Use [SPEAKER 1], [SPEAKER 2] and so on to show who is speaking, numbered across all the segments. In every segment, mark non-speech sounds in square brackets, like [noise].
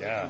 [SPEAKER 1] Yeah.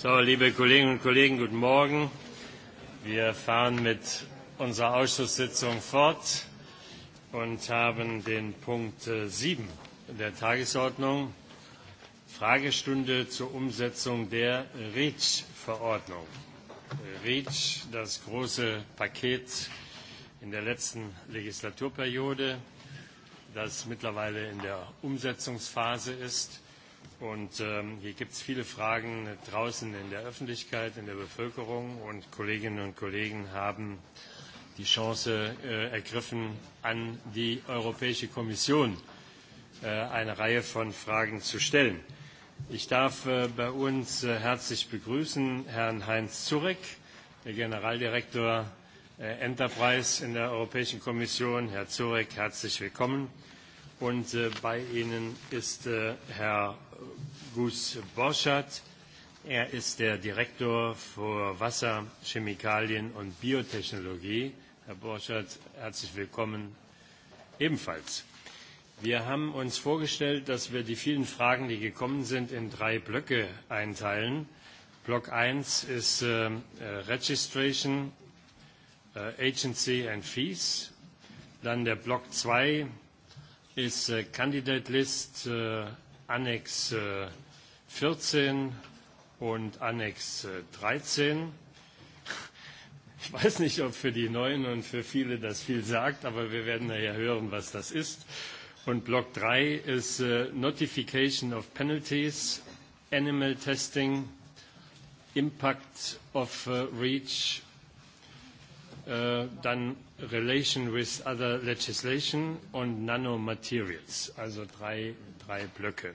[SPEAKER 2] So, liebe Kolleginnen und Kollegen, guten Morgen. Wir fahren mit unserer Ausschusssitzung fort und haben den Punkt 7 äh, der Tagesordnung, Fragestunde zur Umsetzung der REACH-Verordnung. REACH, das große Paket in der letzten Legislaturperiode, das mittlerweile in der Umsetzungsphase ist Und ähm, hier gibt es viele Fragen draußen in der Öffentlichkeit, in der Bevölkerung. Und Kolleginnen und Kollegen haben die Chance äh, ergriffen, an die Europäische Kommission äh, eine Reihe von Fragen zu stellen. Ich darf äh, bei uns äh, herzlich begrüßen Herrn Heinz Zurek, der Generaldirektor äh, Enterprise in der Europäischen Kommission. Herr Zurek, herzlich willkommen. Und äh, bei Ihnen ist äh, Herr Gus Borschert. Er ist der Direktor für Wasser, Chemikalien und Biotechnologie. Herr Borschert, herzlich willkommen ebenfalls. Wir haben uns vorgestellt, dass wir die vielen Fragen, die gekommen sind, in drei Blöcke einteilen. Block 1 ist äh, äh, Registration, äh, Agency and Fees. Dann der Block 2 ist äh, Candidate List, äh, Annex 14 äh, und Annex 13. Äh, [laughs] ich weiß nicht, ob für die Neuen und für viele das viel sagt, aber wir werden nachher hören, was das ist. Und Block 3 ist äh, Notification of Penalties, Animal Testing, Impact of Reach uh, dann Relation with other legislation und Nanomaterials, also drei, drei Blöcke.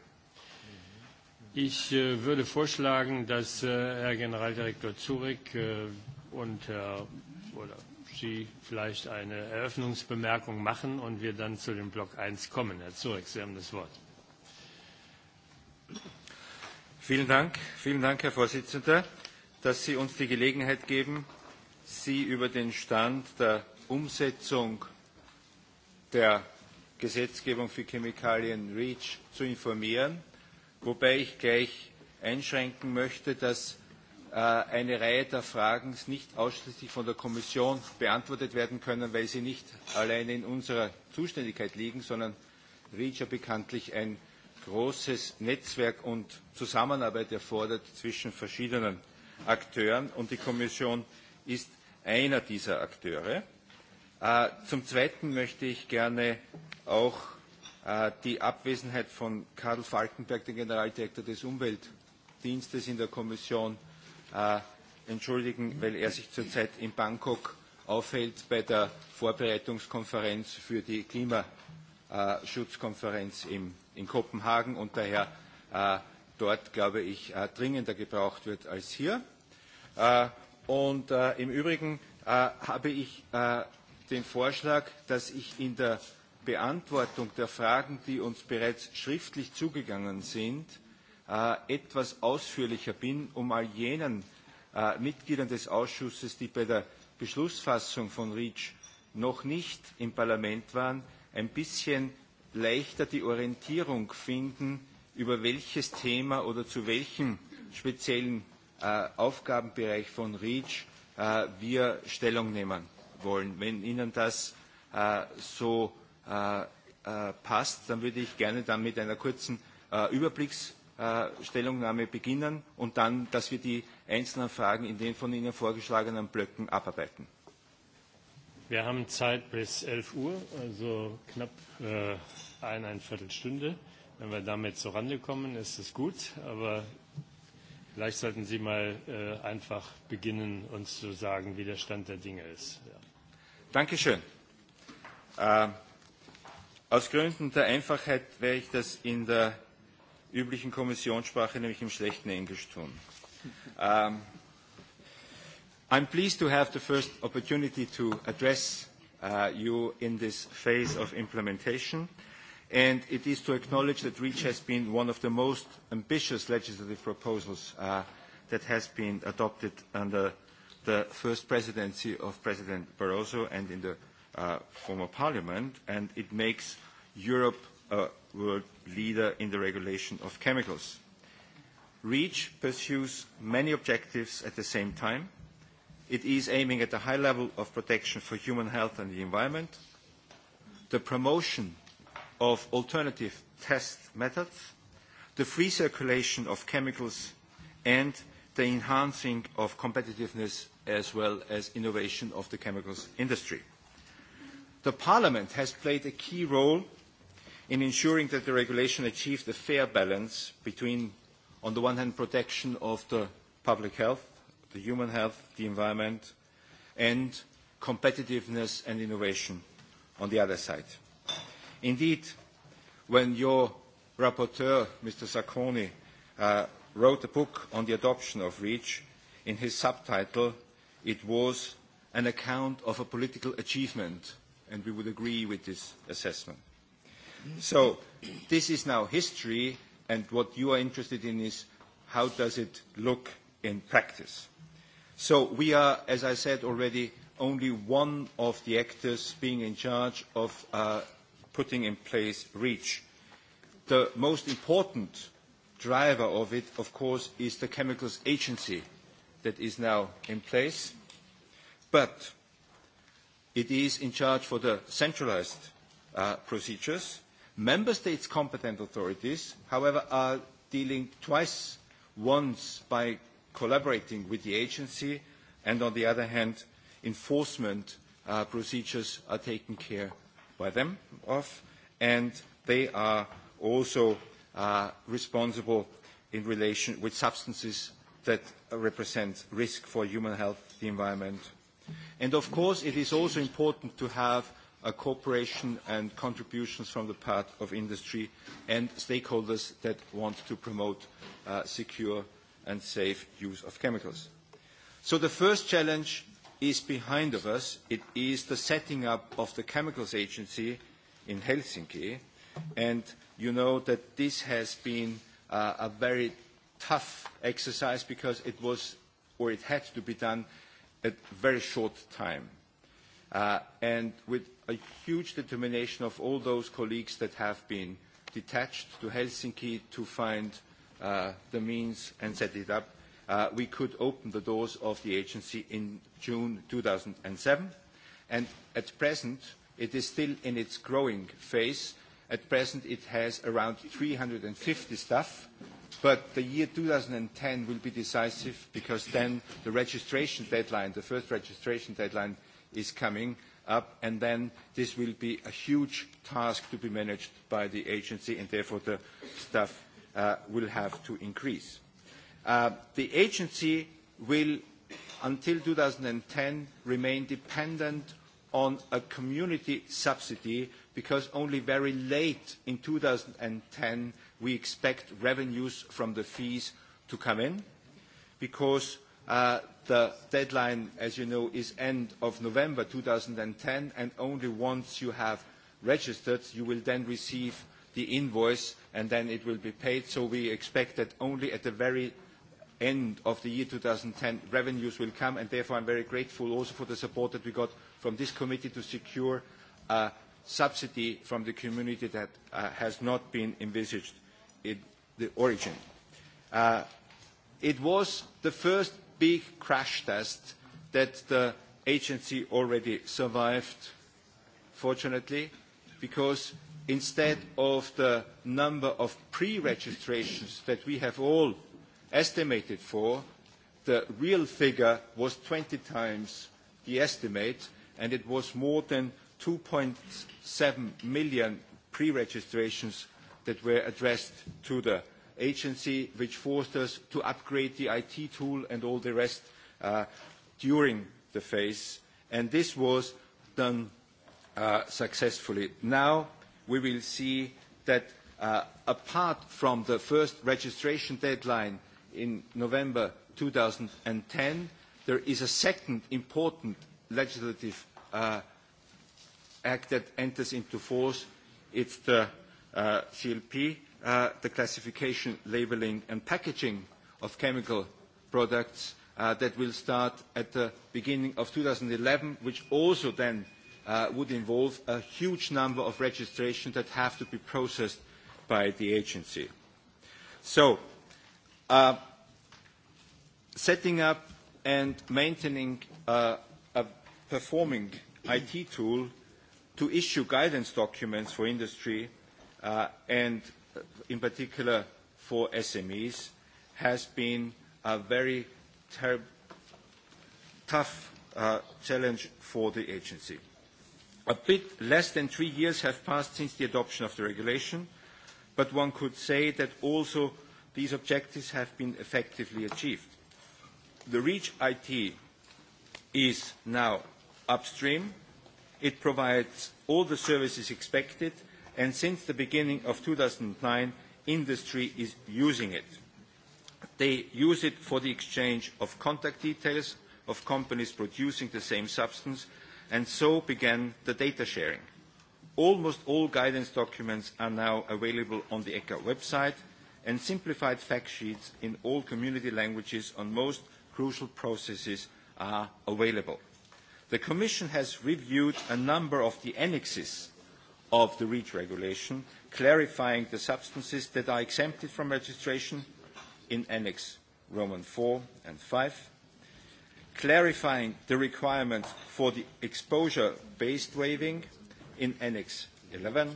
[SPEAKER 2] Ich äh, würde vorschlagen, dass äh, Herr Generaldirektor Zurek äh, und Herr oder Sie vielleicht eine Eröffnungsbemerkung machen und wir dann zu dem Block 1 kommen. Herr Zurek, Sie haben das Wort.
[SPEAKER 3] Vielen Dank, vielen Dank, Herr Vorsitzender, dass Sie uns die Gelegenheit geben, Sie über den Stand der Umsetzung der Gesetzgebung für Chemikalien REACH zu informieren, wobei ich gleich einschränken möchte, dass äh, eine Reihe der Fragen nicht ausschließlich von der Kommission beantwortet werden können, weil sie nicht alleine in unserer Zuständigkeit liegen, sondern REACH ja bekanntlich ein großes Netzwerk und Zusammenarbeit erfordert zwischen verschiedenen Akteuren und die Kommission ist einer dieser Akteure. Äh, zum Zweiten möchte ich gerne auch äh, die Abwesenheit von Karl Falkenberg, dem Generaldirektor des Umweltdienstes in der Kommission, äh, entschuldigen, weil er sich zurzeit in Bangkok aufhält bei der Vorbereitungskonferenz für die Klimaschutzkonferenz im, in Kopenhagen und daher äh, dort, glaube ich, äh, dringender gebraucht wird als hier. Äh, Und äh, im Übrigen äh, habe ich äh, den Vorschlag, dass ich in der Beantwortung der Fragen, die uns bereits schriftlich zugegangen sind, äh, etwas ausführlicher bin, um all jenen äh, Mitgliedern des Ausschusses, die bei der Beschlussfassung von REACH noch nicht im Parlament waren, ein bisschen leichter die Orientierung finden, über welches Thema oder zu welchem speziellen äh, Aufgabenbereich von REACH äh, wir Stellung nehmen wollen. Wenn Ihnen das äh, so äh, äh, passt, dann würde ich gerne dann mit einer kurzen äh, Überblicks äh, Stellungnahme beginnen und dann, dass wir die einzelnen Fragen in den von Ihnen vorgeschlagenen Blöcken abarbeiten.
[SPEAKER 2] Wir haben Zeit bis 11 Uhr, also knapp äh, eineinviertel Stunde. Wenn wir damit zurande kommen, ist es gut, aber Vielleicht sollten Sie mal äh, einfach beginnen, uns zu
[SPEAKER 3] sagen, wie der Stand der Dinge ist. Ja. Dankeschön. Äh, aus Gründen der Einfachheit werde ich das in der üblichen Kommissionssprache, nämlich im schlechten Englisch tun. Um, I'm pleased to have the first opportunity to address uh, you in this phase of implementation. Uh, and it is to acknowledge that REACH has been one of the most ambitious legislative proposals uh, that has been adopted under the first presidency of President Barroso and in the uh, former parliament, and it makes Europe a world leader in the regulation of chemicals. REACH pursues many objectives at the same time. It is aiming at a high level of protection for human health and the environment, the promotion of alternative test methods, the free circulation of chemicals, and the enhancing of competitiveness as well as innovation of the chemicals industry. The Parliament has played a key role in ensuring that the regulation achieved a fair balance between, on the one hand, protection of the public health, the human health, the environment, and competitiveness and innovation on the other side. Indeed, when your rapporteur, Mr. Sacconi, uh, wrote a book on the adoption of REACH, in his subtitle, it was an account of a political achievement, and we would agree with this assessment. So this is now history, and what you are interested in is how does it look in practice. So we are, as I said already, only one of the actors being in charge of uh, putting in place REACH. The most important driver of it, of course, is the Chemicals Agency that is now in place. But it is in charge for the centralized uh, procedures. Member States' competent authorities, however, are dealing twice, once by collaborating with the agency, and on the other hand, enforcement uh, procedures are taken care by them of, and they are also uh, responsible in relation with substances that represent risk for human health, the environment. And of course, it is also important to have a cooperation and contributions from the part of industry and stakeholders that want to promote uh, secure and safe use of chemicals. So the first challenge is behind of us. It is the setting up of the Chemicals Agency in Helsinki. And you know that this has been uh, a very tough exercise because it was or it had to be done at very short time. Uh, and with a huge determination of all those colleagues that have been detached to Helsinki to find uh, the means and set it up, uh, we could open the doors of the agency in June 2007. And at present, it is still in its growing phase. At present, it has around 350 staff, but the year 2010 will be decisive because then the registration deadline, the first registration deadline, is coming up, and then this will be a huge task to be managed by the agency, and therefore the staff uh, will have to increase. Uh, the agency will, until 2010, remain dependent on a community subsidy because only very late in 2010 we expect revenues from the fees to come in because uh, the deadline, as you know, is end of November 2010 and only once you have registered you will then receive the invoice and then it will be paid. So we expect that only at the very end of the year 2010 revenues will come, and therefore I'm very grateful also for the support that we got from this committee to secure a subsidy from the community that uh, has not been envisaged in the origin. Uh, it was the first big crash test that the agency already survived, fortunately, because instead of the number of pre-registrations that we have all estimated for, the real figure was 20 times the estimate, and it was more than 2.7 million pre-registrations that were addressed to the agency, which forced us to upgrade the IT tool and all the rest uh, during the phase. And this was done uh, successfully. Now we will see that uh, apart from the first registration deadline in November 2010, there is a second important legislative uh, act that enters into force. It's the uh, CLP, uh, the classification, labeling and packaging of chemical products uh, that will start at the beginning of 2011, which also then uh, would involve a huge number of registrations that have to be processed by the agency. So Uh, setting up and maintaining uh, a performing IT tool to issue guidance documents for industry uh, and uh, in particular for SMEs has been a very tough uh, challenge for the agency. A bit less than three years have passed since the adoption of the regulation, but one could say that also these objectives have been effectively achieved. The REACH IT is now upstream. It provides all the services expected, and since the beginning of 2009, industry is using it. They use it for the exchange of contact details of companies producing the same substance, and so began the data sharing. Almost all guidance documents are now available on the ECHA website, and simplified fact sheets in all community languages on most crucial processes are available. The Commission has reviewed a number of the annexes of the REACH regulation, clarifying the substances that are exempted from registration in Annex Roman 4 and 5, clarifying the requirement for the exposure-based waiving in Annex 11,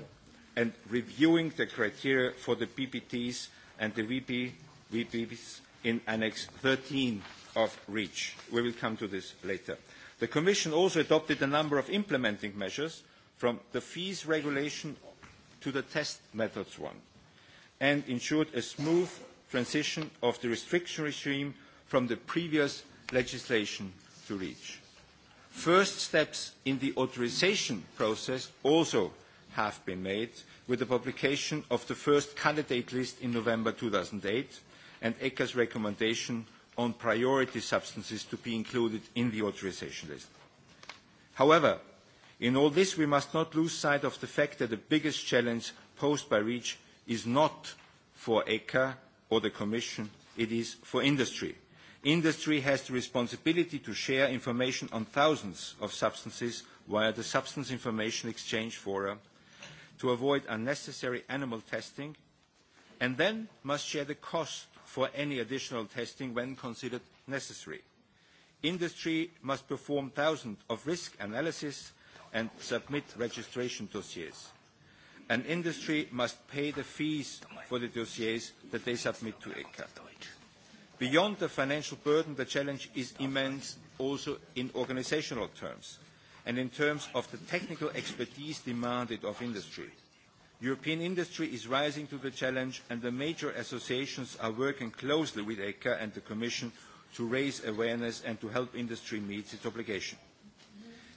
[SPEAKER 3] and reviewing the criteria for the PPTs and the VP, VPs in Annex 13 of REACH. We will come to this later. The Commission also adopted a number of implementing measures from the fees regulation to the test methods one and ensured a smooth transition of the restriction regime from the previous legislation to REACH. First steps in the authorization process also have been made with the publication of the first candidate list in November 2008 and ECHA's recommendation on priority substances to be included in the authorization list. However, in all this, we must not lose sight of the fact that the biggest challenge posed by REACH is not for ECHA or the Commission, it is for industry. Industry has the responsibility to share information on thousands of substances via the Substance Information Exchange Forum to avoid unnecessary animal testing and then must share the cost for any additional testing when considered necessary. Industry must perform thousands of risk analysis and submit registration dossiers. And industry must pay the fees for the dossiers that they submit to ECHA. Beyond the financial burden, the challenge is immense also in organizational terms and in terms of the technical expertise demanded of industry. European industry is rising to the challenge, and the major associations are working closely with ECHA and the Commission to raise awareness and to help industry meet its obligation.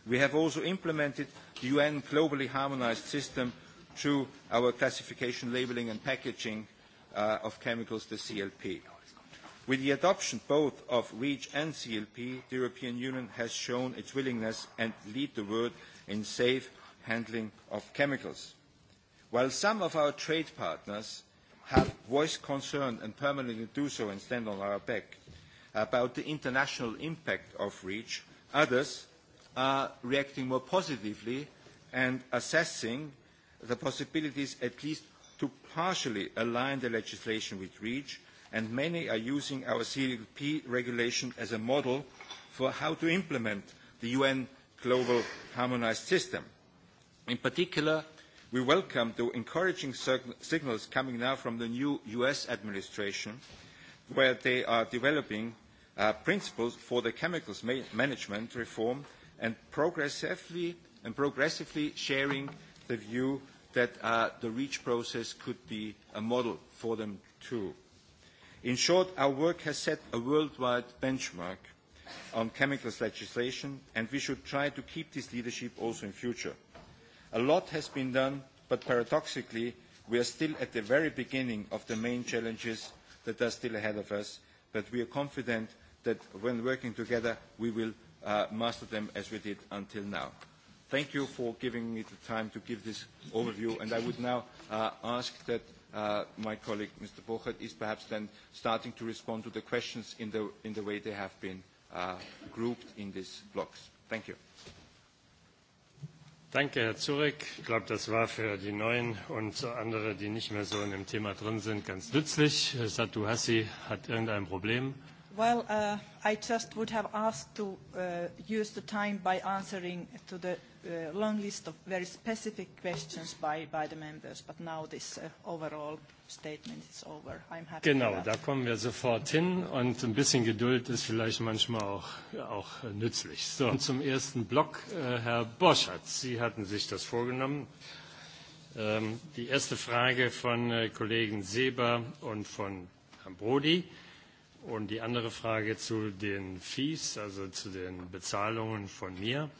[SPEAKER 3] We have also implemented the UN globally harmonized system through our classification, labeling, and packaging uh, of chemicals, the CLP. With the adoption both of REACH and CLP, the European Union has shown its willingness and lead the world in safe handling of chemicals. While some of our trade partners have voiced concern and permanently do so and stand on our back about the international impact of REACH, others are reacting more positively and assessing the possibilities at least to partially align the legislation with REACH and many are using our CLP regulation as a model for how to implement the UN global harmonized system. In particular, we welcome the encouraging signals coming now from the new US administration, where they are developing uh, principles for the chemicals ma management reform and progressively, and progressively sharing the view that uh, the REACH process could be a model for them too. Uh, In short, our work has set a worldwide benchmark on chemicals legislation, and we should try to keep this leadership also in future. A lot has been done, but paradoxically, we are still at the very beginning of the main challenges that are still ahead of us, but we are confident that when working together, we will uh, master them as we did until now. Thank you for giving me the time to give this overview, and I would now uh, ask that uh, my colleague, Mr. Bochert, is perhaps then starting to respond to the questions in the, in the way they have been uh, grouped in these blocks. Thank you.
[SPEAKER 2] Danke, Herr Zurek. Ich glaube, das war für die Neuen und andere, die nicht mehr so in dem Thema drin sind, ganz nützlich. Satu Hassi hat irgendein Problem.
[SPEAKER 4] Well, uh, I just would have asked to uh, use the time by answering to the uh, long list of very specific questions by, by the members, but now this uh, overall statement is over. I'm happy Genau,
[SPEAKER 2] da kommen wir sofort hin und ein bisschen Geduld ist vielleicht manchmal auch, auch nützlich. So, zum ersten Block, äh, Herr Borschatz, Sie hatten sich das vorgenommen. Ähm, die erste Frage von äh, Kollegen Seber und von Herrn Brody. Äh, Und die andere Frage zu den Fees, also zu den Bezahlungen von mir,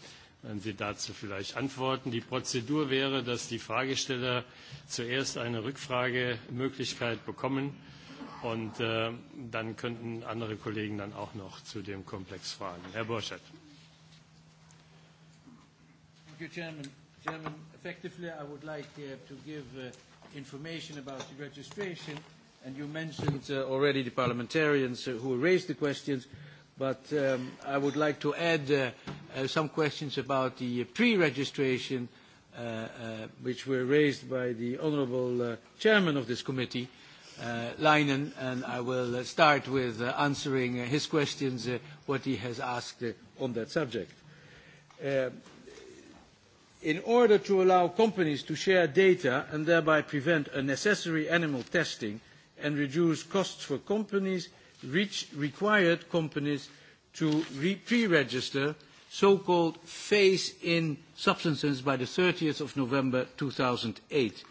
[SPEAKER 2] wenn Sie dazu vielleicht antworten. Die Prozedur wäre, dass die Fragesteller zuerst eine Rückfragemöglichkeit bekommen und äh, dann könnten andere Kollegen dann auch noch zu dem Komplex fragen. Herr Burschert.
[SPEAKER 5] Thank you, Chairman. Chairman, effectively I would like uh, to give uh, information about the registration. Uh, And you mentioned uh, already the parliamentarians uh, who raised the questions, but um, I would like to add uh, uh, some questions about the pre-registration uh, uh, which were raised by the honourable uh, chairman of this committee, uh, Leinen, and I will uh, start with uh, answering uh, his questions, uh, what he has asked uh, on that subject. Uh, in order to allow companies to share data and thereby prevent unnecessary animal testing, and reduce costs for companies which required companies to re pre-register so-called phase-in substances by the 30th of November 2008.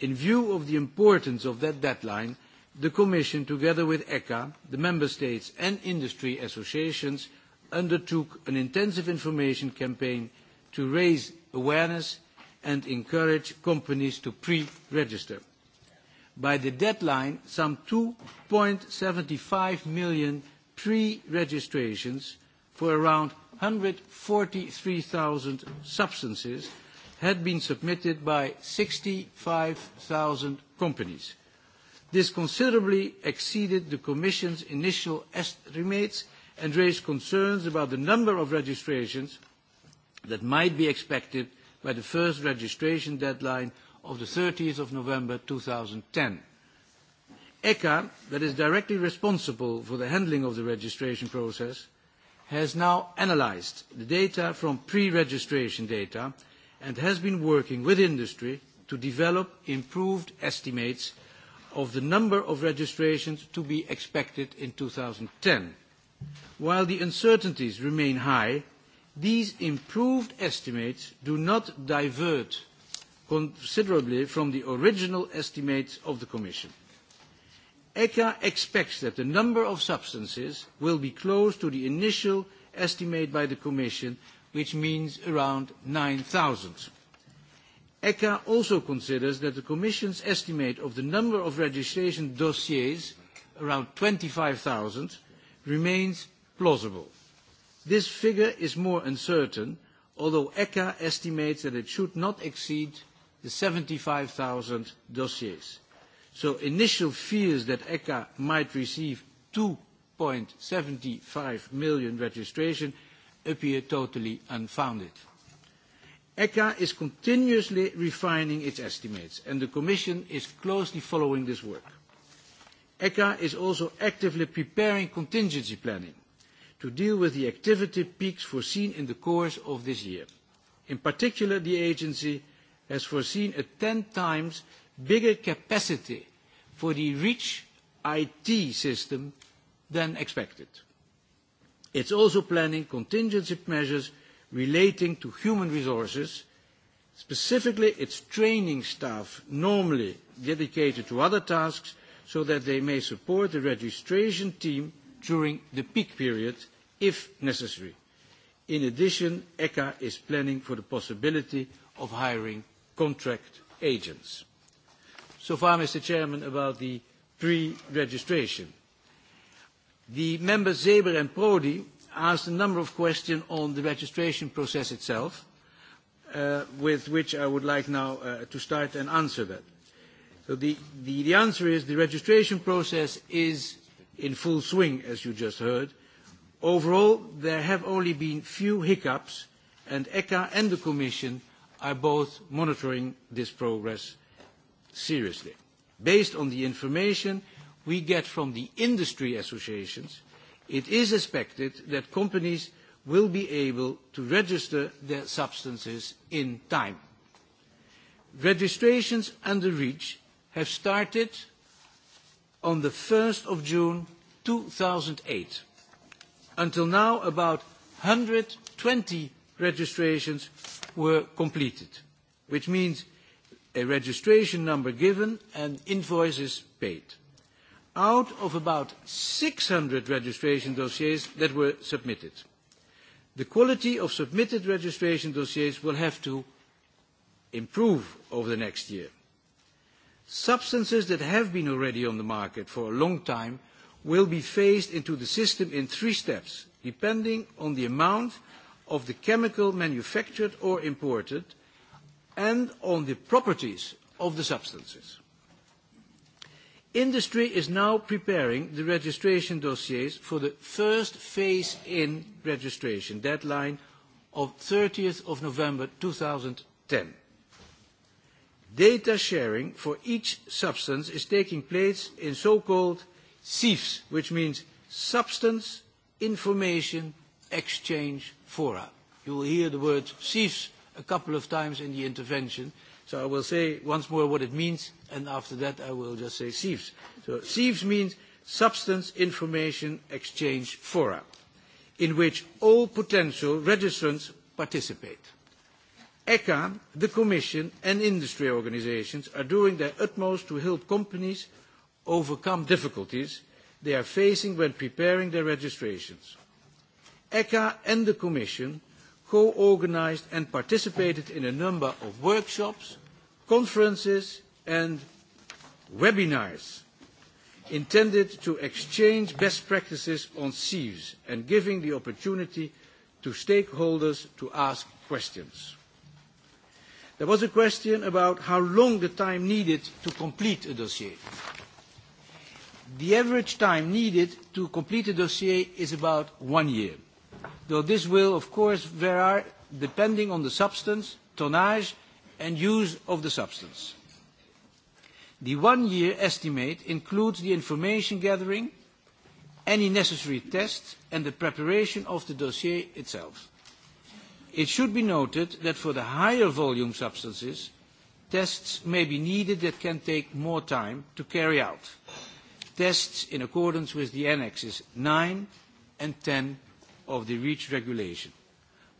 [SPEAKER 5] In view of the importance of that deadline, the Commission, together with ECHA, the Member States and industry associations, undertook an intensive information campaign to raise awareness and encourage companies to pre-register by the deadline some 2.75 million pre-registrations for around 143,000 substances had been submitted by 65,000 companies. This considerably exceeded the Commission's initial estimates and raised concerns about the number of registrations that might be expected by the first registration deadline of the 30th of November 2010. ECHA, that is directly responsible for the handling of the registration process, has now analyzed the data from pre-registration data and has been working with industry to develop improved estimates of the number of registrations to be expected in 2010. While the uncertainties remain high, these improved estimates do not divert considerably from the original estimates of the Commission. ECHA expects that the number of substances will be close to the initial estimate by the Commission, which means around 9,000. ECHA also considers that the Commission's estimate of the number of registration dossiers, around 25,000, remains plausible. This figure is more uncertain, although ECHA estimates that it should not exceed the 75,000 dossiers. So initial fears that ECHA might receive 2.75 million registration appear totally unfounded. ECHA is continuously refining its estimates, and the Commission is closely following this work. ECHA is also actively preparing contingency planning to deal with the activity peaks foreseen in the course of this year. In particular, the agency has foreseen a 10 times bigger capacity for the REACH IT system than expected. It's also planning contingency measures relating to human resources. Specifically, it's training staff normally dedicated to other tasks so that they may support the registration team during the peak period if necessary. In addition, ECHA is planning for the possibility of hiring contract agents. So far, Mr. Chairman, about the pre-registration. The members Zeber and Prodi asked a number of questions on the registration process itself, uh, with which I would like now uh, to start and answer that. So the, the, the answer is the registration process is in full swing, as you just heard. Overall, there have only been few hiccups, and ECHA and the Commission are both monitoring this progress seriously. Based on the information we get from the industry associations, it is expected that companies will be able to register their substances in time. Registrations under REACH have started on the 1st of June 2008. Until now, about 120 registrations were completed, which means a registration number given and invoices paid. Out of about 600 registration dossiers that were submitted, the quality of submitted registration dossiers will have to improve over the next year. Substances that have been already on the market for a long time will be phased into the system in three steps, depending on the amount of the chemical manufactured or imported and on the properties of the substances. Industry is now preparing the registration dossiers for the first phase-in registration deadline of 30th of November 2010. Data sharing for each substance is taking place in so-called SIFs, which means Substance Information exchange fora. You will hear the word CIS a couple of times in the intervention, so I will say once more what it means, and after that I will just say CIFs. So CIFs means Substance Information Exchange Fora, in which all potential registrants participate. ECHA, the Commission and industry organizations are doing their utmost to help companies overcome difficulties they are facing when preparing their registrations. ECHA and the Commission co-organized and participated in a number of workshops, conferences and webinars intended to exchange best practices on sieves and giving the opportunity to stakeholders to ask questions. There was a question about how long the time needed to complete a dossier. The average time needed to complete a dossier is about one year. Though this will, of course, there are, depending on the substance, tonnage and use of the substance. The one-year estimate includes the information gathering, any necessary tests, and the preparation of the dossier itself. It should be noted that for the higher volume substances, tests may be needed that can take more time to carry out. Tests in accordance with the annexes 9 and 10 of the REACH regulation.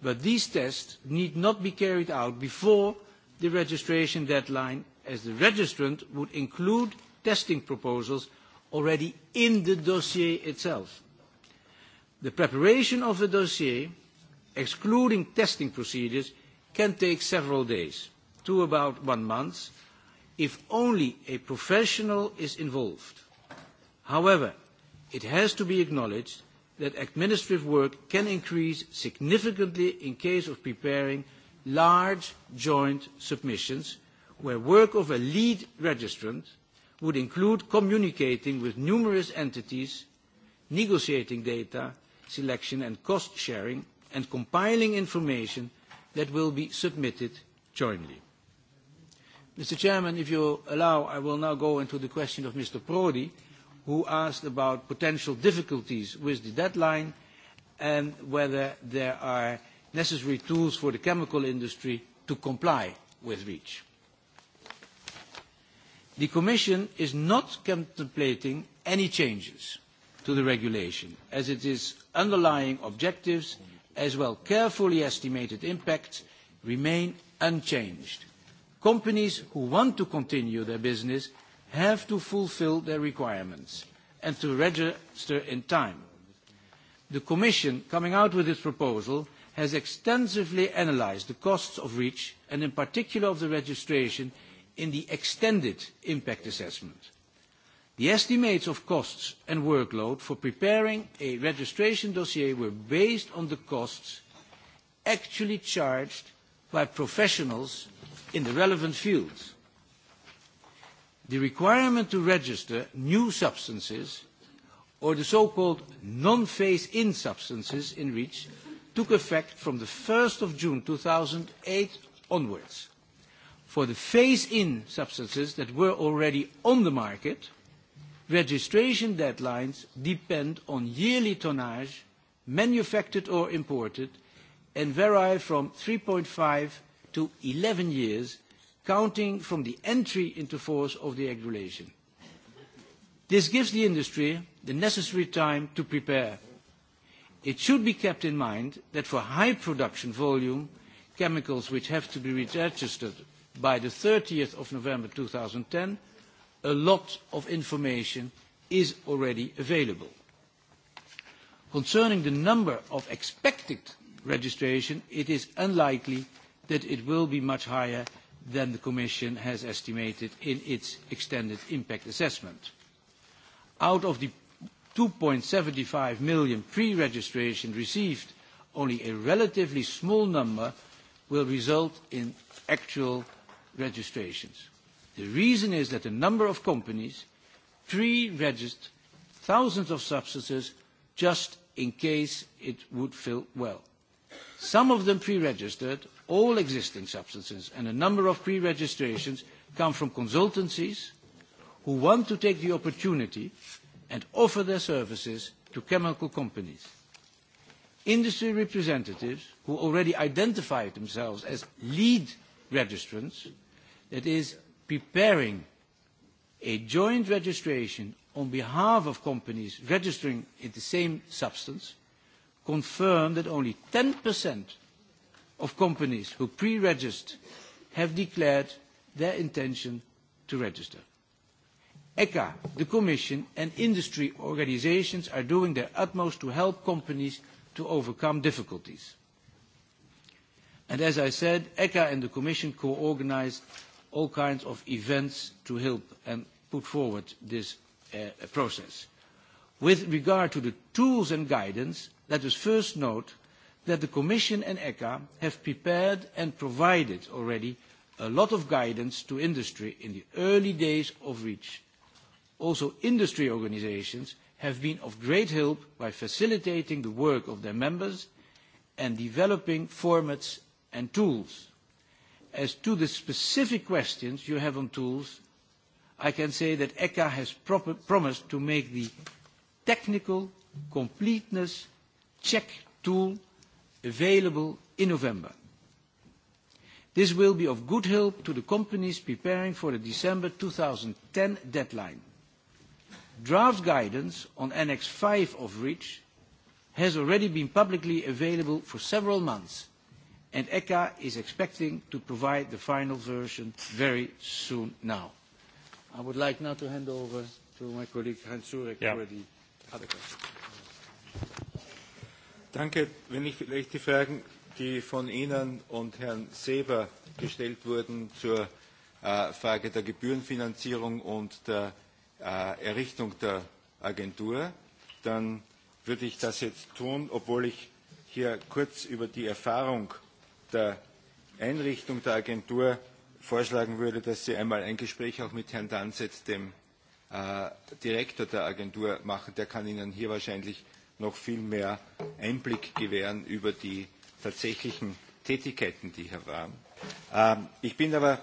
[SPEAKER 5] But these tests need not be carried out before the registration deadline, as the registrant would include testing proposals already in the dossier itself. The preparation of a dossier, excluding testing procedures, can take several days to about one month if only a professional is involved. However, it has to be acknowledged that administrative work can increase significantly in case of preparing large joint submissions where work of a lead registrant would include communicating with numerous entities, negotiating data, selection and cost sharing, and compiling information that will be submitted jointly. Mr. Chairman, if you allow, I will now go into the question of Mr. Prodi who asked about potential difficulties with the deadline and whether there are necessary tools for the chemical industry to comply with REACH. The Commission is not contemplating any changes to the regulation, as it is underlying objectives as well carefully estimated impacts remain unchanged. Companies who want to continue their business have to fulfill their requirements and to register in time. The Commission, coming out with its proposal, has extensively analysed the costs of REACH and in particular of the registration in the extended impact assessment. The estimates of costs and workload for preparing a registration dossier were based on the costs actually charged by professionals in the relevant fields the requirement to register new substances or the so-called non-phase-in substances in REACH took effect from the 1st of June 2008 onwards. For the phase-in substances that were already on the market, registration deadlines depend on yearly tonnage, manufactured or imported, and vary from 3.5 to 11 years counting from the entry into force of the regulation. This gives the industry the necessary time to prepare. It should be kept in mind that for high production volume, chemicals which have to be registered by the 30th of November 2010, a lot of information is already available. Concerning the number of expected registration, it is unlikely that it will be much higher than the Commission has estimated in its extended impact assessment. Out of the 2.75 million pre-registration received, only a relatively small number will result in actual registrations. The reason is that a number of companies pre-register thousands of substances just in case it would fill well. Some of them pre-registered all existing substances and a number of pre-registrations come from consultancies who want to take the opportunity and offer their services to chemical companies. Industry representatives who already identify themselves as lead registrants, that is, preparing a joint registration on behalf of companies registering in the same substance, confirm that only 10% of companies who pre-registered have declared their intention to register. ECHA, the Commission, and industry organizations are doing their utmost to help companies to overcome difficulties. And as I said, ECHA and the Commission co-organized all kinds of events to help and put forward this uh, process. With regard to the tools and guidance, let us first note that the Commission and ECHA have prepared and provided already a lot of guidance to industry in the early days of REACH. Also, industry organizations have been of great help by facilitating the work of their members and developing formats and tools. As to the specific questions you have on tools, I can say that ECHA has proper, promised to make the technical completeness check tool available in November. This will be of good help to the companies preparing for the December 2010 deadline. Draft guidance on Annex 5 of REACH has already been publicly available for several months, and ECHA is expecting to provide the final version very soon now.
[SPEAKER 3] I would like now to hand over to my colleague, Hans Zurek, yeah. for the other questions. Danke. Wenn ich vielleicht die Fragen, die von Ihnen und Herrn Seber gestellt wurden zur äh, Frage der Gebührenfinanzierung und der äh, Errichtung der Agentur, dann würde ich das jetzt tun, obwohl ich hier kurz über die Erfahrung der Einrichtung der Agentur vorschlagen würde, dass Sie einmal ein Gespräch auch mit Herrn Danzett, dem äh, Direktor der Agentur, machen. Der kann Ihnen hier wahrscheinlich noch viel mehr Einblick gewähren über die tatsächlichen Tätigkeiten, die hier waren. Ähm, ich bin aber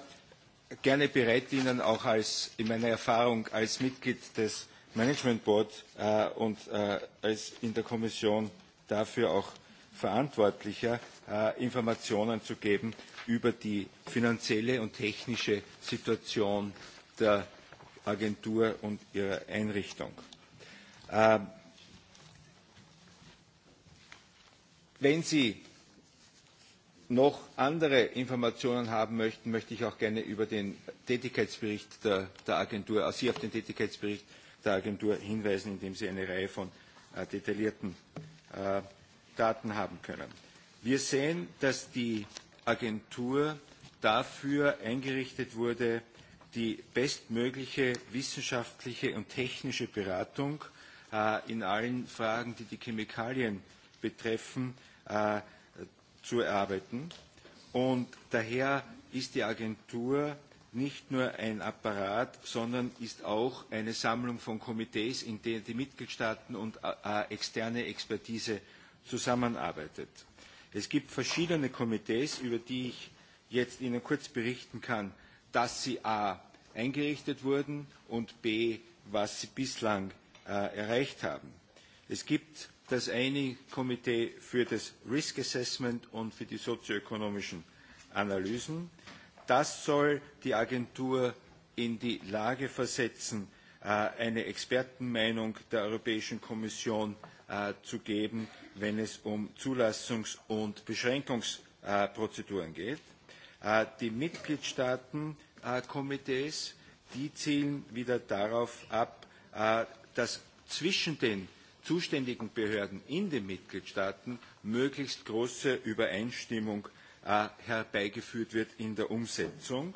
[SPEAKER 3] gerne bereit, Ihnen auch als, in meiner Erfahrung als Mitglied des Management Board äh, und äh, als in der Kommission dafür auch Verantwortlicher äh, Informationen zu geben über die finanzielle und technische Situation der Agentur und ihrer Einrichtung. Ähm, Wenn Sie noch andere Informationen haben möchten, möchte ich auch gerne über den Tätigkeitsbericht der, der Agentur, also äh, Sie auf den Tätigkeitsbericht der Agentur hinweisen, indem Sie eine Reihe von äh, detaillierten äh, Daten haben können. Wir sehen, dass die Agentur dafür eingerichtet wurde, die bestmögliche wissenschaftliche und technische Beratung äh, in allen Fragen, die die Chemikalien betreffen, äh, äh, zu erarbeiten. Und daher ist die Agentur nicht nur ein Apparat, sondern ist auch eine Sammlung von Komitees, in der die Mitgliedstaaten und äh, äh, externe Expertise zusammenarbeitet. Es gibt verschiedene Komitees, über die ich jetzt Ihnen kurz berichten kann, dass sie a. eingerichtet wurden und b. was sie bislang äh, erreicht haben. Es gibt das eine Komitee für das Risk Assessment und für die sozioökonomischen Analysen. Das soll die Agentur in die Lage versetzen, äh, eine Expertenmeinung der Europäischen Kommission äh, zu geben, wenn es um Zulassungs- und Beschränkungsprozeduren äh, geht. Die Mitgliedstaatenkomitees, die zielen wieder darauf ab, dass zwischen den zuständigen Behörden in den Mitgliedstaaten möglichst große Übereinstimmung äh, herbeigeführt wird in der Umsetzung.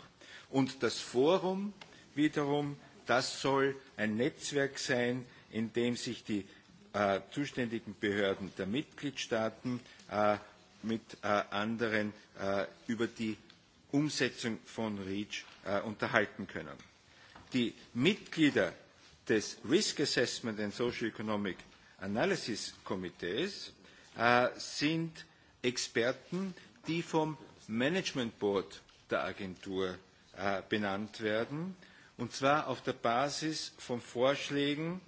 [SPEAKER 3] Und das Forum wiederum, das soll ein Netzwerk sein, in dem sich die äh, zuständigen Behörden der Mitgliedstaaten äh, mit äh, anderen äh, über die Umsetzung von REACH äh, unterhalten können. Die Mitglieder des Risk Assessment and Socioeconomic Analysis-Komitees äh, sind Experten, die vom Management Board der Agentur äh, benannt werden, und zwar auf der Basis von Vorschlägen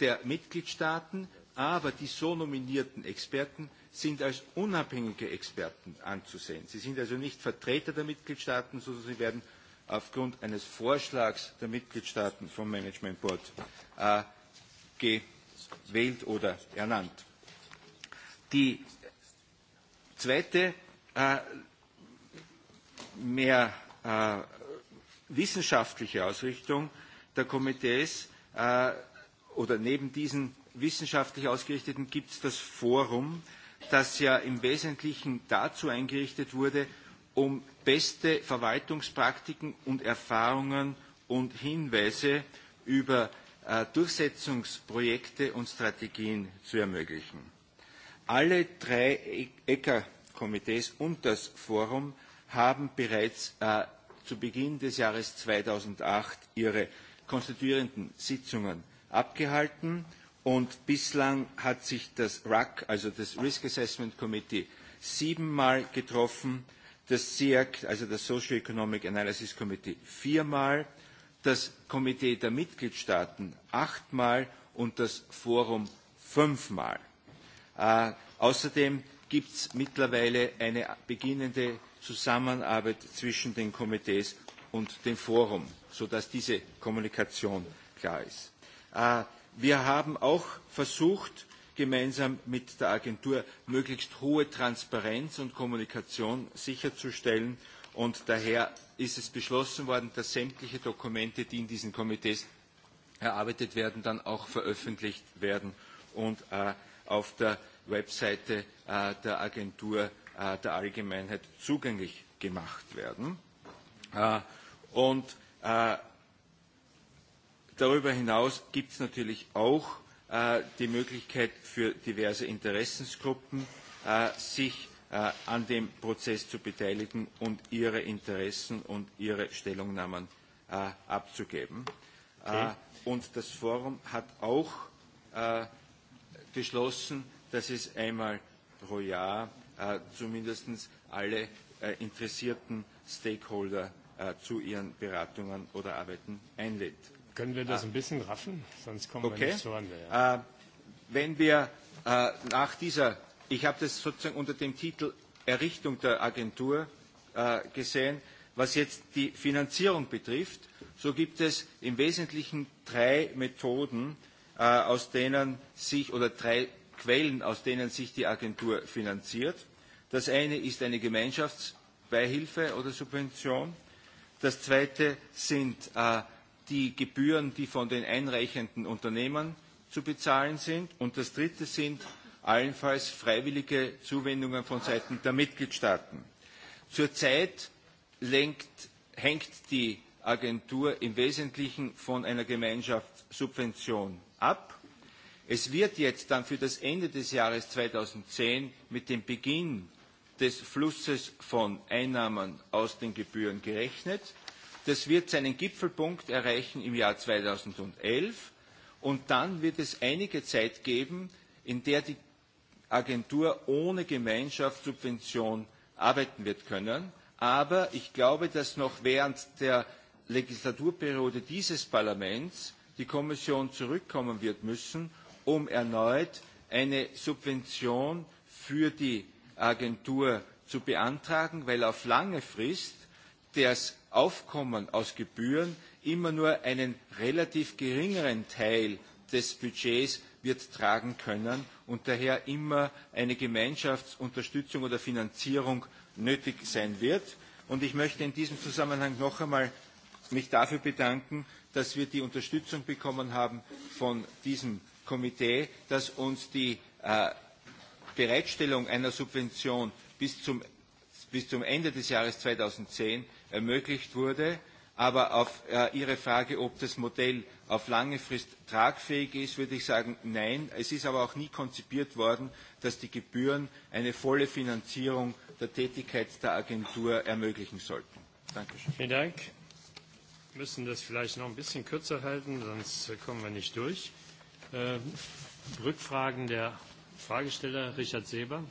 [SPEAKER 3] der Mitgliedstaaten, aber die so nominierten Experten sind als unabhängige Experten anzusehen. Sie sind also nicht Vertreter der Mitgliedstaaten, sondern sie werden aufgrund eines Vorschlags der Mitgliedstaaten vom Management Board äh, wählt oder ernannt. Die zweite äh, mehr äh, wissenschaftliche Ausrichtung der Komitees äh, oder neben diesen wissenschaftlich ausgerichteten gibt es das Forum, das ja im Wesentlichen dazu eingerichtet wurde, um beste Verwaltungspraktiken und Erfahrungen und Hinweise über äh, Durchsetzungsprojekte und Strategien zu ermöglichen. Alle drei ECA-Komitees und das Forum haben bereits äh, zu Beginn des Jahres 2008 ihre konstituierenden Sitzungen abgehalten und bislang hat sich das RAC, also das Risk Assessment Committee, siebenmal getroffen, das SEAC, also das Socioeconomic Analysis Committee, viermal, äh, das Komitee der Mitgliedstaaten achtmal und das Forum fünfmal. Äh, außerdem gibt es mittlerweile eine beginnende Zusammenarbeit zwischen den Komitees und dem Forum, sodass diese Kommunikation klar ist. Äh, wir haben auch versucht, gemeinsam mit der Agentur möglichst hohe Transparenz und Kommunikation sicherzustellen Und daher ist es beschlossen worden, dass sämtliche Dokumente, die in diesen Komitees erarbeitet werden, dann auch veröffentlicht werden und äh, auf der Webseite äh, der Agentur äh, der Allgemeinheit zugänglich gemacht werden. Äh, und äh, darüber hinaus gibt es natürlich auch äh, die Möglichkeit für diverse Interessensgruppen, äh, sich äh, an dem Prozess zu beteiligen und ihre Interessen und ihre Stellungnahmen äh, abzugeben. Äh, okay. Äh, und das Forum hat auch äh, beschlossen, dass es einmal pro Jahr äh, zumindest alle äh, interessierten Stakeholder äh, zu ihren Beratungen oder Arbeiten einlädt. Können wir das ah. ein bisschen
[SPEAKER 2] raffen? Sonst kommen okay. wir nicht voran. Ja.
[SPEAKER 3] Äh, wenn wir äh, nach dieser ich habe das sozusagen unter dem Titel Errichtung der Agentur äh, gesehen. Was jetzt die Finanzierung betrifft, so gibt es im Wesentlichen drei Methoden, äh, aus denen sich oder drei Quellen, aus denen sich die Agentur finanziert. Das eine ist eine Gemeinschaftsbeihilfe oder Subvention. Das zweite sind äh, die Gebühren, die von den einreichenden Unternehmen zu bezahlen sind. Und das dritte sind allenfalls freiwillige Zuwendungen von Seiten der Mitgliedstaaten. Zurzeit lenkt, hängt die Agentur im Wesentlichen von einer Gemeinschaftssubvention ab. Es wird jetzt dann für das Ende des Jahres 2010 mit dem Beginn des Flusses von Einnahmen aus den Gebühren gerechnet. Das wird seinen Gipfelpunkt erreichen im Jahr 2011 und dann wird es einige Zeit geben, in der die Agentur ohne Gemeinschaftssubvention arbeiten wird können. Aber ich glaube, dass noch während der Legislaturperiode dieses Parlaments die Kommission zurückkommen wird müssen, um erneut eine Subvention für die Agentur zu beantragen, weil auf lange Frist das Aufkommen aus Gebühren immer nur einen relativ geringeren Teil des Budgets wird tragen können und daher immer eine Gemeinschaftsunterstützung oder Finanzierung nötig sein wird. Und ich möchte in diesem Zusammenhang noch einmal mich dafür bedanken, dass wir die Unterstützung bekommen haben von diesem Komitee, das uns die äh, Bereitstellung einer Subvention bis zum, bis zum Ende des Jahres 2010 ermöglicht wurde. Aber auf äh, Ihre Frage, ob das Modell auf lange Frist tragfähig ist, würde ich sagen, nein. Es ist aber auch nie konzipiert worden, dass die Gebühren eine volle Finanzierung der Tätigkeit der Agentur ermöglichen sollten. Dankeschön. Vielen Dank.
[SPEAKER 2] Wir müssen das vielleicht noch ein bisschen kürzer halten, sonst kommen wir nicht durch. Äh, Rückfragen der Fragesteller Richard Seber.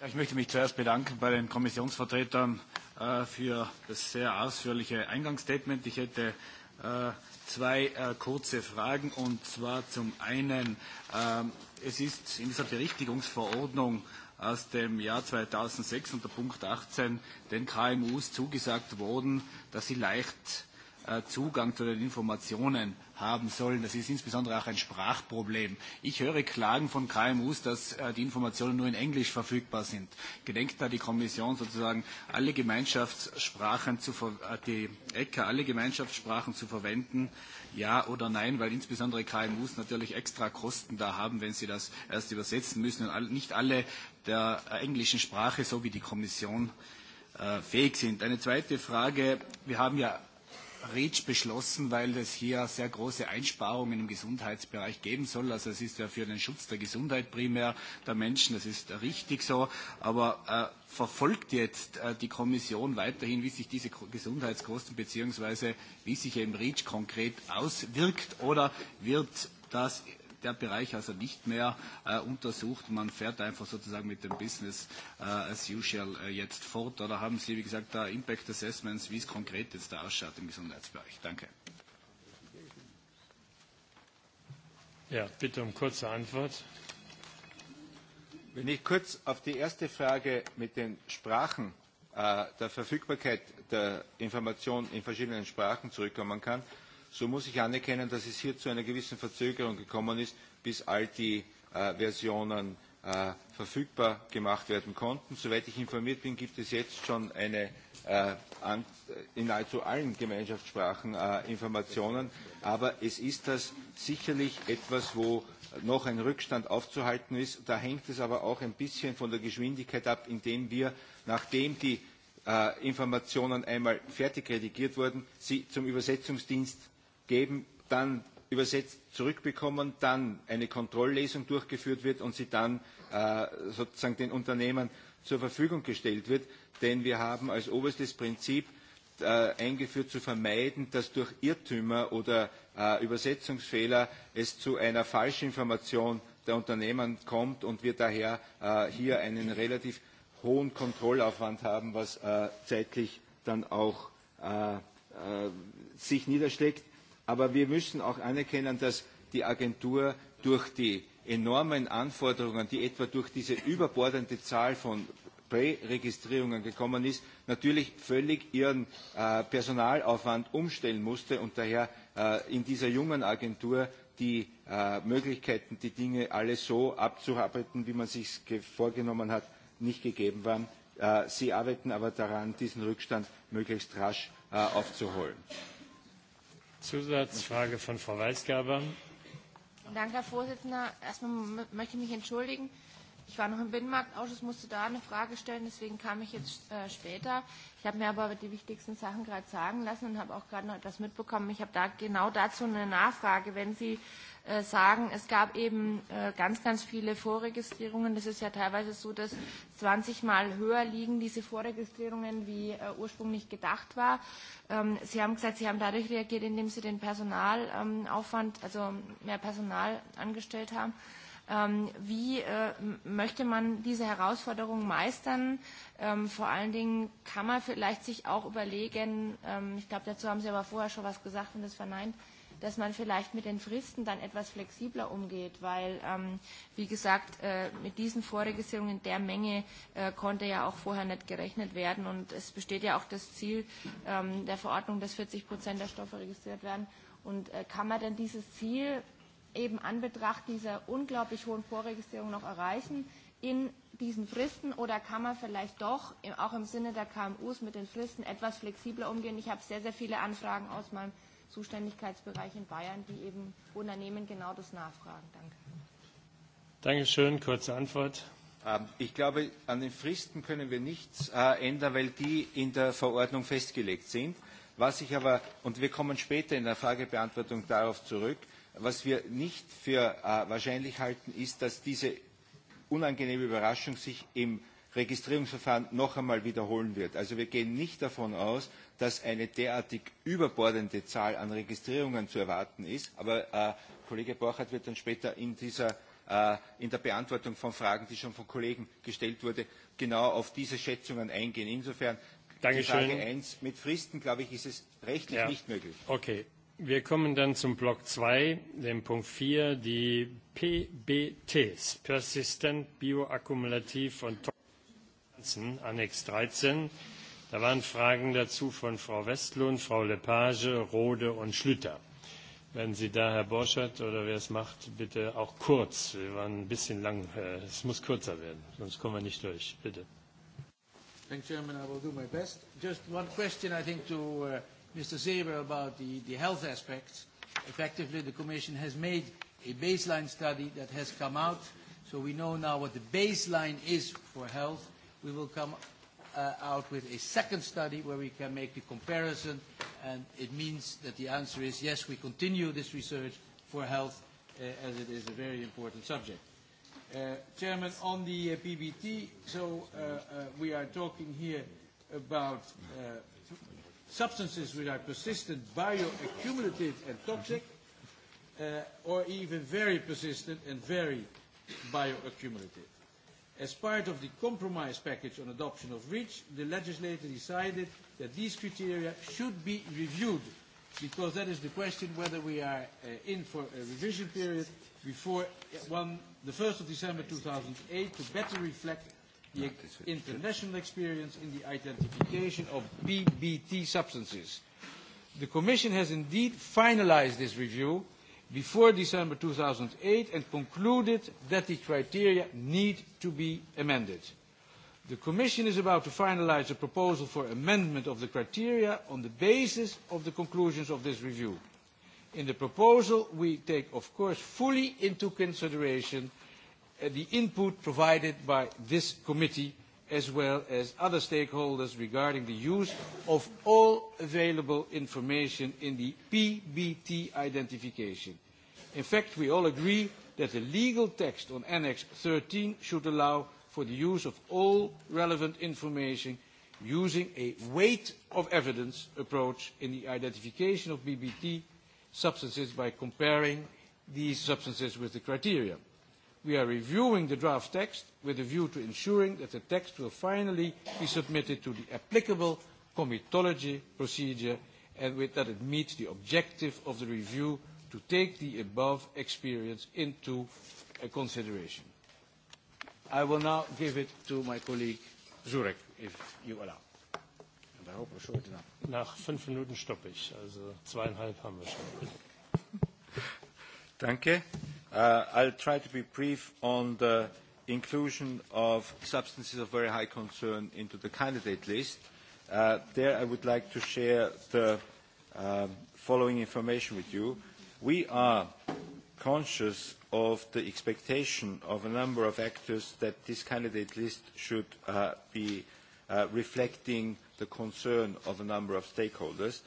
[SPEAKER 6] Ja, ich möchte mich zuerst bedanken bei den Kommissionsvertretern äh, für das sehr ausführliche Eingangsstatement. Ich hätte äh, zwei äh, kurze Fragen und zwar zum einen, äh, es ist in dieser Berichtigungsverordnung aus dem Jahr 2006 unter Punkt 18 den KMUs zugesagt worden, dass sie leicht Äh, Zugang zu den Informationen haben sollen. Das ist insbesondere auch ein Sprachproblem. Ich höre Klagen von KMUs, dass äh, die Informationen nur in Englisch verfügbar sind. Gedenkt da die Kommission sozusagen alle Gemeinschaftssprachen zu äh, die ECA alle Gemeinschaftssprachen zu verwenden? Ja oder nein, weil insbesondere KMUs natürlich extra Kosten da haben, wenn sie das erst übersetzen müssen und nicht alle der englischen Sprache, so wie die Kommission fähig sind. Eine zweite Frage. Wir haben ja REACH beschlossen, weil es hier sehr große Einsparungen im Gesundheitsbereich geben soll. Also es ist ja für den Schutz der Gesundheit primär der Menschen, das ist richtig so. Aber äh, verfolgt jetzt äh, die Kommission weiterhin, wie sich diese Gesundheitskosten bzw. wie sich eben REACH konkret auswirkt oder wird das der Bereich also nicht mehr äh, untersucht. Man fährt einfach sozusagen mit dem Business äh, as usual äh, jetzt fort. Oder haben Sie, wie gesagt, da Impact Assessments, wie es konkret jetzt da ausschaut im Gesundheitsbereich? Danke. Ja, bitte um kurze
[SPEAKER 3] Antwort. Wenn ich kurz auf die erste Frage mit den Sprachen äh, der Verfügbarkeit der Information in verschiedenen Sprachen zurückkommen kann, So muss ich anerkennen, dass es hier zu einer gewissen Verzögerung gekommen ist, bis all die äh, Versionen äh, verfügbar gemacht werden konnten. Soweit ich informiert bin, gibt es jetzt schon eine, äh, an, in nahezu allen Gemeinschaftssprachen äh, Informationen. Aber es ist das sicherlich etwas, wo noch ein Rückstand aufzuhalten ist. Da hängt es aber auch ein bisschen von der Geschwindigkeit ab, indem wir, nachdem die äh, Informationen einmal fertig redigiert wurden, sie zum Übersetzungsdienst geben, dann übersetzt zurückbekommen, dann eine Kontrolllesung durchgeführt wird und sie dann äh, sozusagen den Unternehmen zur Verfügung gestellt wird. Denn wir haben als oberstes Prinzip äh, eingeführt, zu vermeiden, dass durch Irrtümer oder äh, Übersetzungsfehler es zu einer Falschinformation der Unternehmen kommt und wir daher äh, hier einen relativ hohen Kontrollaufwand haben, was äh, zeitlich dann auch äh, äh, sich niederschlägt. Aber wir müssen auch anerkennen, dass die Agentur durch die enormen Anforderungen, die etwa durch diese überbordende Zahl von Präregistrierungen gekommen ist, natürlich völlig ihren äh, Personalaufwand umstellen musste und daher äh, in dieser jungen Agentur die äh, Möglichkeiten, die Dinge alles so abzuarbeiten, wie man sich vorgenommen hat, nicht gegeben waren. Äh, Sie arbeiten aber daran, diesen Rückstand möglichst rasch äh, aufzuholen.
[SPEAKER 2] Zusatzfrage von Frau Weisgerber.
[SPEAKER 7] Danke, Herr Vorsitzender. Erstmal möchte ich mich entschuldigen. Ich war noch im Binnenmarktausschuss, musste da eine Frage stellen, deswegen kam ich jetzt äh, später. Ich habe mir aber die wichtigsten Sachen gerade sagen lassen und habe auch gerade noch etwas mitbekommen. Ich habe da genau dazu eine Nachfrage. Wenn Sie äh, sagen, es gab eben äh, ganz, ganz viele Vorregistrierungen, das ist ja teilweise so, dass 20 Mal höher liegen diese Vorregistrierungen, wie äh, ursprünglich gedacht war. Ähm, Sie haben gesagt, Sie haben dadurch reagiert, indem Sie den Personalaufwand, ähm, also mehr Personal angestellt haben. Äh, Ähm, wie äh, möchte man diese Herausforderung meistern? Ähm, vor allen Dingen kann man vielleicht sich auch überlegen, ähm, ich glaube, dazu haben Sie aber vorher schon was gesagt und das verneint, dass man vielleicht mit den Fristen dann etwas flexibler umgeht, weil, ähm, wie gesagt, äh, mit diesen Vorregistrierungen in der Menge äh, konnte ja auch vorher nicht gerechnet werden und es besteht ja auch das Ziel ähm, der Verordnung, dass 40 Prozent der Stoffe registriert werden. Und äh, kann man denn dieses Ziel eben an Betracht dieser unglaublich hohen Vorregistrierung noch erreichen in diesen Fristen oder kann man vielleicht doch im, auch im Sinne der KMUs mit den Fristen etwas flexibler umgehen? Ich habe sehr, sehr viele Anfragen aus meinem Zuständigkeitsbereich in Bayern, die eben Unternehmen genau das nachfragen. Danke.
[SPEAKER 3] Dankeschön. Kurze Antwort. Ähm, ich glaube, an den Fristen können wir nichts äh, ändern, weil die in der Verordnung festgelegt sind. Was ich aber, und wir kommen später in der Fragebeantwortung darauf zurück, Was wir nicht für äh, wahrscheinlich halten, ist, dass diese unangenehme Überraschung sich im Registrierungsverfahren noch einmal wiederholen wird. Also wir gehen nicht davon aus, dass eine derartig überbordende Zahl an Registrierungen zu erwarten ist. Aber äh, Kollege Borchert wird dann später in, dieser, äh, in der Beantwortung von Fragen, die schon von Kollegen gestellt wurde, genau auf diese Schätzungen eingehen. Insofern Dankeschön. die Frage 1 mit Fristen, glaube ich, ist es rechtlich ja. nicht möglich.
[SPEAKER 2] Okay. Wir kommen dann zum Block 2, dem Punkt 4, die PBTs, persistent bioakkumulativ und Pflanzen, Annex 13. Da waren Fragen dazu von Frau Westlund, Frau Lepage, Rode und Schlüter. Wenn Sie da, Herr Borschert oder wer es macht, bitte auch kurz. Wir waren ein bisschen lang. Äh, es muss kürzer werden, sonst kommen wir nicht durch. Bitte.
[SPEAKER 5] Thank you, Chairman. I will do my best. Just one question, I think, to uh, Mr. Zeber about the, the health aspects, effectively the Commission has made a baseline study that has come out, so we know now what the baseline is for health. We will come uh, out with a second study where we can make the comparison, and it means that the answer is yes, we continue this research for health, uh, as it is a very important subject. Uh, Chairman, on the uh, PBT, so uh, uh, we are talking here about uh, substances which are persistent, bioaccumulative and toxic, uh, or even very persistent and very bioaccumulative. As part of the compromise package on adoption of REACH, the legislator decided that these criteria should be reviewed because that is the question whether we are uh, in for a revision period before uh, one, the 1st of December 2008 to better reflect the international experience in the identification of PBT substances. The Commission has indeed finalized this review before December 2008 and concluded that the criteria need to be amended. The Commission is about to finalize a proposal for amendment of the criteria on the basis of the conclusions of this review. In the proposal, we take, of course, fully into consideration Uh, the input provided by this committee as well as other stakeholders regarding the use of all available information in the PBT identification. In fact, we all agree that the legal text on Annex 13 should allow for the use of all relevant information using a weight of evidence approach in the identification of BBT substances by comparing these substances with the criteria we are reviewing the draft text with a view to ensuring that the text will finally be submitted to the applicable comitology procedure and with, that it meets the objective of the review to take the above experience into uh, consideration. I will now give it to my colleague Zurek, if you allow. Nach fünf Minuten stoppe ich, also
[SPEAKER 3] zweieinhalb haben wir schon. Danke. Uh, I'll try to be brief on the inclusion of substances of very high concern into the candidate list. Uh, there I would like to share the uh, following information with you. We are conscious of the expectation of a number of actors that this candidate list should uh, be uh, reflecting the concern of a number of stakeholders.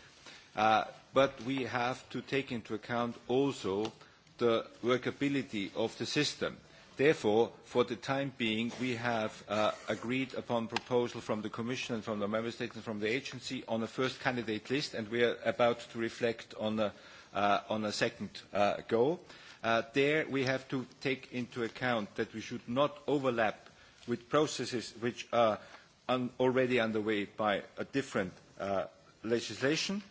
[SPEAKER 3] Uh, but we have to take into account also the workability of the system. Therefore, for the time being, we have uh, agreed upon proposal from the Commission and from the Member States and from the agency on a first candidate list, and we are about to reflect on a, uh, on a second uh, go. Uh, there, we have to take into account that we should not overlap with processes which are un already underway by a different uh, legislation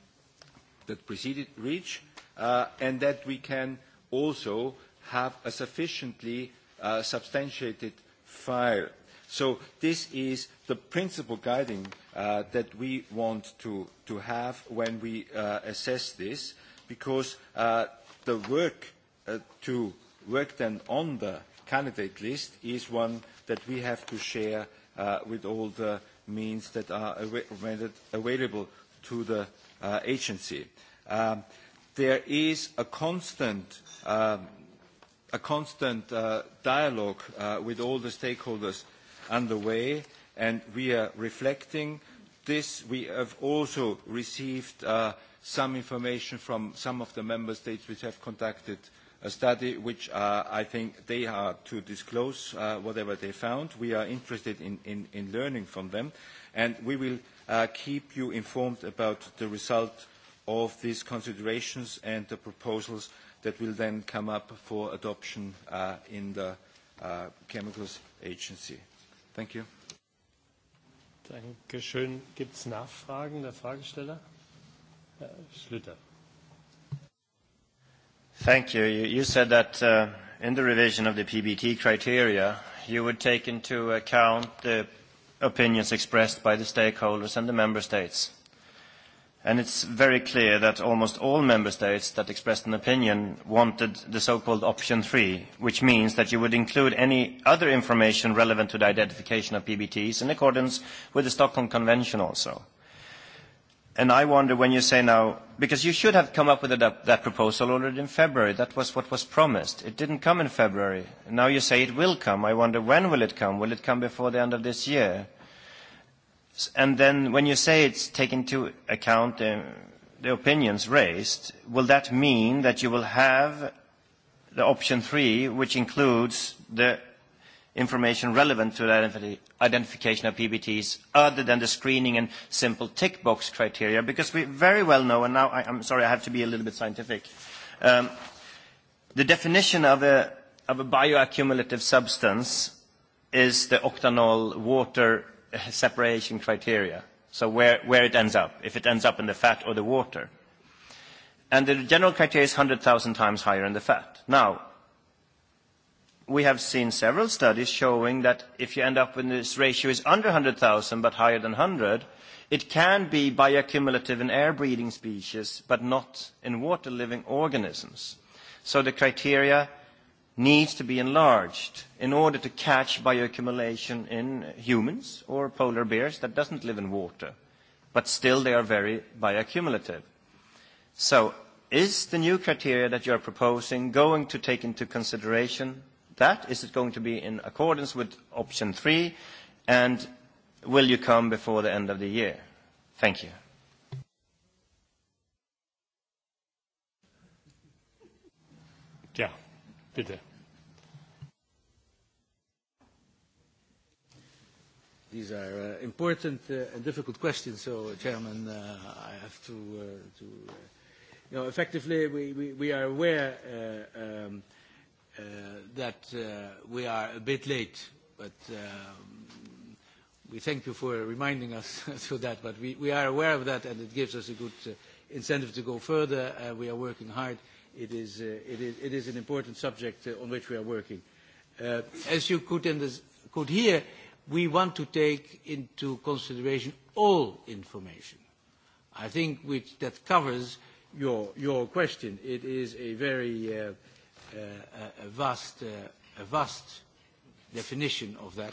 [SPEAKER 3] that preceded REACH, uh, and that we can uh, also have a sufficiently uh, substantiated file. So this is the principal guiding uh, that we want to, to have when we uh, assess this, because uh, the work uh, to work then on the candidate list is one that we have to share uh, with all the means that are av available to the uh, agency. Um, uh, there is a constant, um, a constant uh, dialogue uh, with all the stakeholders underway, and we are reflecting this. We have also received uh, some information from some of the member states which have conducted a study, which uh, I think they are to disclose uh, whatever they found. We are interested in, in, in learning from them, and we will uh, keep you informed about the result of these considerations and the proposals that will then come up for adoption uh, in the uh, Chemicals Agency. Thank you.
[SPEAKER 2] Dankeschön. Gibt es Nachfragen der Fragesteller? Herr
[SPEAKER 3] Schlüter.
[SPEAKER 8] Thank you. You, you said that uh, in the revision of the PBT criteria, you would take into account the opinions expressed by the stakeholders and the member states and it's very clear that almost all member states that expressed an opinion wanted the so-called option three, which means that you would include any other information relevant to the identification of PBTs in accordance with the Stockholm Convention also. And I wonder when you say now, because you should have come up with that, that proposal already in February. That was what was promised. It didn't come in February. Now you say it will come. I wonder when will it come? Will it come before the end of this year? And then when you say it's taken into account uh, the opinions raised, will that mean that you will have the option three, which includes the information relevant to the identification of PBTs other than the screening and simple tick box criteria? Because we very well know, and now I, I'm sorry, I have to be a little bit scientific. Um, the definition of a, of a bioaccumulative substance is the octanol water separation criteria, so where, where it ends up, if it ends up in the fat or the water. And the general criteria is 100,000 times higher in the fat. Now, we have seen several studies showing that if you end up when this ratio is under 100,000 but higher than 100, it can be bioaccumulative in air breeding species, but not in water living organisms. So the criteria needs to be enlarged in order to catch bioaccumulation in humans or polar bears that doesn't live in water, but still they are very bioaccumulative. So is the new criteria that you're proposing going to take into consideration that? Is it going to be in accordance with option three? And will you come before the end of the year? Thank you.
[SPEAKER 5] Yeah. Bitte. These are uh, important uh, and difficult questions, so, uh, Chairman, uh, I have to, uh, to uh, you know, effectively, we, we, we are aware uh, um, uh, that uh, we are a bit late, but um, we thank you for reminding us to [laughs] that, but we, we are aware of that, and it gives us a good uh, incentive to go further. Uh, we are working hard uh, it is, uh, it is, it is an important subject uh, on which we are working. Uh, as you could, in this, could hear, we want to take into consideration all information. I think which, that covers your, your question. It is a very uh, uh, a vast, uh, a vast definition of that.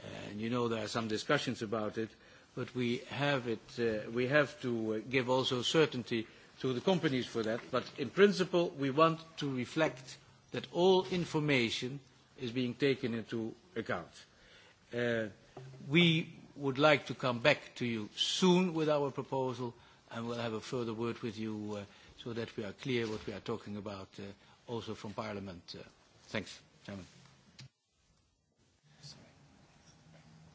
[SPEAKER 5] Uh, and you know there are some discussions about it, but we have, it, uh, we have to uh, give also certainty uh, to the companies for that, but in principle we want to reflect that all information is being taken into account. Uh, we would like to come back to you soon with our proposal and we'll have a further word with you uh, so that we are clear what we are talking about uh, also from Parliament. Uh, thanks, Chairman.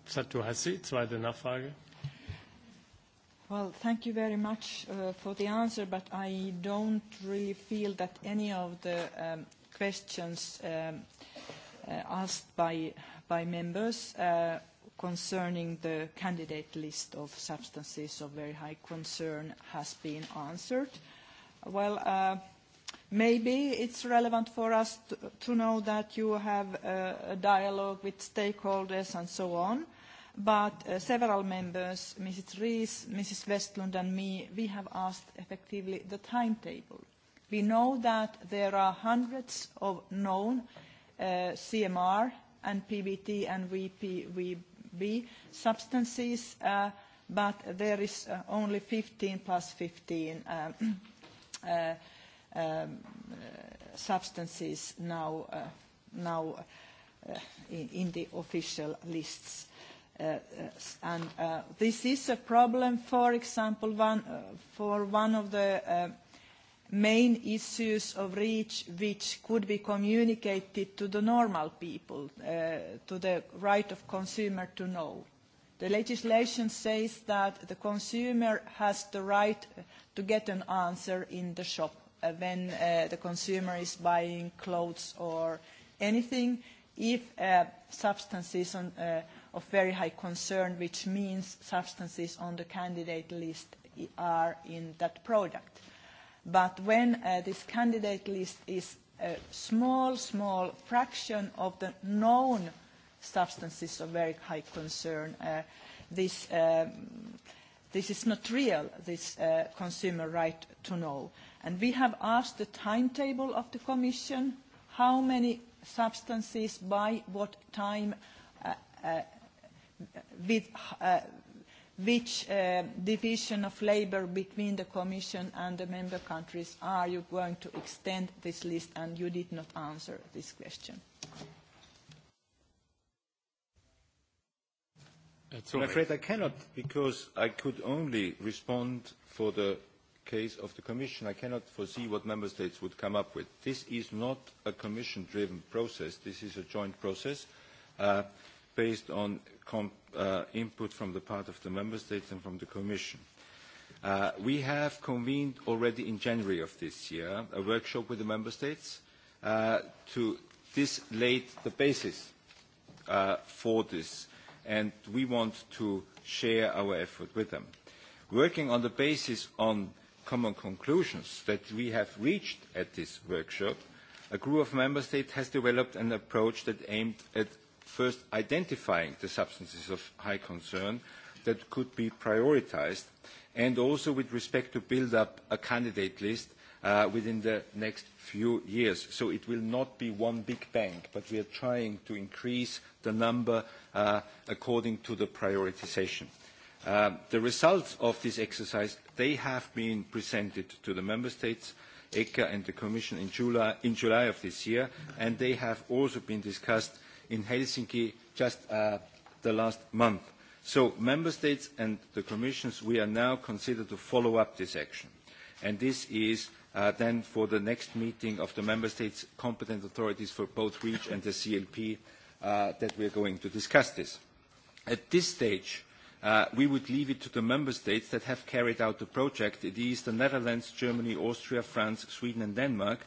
[SPEAKER 5] Satu Hassi, zweite
[SPEAKER 2] Nachfrage.
[SPEAKER 4] Well, thank you very much uh, for the answer, but I don't really feel that any of the um, questions um, uh, asked by, by members uh, concerning the candidate list of substances of very high concern has been answered. Well, uh, maybe it's relevant for us to, to know that you have a, uh, a dialogue with stakeholders and so on. Uh, But uh, several members, Mrs. Rees, Mrs. Westlund and me, we have asked effectively the timetable. We know that there are hundreds of known uh, CMR and PBT and VPVB substances, uh, but there is uh, only 15 plus 15 uh, um, [clears throat] uh, um, uh, substances now, uh, now uh, in, in the official lists. Uh, uh, and uh, this is a problem, for example, one, uh, for one of the uh, main issues of REACH, which could be communicated to the normal people, uh, to the right of consumer to know. The legislation says that the consumer has the right to get an answer in the shop uh, when uh, the consumer is buying clothes or anything if uh, substances on, uh, of very high concern, which means substances on the candidate list are in that product. But when uh, this candidate list is a small, small fraction of the known substances of very high concern, uh, this, um, this is not real, this uh, consumer right to know. And we have asked the timetable of the Commission, how many substances by what time uh, uh, with, uh, which uh, division of labor between the Commission and the member countries are you going to extend this list? And you did not answer this question.
[SPEAKER 9] That's I'm afraid I
[SPEAKER 3] cannot because I could only respond for the case of the Commission. I cannot foresee what Member States would come up with. This is not a Commission-driven process. This is a joint process. Uh, based on comp, uh, input from the part of the Member States and from the Commission. Uh, we have convened already in January of this year a workshop with the Member States uh, to this laid the basis uh, for this, and we want to share our effort with them. Working on the basis on common conclusions that we have reached at this workshop, a group of member states has developed an approach that aimed at first identifying the substances of high concern that could be prioritized, and also with respect to build up a candidate list uh, within the next few years. So it will not be one big bang, but we are trying to increase the number uh, according to the prioritization. Uh, the results of this exercise, they have been presented to the member states, ECHA and the Commission in July, in July of this year, and they have also been discussed in Helsinki just uh, the last month. So member states and the commissions, we are now considered to follow up this action. And this is uh, then for the next meeting of the member states' competent authorities for both REACH and the CLP uh, that we are going to discuss this. At this stage, uh, we would leave it to the member states that have carried out the project. It is the Netherlands, Germany, Austria, France, Sweden and Denmark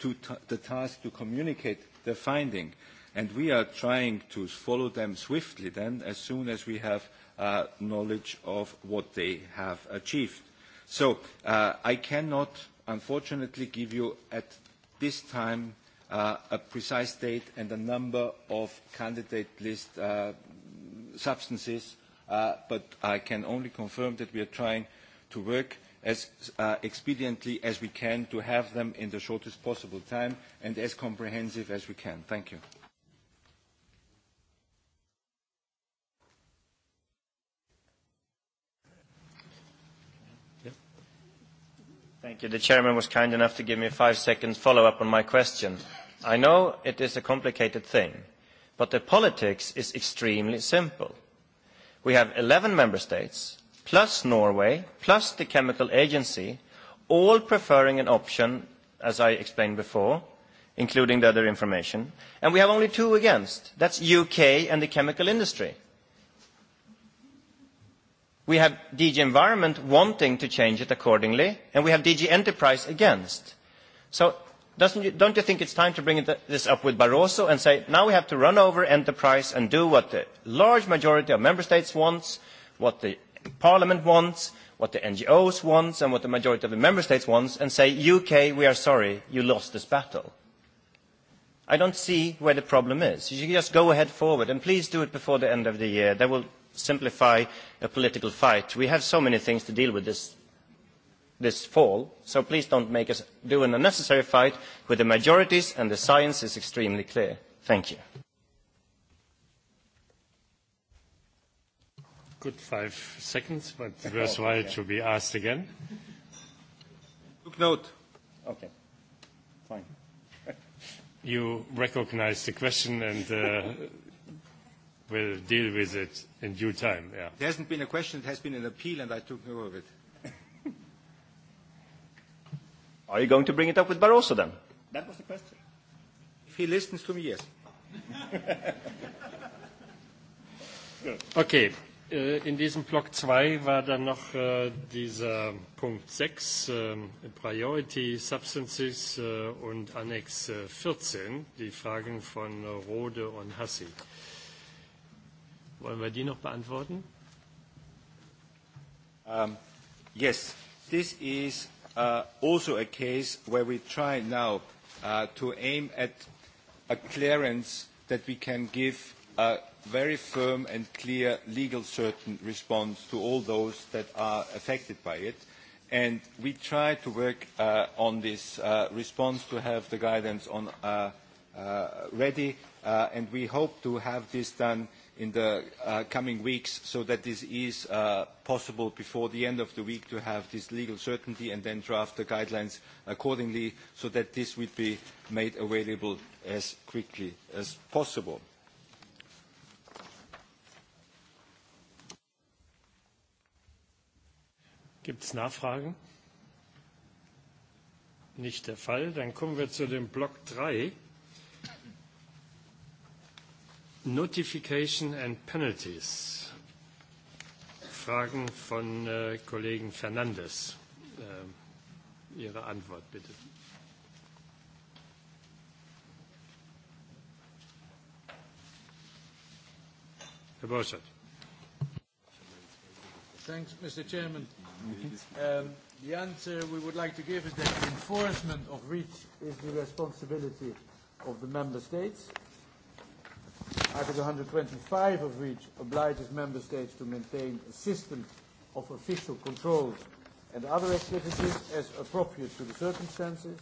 [SPEAKER 3] to t the task to communicate their finding. Uh, and we are trying to follow them swiftly then as soon as we have uh, knowledge of what they have achieved. So uh, I cannot, unfortunately, give you at this time uh, a precise date and a number of candidate list uh, substances, uh, but I can only confirm that we are trying to work as uh, expediently as we can to have them in the shortest possible time and as comprehensive as we can. Thank you.
[SPEAKER 8] Thank you. The chairman was kind enough to give me a five-second follow-up on my question. I know it is a complicated thing, but the politics is extremely simple. We have 11 member states, plus Norway, plus the chemical agency, all preferring an option, as I explained before, including the other information, and we have only two against. That's U.K. and the chemical industry we have DG Environment wanting to change it accordingly, and we have DG Enterprise against. So doesn't you, don't you think it's time to bring it, this up with Barroso and say, now we have to run over Enterprise and do what the large majority of member states wants, what the Parliament wants, what the NGOs wants, and what the majority of the member states wants, and say, UK, we are sorry, you lost this battle. I don't see where the problem is. You should just go ahead forward, and please do it before the end of the year. That will simplify a political fight. We have so many things to deal with this, this fall, so please don't make us do an unnecessary fight with the majorities, and the science is extremely clear. Thank you. Good five
[SPEAKER 2] seconds, but [laughs] worthwhile okay. to be asked again. Took note.
[SPEAKER 8] Okay, fine. [laughs]
[SPEAKER 2] you recognize the question
[SPEAKER 3] and uh, will deal with it in due time. Yeah. There hasn't been a question. It has been an appeal, and I took note of it. [laughs] Are you going to bring it up with Barroso then?
[SPEAKER 8] That was the question.
[SPEAKER 3] If he listens to me, yes.
[SPEAKER 8] [laughs] okay. Äh, in diesem
[SPEAKER 2] Block 2 war dann noch äh, dieser Punkt 6, äh, Priority Substances äh, und Annex 14, äh, die Fragen von Rode und Hassi. Wollen wir die noch beantworten?
[SPEAKER 3] Um, yes, this is uh, also a case where we try now uh, to aim at a clearance that we can give a very firm and clear legal certain response to all those that are affected by it. And we try to work uh, on this uh, response to have the guidance on, uh, uh, ready, uh, and we hope to have this done in the uh, coming weeks so that this is uh, possible before the end of the week to have this legal certainty and then draft the guidelines accordingly so that this would be made available as quickly as possible.
[SPEAKER 2] Gibt es Nachfragen? Nicht der Fall. Dann kommen wir zu dem Block 3. Notification and Penalties. Fragen von äh, Kollegen Fernandes. Äh, Ihre Antwort bitte. Herr Borchert.
[SPEAKER 5] Thanks, Mr. Chairman. Um, the answer we would like to give is that the enforcement of REACH is the responsibility of the member states Article 125 of which obliges member states to maintain a system of official controls and other activities as appropriate to the circumstances.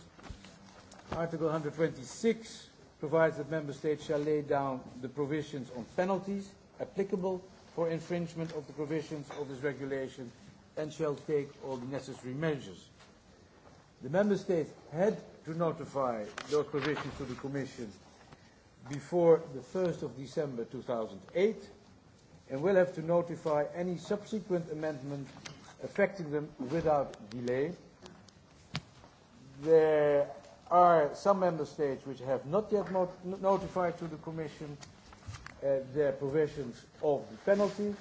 [SPEAKER 5] Article 126 provides that member states shall lay down the provisions on penalties applicable for infringement of the provisions of this regulation and shall take all the necessary measures. The member states had to notify those provisions to the Commission before the 1st of December 2008 and will have to notify any subsequent amendment affecting them without delay. There are some member states which have not yet not notified to the Commission uh, their provisions of the penalties.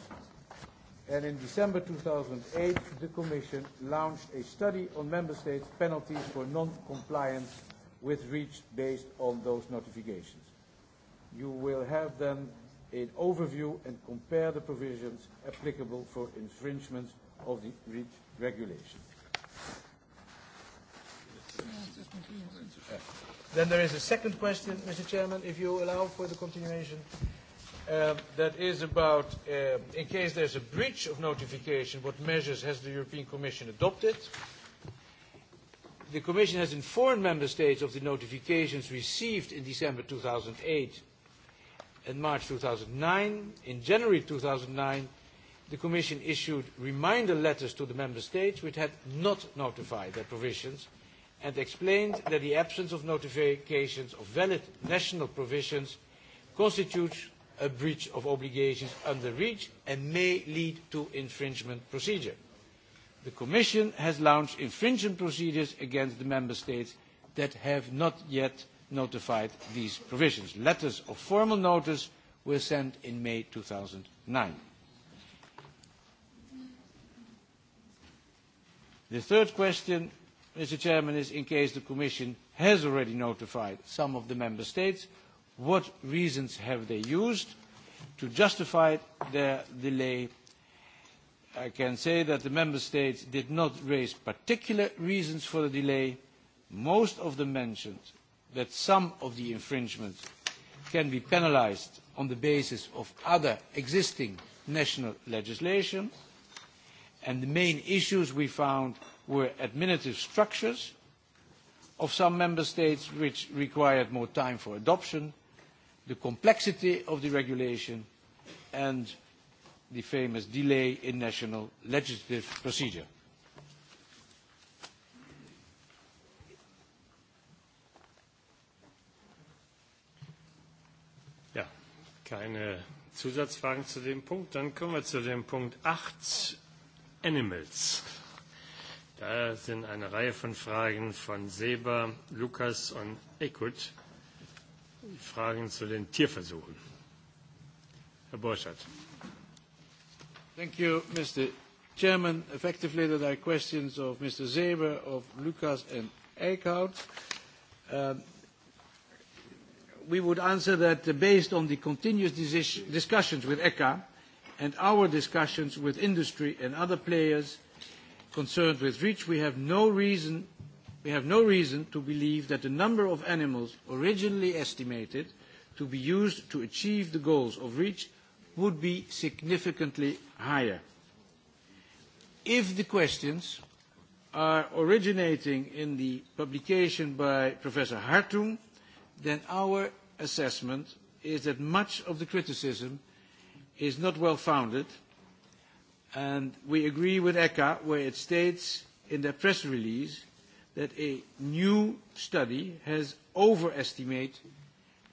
[SPEAKER 5] And in December 2008, the Commission launched a study on member states' penalties for non-compliance with REACH based on those notifications you will have then an overview and compare the provisions applicable for infringements of the REACH regulation. Then there is a second question, Mr. Chairman, if you allow for the continuation. Uh, that is about, uh, in case there's a breach of notification, what measures has the European Commission adopted? The Commission has informed Member States of the notifications received in December 2008 in March 2009. In January 2009, the Commission issued reminder letters to the Member States which had not notified their provisions and explained that the absence of notifications of valid national provisions constitutes a breach of obligations under REACH and may lead to infringement procedure. The Commission has launched infringement procedures against the Member States that have not yet notified these provisions. Letters of formal notice were sent in May 2009. The third question, Mr. Chairman, is in case the Commission has already notified some of the Member States, what reasons have they used to justify their delay? I can say that the Member States did not raise particular reasons for the delay. Most of them mentioned that some of the infringement can be penalized on the basis of other existing national legislation, and the main issues we found were administrative structures of some member states which required more time for adoption, the complexity of the regulation, and the famous delay in national legislative procedure.
[SPEAKER 2] Keine Zusatzfragen zu dem Punkt. Dann kommen wir zu dem Punkt 8, Animals. Da sind eine Reihe von Fragen von Seba, Lukas und Ekut. Fragen zu den Tierversuchen. Herr Borchert.
[SPEAKER 5] Thank you, Mr. Chairman. Effectively, there are questions of Mr. Zeber, of Lucas, and Eickhout. Um, we would answer that based on the continuous dis discussions with ECHA and our discussions with industry and other players concerned with REACH, we have no reason, we have no reason to believe that the number of animals originally estimated to be used to achieve the goals of REACH would be significantly higher. If the questions are originating in the publication by Professor Hartung then our assessment is that much of the criticism is not well-founded, and we agree with ECHA, where it states in their press release that a new study has overestimated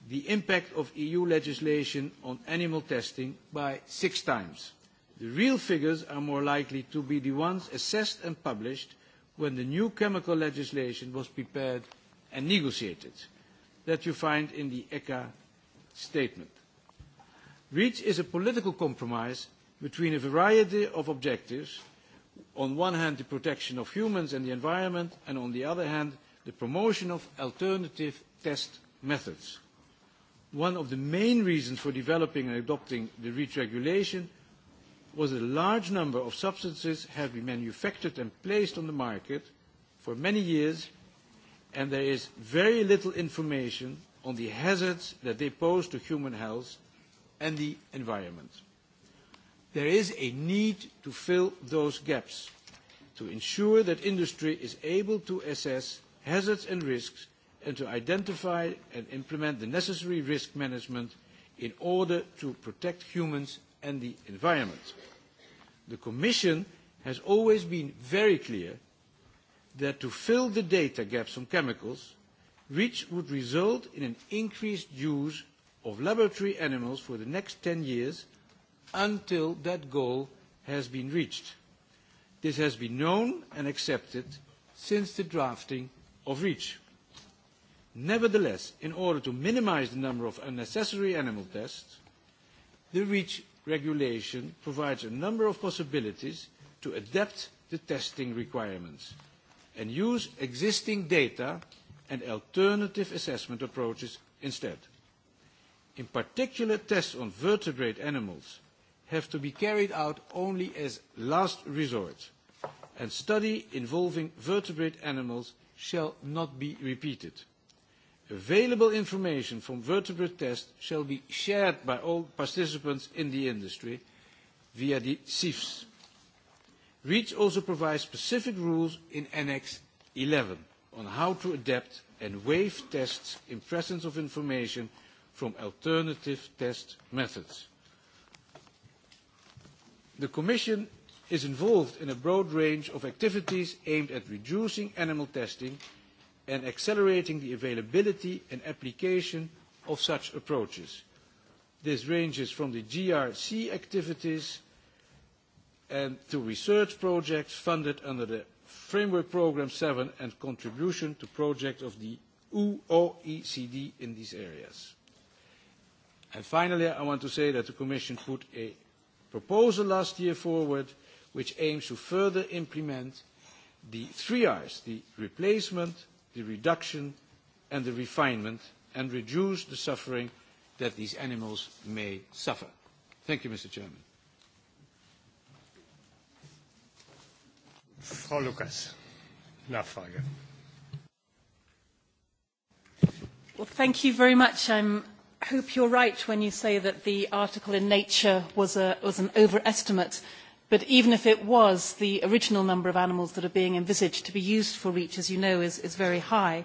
[SPEAKER 5] the impact of EU legislation on animal testing by six times. The real figures are more likely to be the ones assessed and published when the new chemical legislation was prepared and negotiated that you find in the ECA statement. REACH is a political compromise between a variety of objectives, on one hand the protection of humans and the environment, and on the other hand the promotion of alternative test methods. One of the main reasons for developing and adopting the REACH regulation was that a large number of substances have been manufactured and placed on the market for many years and there is very little information on the hazards that they pose to human health and the environment. There is a need to fill those gaps to ensure that industry is able to assess hazards and risks and to identify and implement the necessary risk management in order to protect humans and the environment. The Commission has always been very clear that to fill the data gaps on chemicals, which would result in an increased use of laboratory animals for the next 10 years until that goal has been reached. This has been known and accepted since the drafting of REACH. Nevertheless, in order to minimize the number of unnecessary animal tests, the REACH regulation provides a number of possibilities to adapt the testing requirements – and use existing data and alternative assessment approaches instead. In particular, tests on vertebrate animals have to be carried out only as last resort, and study involving vertebrate animals shall not be repeated. Available information from vertebrate tests shall be shared by all participants in the industry via the CIFs. REACH also provides specific rules in Annex 11 on how to adapt and waive tests in presence of information from alternative test methods. The Commission is involved in a broad range of activities aimed at reducing animal testing and accelerating the availability and application of such approaches. This ranges from the GRC activities and to research projects funded under the Framework Programme 7 and contribution to projects of the OECD in these areas. And finally, I want to say that the Commission put a proposal last year forward which aims to further implement the three Rs, the replacement, the reduction and the refinement, and reduce the suffering that these animals may suffer. Thank you, Mr. Chairman. Frau Lukas, Nachfrage.
[SPEAKER 10] Well, thank you very much. I'm, I hope you're right when you say that the article in Nature was, a, was an overestimate. But even if it was, the original number of animals that are being envisaged to be used for REACH, as you know, is, is very high.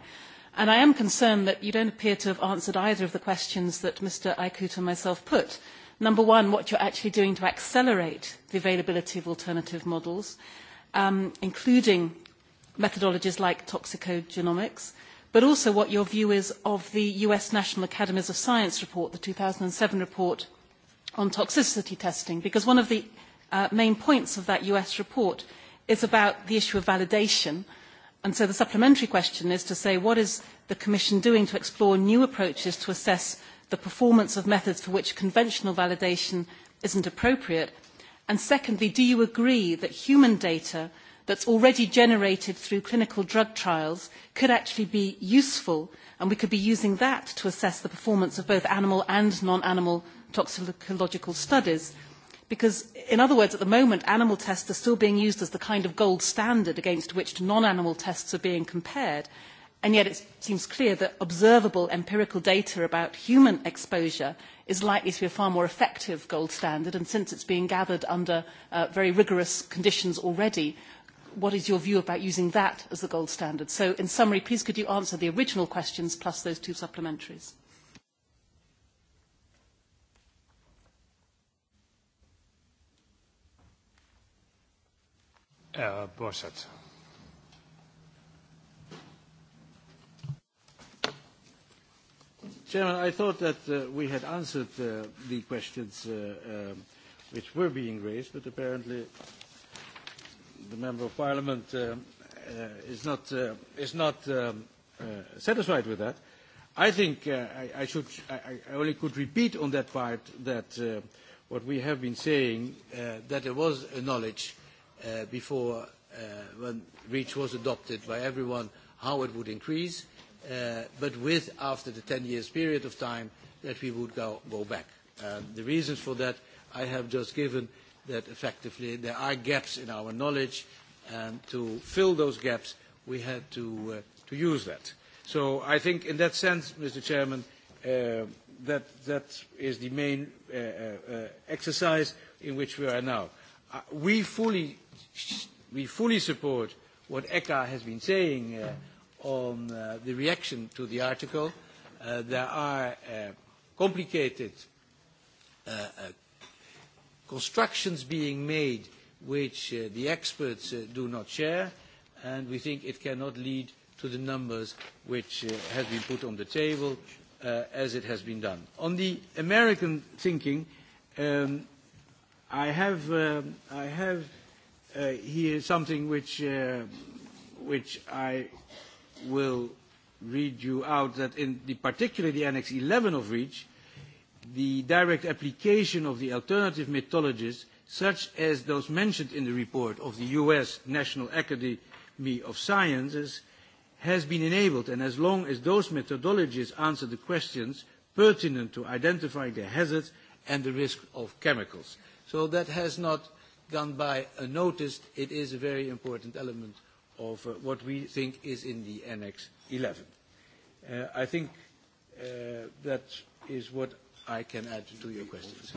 [SPEAKER 10] And I am concerned that you don't appear to have answered either of the questions that Mr. Aykut and myself put. Number one, what you're actually doing to accelerate the availability of alternative models um, including methodologies like toxicogenomics, but also what your view is of the US National Academies of Science report, the 2007 report on toxicity testing, because one of the uh, main points of that US report is about the issue of validation. And so the supplementary question is to say, what is the Commission doing to explore new approaches to assess the performance of methods for which conventional validation isn't appropriate And secondly, do you agree that human data that's already generated through clinical drug trials could actually be useful and we could be using that to assess the performance of both animal and non-animal toxicological studies? Because, in other words, at the moment, animal tests are still being used as the kind of gold standard against which non-animal tests are being compared And yet it seems clear that observable empirical data about human exposure is likely to be a far more effective gold standard. And since it's being gathered under uh, very rigorous conditions already, what is your view about using that as the gold standard? So in summary, please could you answer the original questions plus those two supplementaries?
[SPEAKER 5] Uh, Borsat. Chairman, I thought that uh, we had answered uh, the questions uh, um, which were being raised, but apparently the Member of Parliament uh, uh, is not, uh, is not um, uh, satisfied with that. I think uh, I, I, should, I, I only could repeat on that part that uh, what we have been saying, uh, that there was a knowledge uh, before uh, when REACH was adopted by everyone how it would increase. Uh, uh, but with, after the 10 years period of time, that we would go, go back. Uh, the reasons for that I have just given that effectively there are gaps in our knowledge, and to fill those gaps, we had to, uh, to use that. So I think in that sense, Mr. Chairman, uh, that, that is the main uh, uh, uh, exercise in which we are now. Uh, we, fully, we fully support what ECHA has been saying uh, on uh, the reaction to the article. Uh, there are uh, complicated uh, uh, constructions being made which uh, the experts uh, do not share, and we think it cannot lead to the numbers which uh, have been put on the table uh, as it has been done. On the American thinking, um, I have, um, I have uh, here something which, uh, which I will read you out that in the, particularly the Annex 11 of REACH, the direct application of the alternative methodologies, such as those mentioned in the report of the U.S. National Academy of Sciences, has been enabled, and as long as those methodologies answer the questions pertinent to identifying the hazards and the risk of chemicals. So that has not gone by unnoticed. It is a very important element of uh, what we think is in the Annex 11. Uh, I think uh, that is what I can add to your questions.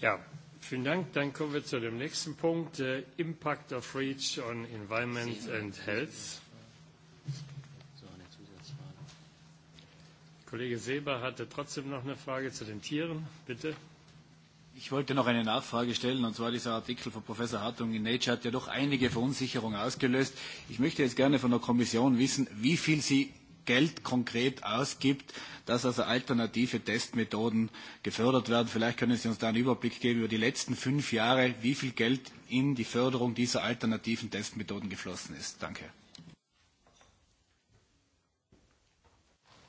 [SPEAKER 2] Ja, vielen Dank. Dann kommen wir zu dem nächsten Punkt, uh, Impact of REACH on Environment and Health. Kollege Seber hatte trotzdem noch eine Frage zu den Tieren. Bitte.
[SPEAKER 6] Ich wollte noch eine Nachfrage stellen, und zwar dieser Artikel von Professor Hartung in Nature hat ja doch einige Verunsicherung ausgelöst. Ich möchte jetzt gerne von der Kommission wissen, wie viel sie Geld konkret ausgibt, dass also alternative Testmethoden gefördert werden. Vielleicht können Sie uns da einen Überblick geben über die letzten fünf Jahre, wie viel Geld in die Förderung dieser alternativen Testmethoden geflossen ist.
[SPEAKER 5] Danke.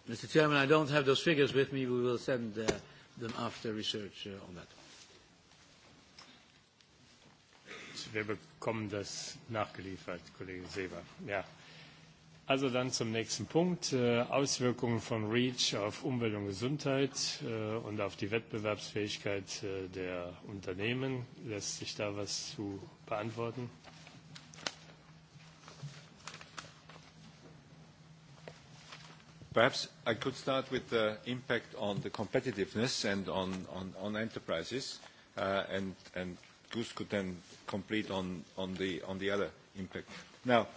[SPEAKER 5] Mr. Chairman, I don't have those figures with me. We will send uh, them after research uh, on that.
[SPEAKER 2] wir bekommen das nachgeliefert, Kollege Seber. Ja. Also dann zum nächsten Punkt. Äh, Auswirkungen von REACH auf Umwelt und Gesundheit äh, und auf die Wettbewerbsfähigkeit äh, der Unternehmen. Lässt sich da was zu beantworten?
[SPEAKER 3] Perhaps I could start with the impact on the competitiveness and on, on, on enterprises. Uh, and, and Gus could then complete on, on, the, on the other impact. Now,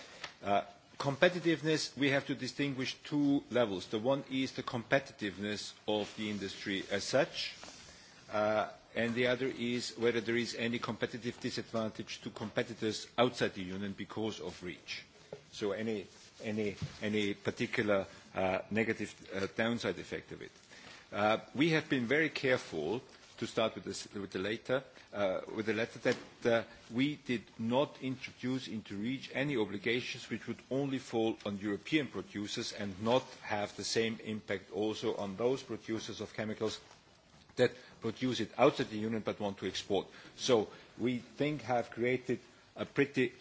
[SPEAKER 3] uh, competitiveness, we have to distinguish two levels. The one is the competitiveness of the industry as such, uh, and the other is whether there is any competitive disadvantage to competitors outside the union because of reach. So any, any, any particular uh, negative uh, downside effect of it. Uh, we have been very careful uh, to start with, this, with the later, uh, with the letter that uh, we did not introduce into REACH any obligations which would only fall on European producers and not have the same impact also on those producers of chemicals that produce it outside the Union but want to export. So we think have created a pretty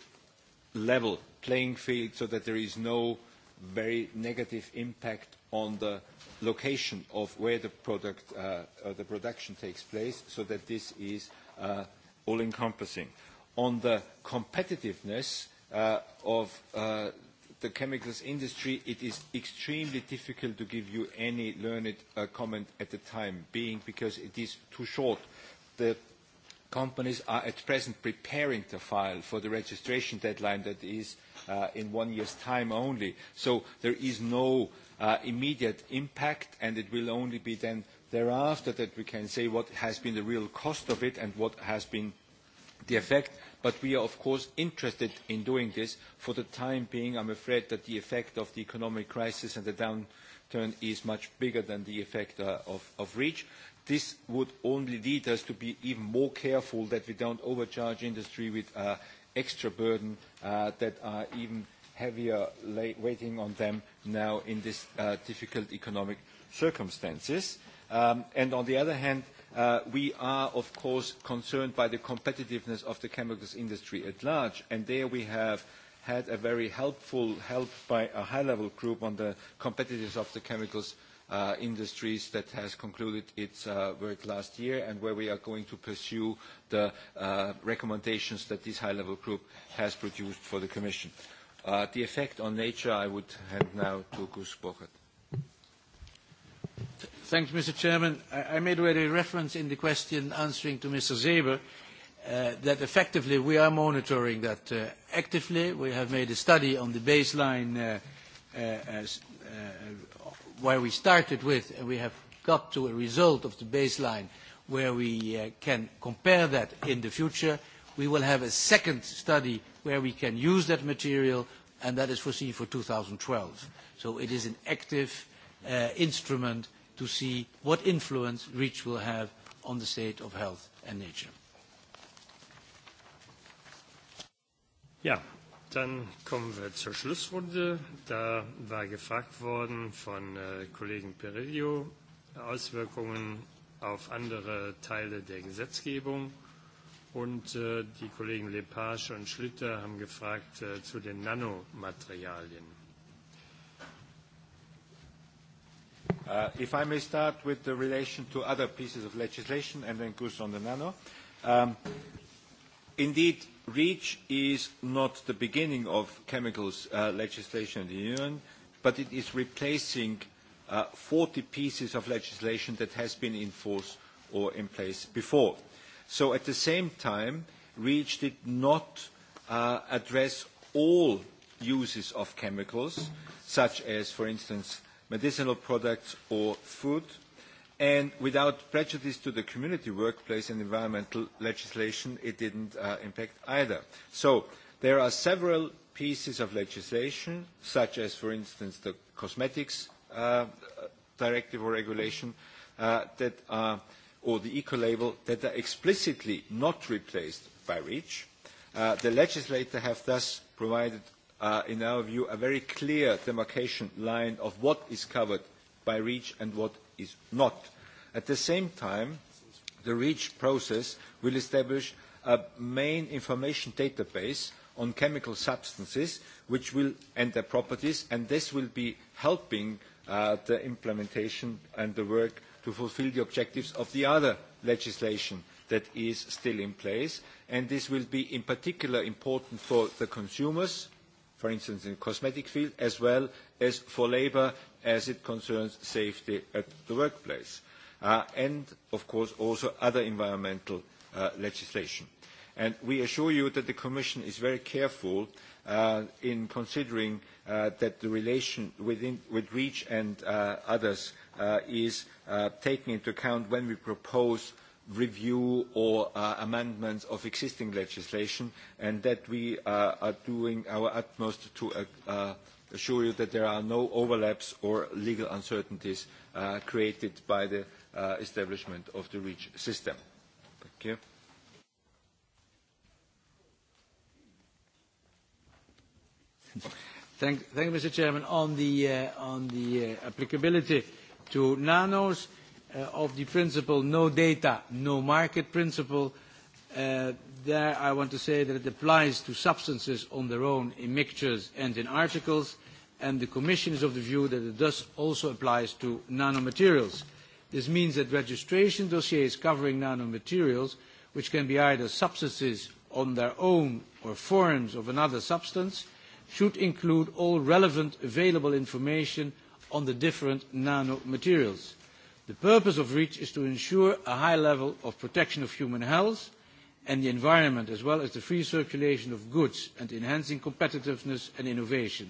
[SPEAKER 3] level playing field so that there is no uh, very negative impact on the location of where the, product, uh, uh, the production takes place, so that this is uh, all-encompassing. On the competitiveness uh, of uh, the chemicals industry, it is extremely difficult to give you any learned uh, comment at the time being because it is too short. The companies are at present preparing to file for the registration deadline that is uh, in one year's time only. So there is no uh, immediate impact, and it will only be then thereafter that we can say what has been the real cost of it and what has been the effect. But we are, of course, interested in doing this. For the time being, I'm afraid that the effect of the economic crisis and the downturn is much bigger than the effect uh, of, of REACH. This would only lead us to be even more careful that we don't overcharge industry with uh, extra burden uh, that are even heavier weighting on them now in this uh, difficult economic circumstances. Um, and on the other hand, uh, we are, of course, concerned by the competitiveness of the chemicals industry at large, and there we have had a very helpful help by a high-level group on the competitiveness of the chemicals uh, industries that has concluded its uh, work last year and where we are going to pursue the uh, recommendations that this high-level group has produced for the Commission. Uh, the effect on nature, I would hand now to Gus Bochert.
[SPEAKER 5] Thanks, Mr. Chairman. I, I made already reference in the question answering to Mr. Zeber uh, that effectively we are monitoring that uh, actively. We have made a study on the baseline uh, uh, uh, uh where we started with, and we have got to a result of the baseline where we uh, can compare that in the future. We will have a second study where we can use that material, and that is foreseen for 2012. So it is an active uh, instrument to see what influence REACH will have on the state of health and nature. Yeah. Dann kommen wir
[SPEAKER 2] zur Schlussrunde. Da war gefragt worden von äh, Kollegen Perillo Auswirkungen auf andere Teile der Gesetzgebung. Und äh, die Kollegen Lepage und Schlitter haben gefragt äh, zu den Nanomaterialien.
[SPEAKER 3] Uh, if I may start with the relation to other pieces of legislation and then goes on the nano. Um, Indeed, REACH is not the beginning of chemicals uh, legislation in the Union, but it is replacing uh, 40 pieces of legislation that has been in force or in place before. So at the same time, REACH did not uh, address all uses of chemicals, such as, for instance, medicinal products or food, uh, and without prejudice to the community workplace and environmental legislation, it didn't uh, impact either. So there are several pieces of legislation, such as, for instance, the cosmetics uh, directive or regulation, uh, that are, or the eco-label, that are explicitly not replaced by REACH. Uh, the legislator have thus provided, uh, in our view, a very clear demarcation line of what is covered by REACH and what is not. At the same time, the REACH process will establish a main information database on chemical substances which will, and their properties, and this will be helping uh, the implementation and the work to fulfill the objectives of the other legislation that is still in place. And this will be in particular important for the consumers, for instance, in the cosmetic field, as well as for labor as it concerns safety at the workplace, uh, and of course also other environmental uh, legislation. And we assure you that the Commission is very careful uh, in considering uh, that the relation within, with REACH and uh, others uh, is uh, taken into account when we propose uh, review or uh, amendments of existing legislation and that we uh, are doing our utmost to uh, uh, assure you that there are no overlaps or legal uncertainties uh, created by the uh, establishment of the REACH system. Thank you.
[SPEAKER 5] [laughs] Thank, thank you, Mr. Chairman. On the, uh, on the uh, applicability to nanos, uh, uh, of the principle no data, no market principle, uh, there I want to say that it applies to substances on their own in mixtures and in articles, and the Commission is of the view that it thus also applies to nanomaterials. This means that registration dossiers covering nanomaterials, which can be either substances on their own or forms of another substance, should include all relevant available information on the different nanomaterials. The purpose of REACH is to ensure a high level of protection of human health and the environment, as well as the free circulation of goods and enhancing competitiveness and innovation.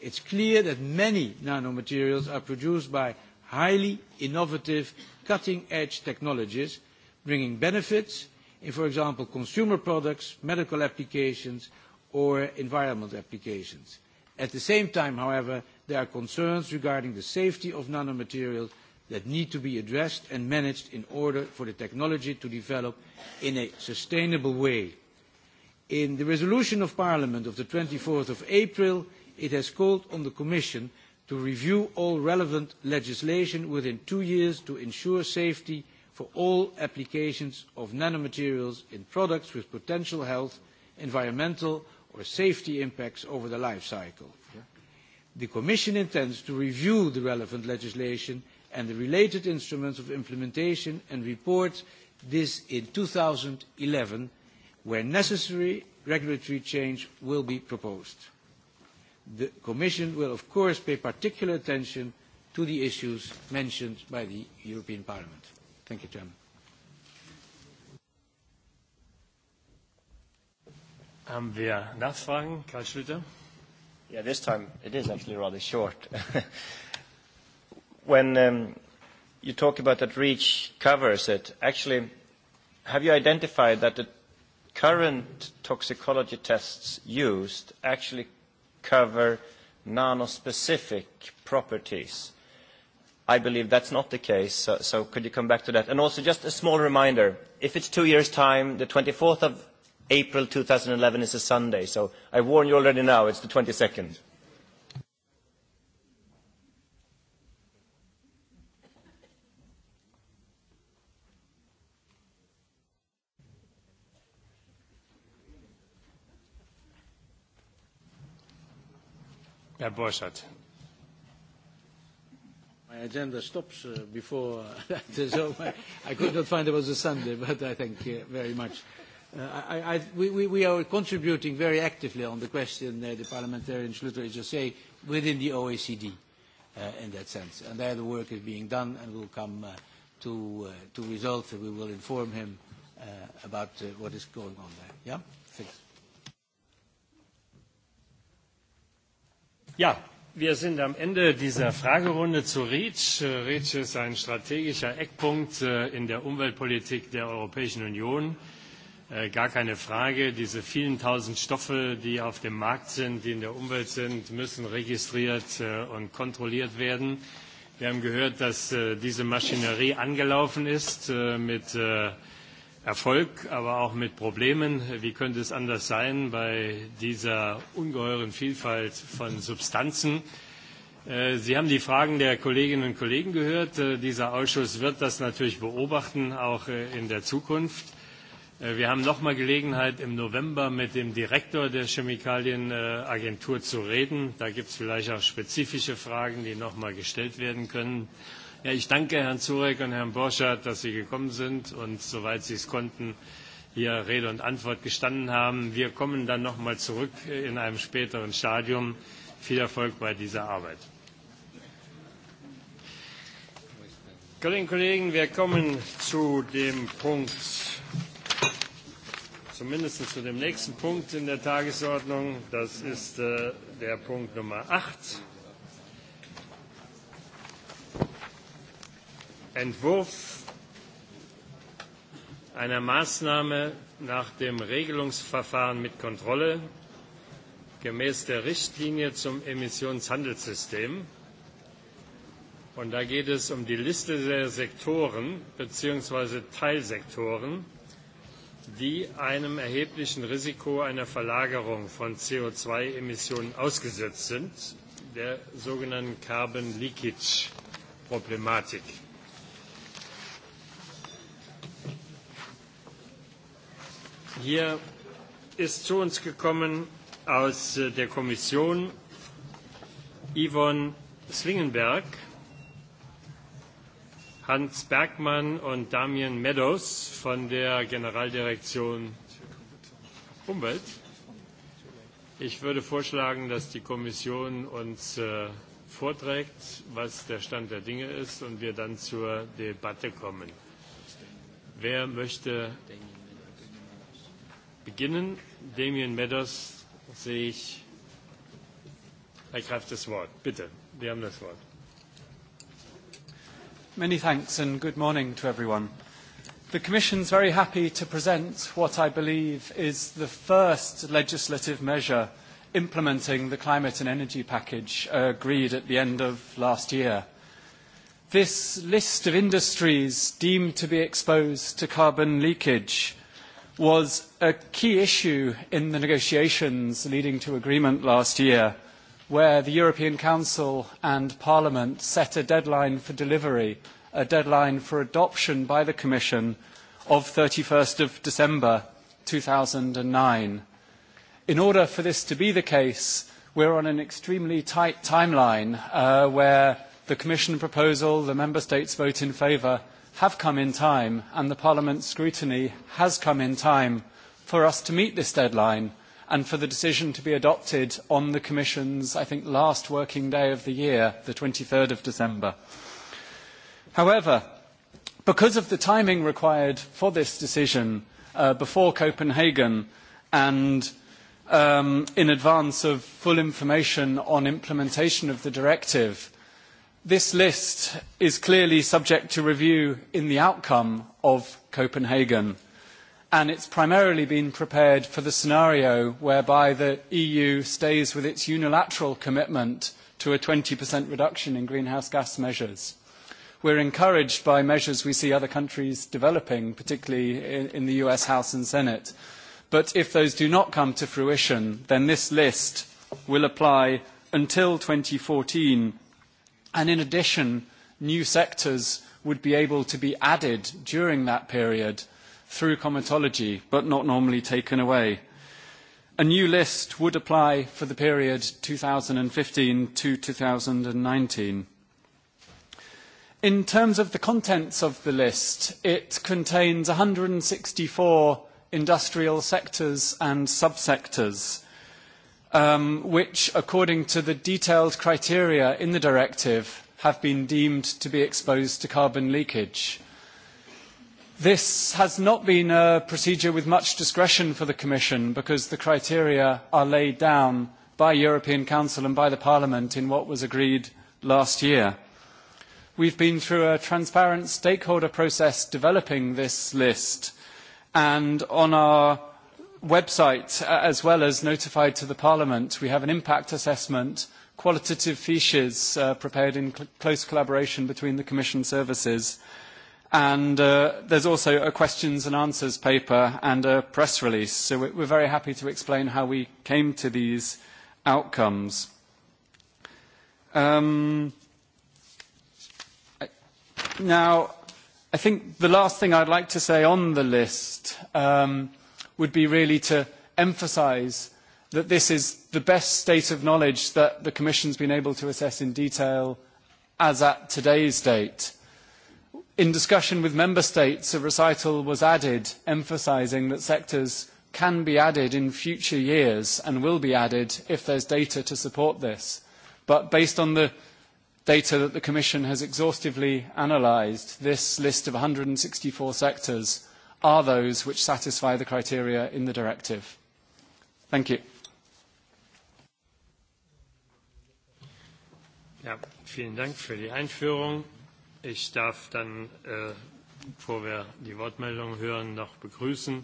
[SPEAKER 5] It's clear that many nanomaterials are produced by highly innovative, cutting-edge technologies, bringing benefits in, for example, consumer products, medical applications, or environment applications. At the same time, however, there are concerns regarding the safety of nanomaterials that need to be addressed and managed in order for the technology to develop in a sustainable way. In the resolution of Parliament of the 24th of April, it has called on the Commission to review all relevant legislation within two years to ensure safety for all applications of nanomaterials in products with potential health, environmental or safety impacts over the life cycle. The Commission intends to review the relevant legislation and the related instruments of implementation and report this in 2011 where necessary regulatory change will be proposed. The Commission will of course pay particular attention to the issues mentioned by the European Parliament. Thank you, Chairman.
[SPEAKER 8] Haben wir Nachfragen? Karl Schlüter? Yeah, this time it is actually rather short. [laughs] when um, you talk about that REACH covers it, actually, have you identified that the current toxicology tests used actually cover nanospecific properties? I believe that's not the case, so, so could you come back to that? And also just a small reminder, if it's two years' time, the 24th of April 2011 is a Sunday, so I warn you already now, it's the 22nd.
[SPEAKER 5] Herr Borchert. My agenda stops uh, before uh, [laughs] that is over. I could not find it was a Sunday, but I thank you very much. Uh, I, I, we, we are contributing very actively on the question uh, the parliamentarian Schluter is just saying within the OECD uh, in that sense. And there the work is being done and will come uh, to, uh, to results and we will inform him uh, about uh, what is going on there. Yeah? Thanks.
[SPEAKER 2] Ja, wir sind am Ende dieser Fragerunde zu REACH. Äh, REACH ist ein strategischer Eckpunkt äh, in der Umweltpolitik der Europäischen Union. Äh, gar keine Frage, diese vielen tausend Stoffe, die auf dem Markt sind, die in der Umwelt sind, müssen registriert und kontrolliert werden. Wir haben gehört, dass diese Maschinerie angelaufen ist mit Erfolg, aber auch mit Problemen. Wie könnte es anders sein bei dieser ungeheuren Vielfalt von Substanzen? Äh, Sie haben die Fragen der Kolleginnen und Kollegen gehört. Äh, dieser Ausschuss wird das natürlich beobachten, auch äh, in der Zukunft. Wir haben nochmal Gelegenheit, im November mit dem Direktor der Chemikalienagentur zu reden. Da gibt es vielleicht auch spezifische Fragen, die nochmal gestellt werden können. Äh, Ja, ich danke Herrn Zurek und Herrn Borschert, dass Sie gekommen sind und soweit Sie es konnten, hier Rede und Antwort gestanden haben. Wir kommen dann nochmal zurück in einem späteren Stadium. Viel Erfolg bei dieser Arbeit. Kolleginnen und Kollegen, wir kommen zu dem Punkt, zumindest zu dem nächsten Punkt in der Tagesordnung. Das ist äh, der Punkt Nummer 8. Entwurf einer Maßnahme nach dem Regelungsverfahren mit Kontrolle gemäß der Richtlinie zum Emissionshandelssystem. Und da geht es um die Liste der Sektoren bzw. Teilsektoren, die einem erheblichen Risiko einer Verlagerung von CO2-Emissionen ausgesetzt sind, der sogenannten Carbon Leakage-Problematik. Hier ist zu uns gekommen aus äh, der Kommission Yvonne Slingenberg, Hans Bergmann und Damian Meadows von der Generaldirektion Umwelt. Ich würde vorschlagen, dass die Kommission uns äh, vorträgt, was der Stand der Dinge ist, und wir dann zur Debatte kommen. Wer möchte beginnen. Damien Meadows sehe ich ergreift das Wort. Bitte, wir haben das Wort.
[SPEAKER 11] Many thanks and good morning to everyone. The Commission is very happy to present what I believe is the first legislative measure implementing the climate and energy package agreed at the end of last year. This list of industries deemed to be exposed to carbon leakage was a key issue in the negotiations leading to agreement last year, where the European Council and Parliament set a deadline for delivery, a deadline for adoption by the Commission of 31st of December 2009. In order for this to be the case, we're on an extremely tight timeline uh, where the Commission proposal, the Member States vote in favour, have come in time and the Parliament's scrutiny has come in time for us to meet this deadline and for the decision to be adopted on the Commission's, I think, last working day of the year, the 23rd of December. However, because of the timing required for this decision uh, before Copenhagen and um, in advance of full information on implementation of the directive, This list is clearly subject to review in the outcome of Copenhagen, and it's primarily been prepared for the scenario whereby the EU stays with its unilateral commitment to a 20% reduction in greenhouse gas measures. We're encouraged by measures we see other countries developing, particularly in, in the US House and Senate. But if those do not come to fruition, then this list will apply until 2014 And in addition, new sectors would be able to be added during that period through comitology, but not normally taken away. A new list would apply for the period 2015 to 2019. In terms of the contents of the list, it contains 164 industrial sectors and subsectors um, which, according to the detailed criteria in the directive, have been deemed to be exposed to carbon leakage. This has not been a procedure with much discretion for the Commission because the criteria are laid down by European Council and by the Parliament in what was agreed last year. We've been through a transparent stakeholder process developing this list, and on our website, uh, as well as notified to the Parliament. We have an impact assessment, qualitative fiches uh, prepared in cl close collaboration between the Commission services. And uh, there's also a questions and answers paper and a press release. So we're very happy to explain how we came to these outcomes. Um, now, I think the last thing I'd like to say on the list um, – would be really to emphasise that this is the best state of knowledge that the Commission's been able to assess in detail as at today's date. In discussion with Member States, a recital was added emphasising that sectors can be added in future years and will be added if there's data to support this. But based on the data that the Commission has exhaustively analysed, this list of 164 sectors are those which satisfy the criteria in the directive. Thank you.
[SPEAKER 2] Ja, vielen Dank für die Einführung. Ich darf dann, äh, bevor wir die Wortmeldung hören, noch begrüßen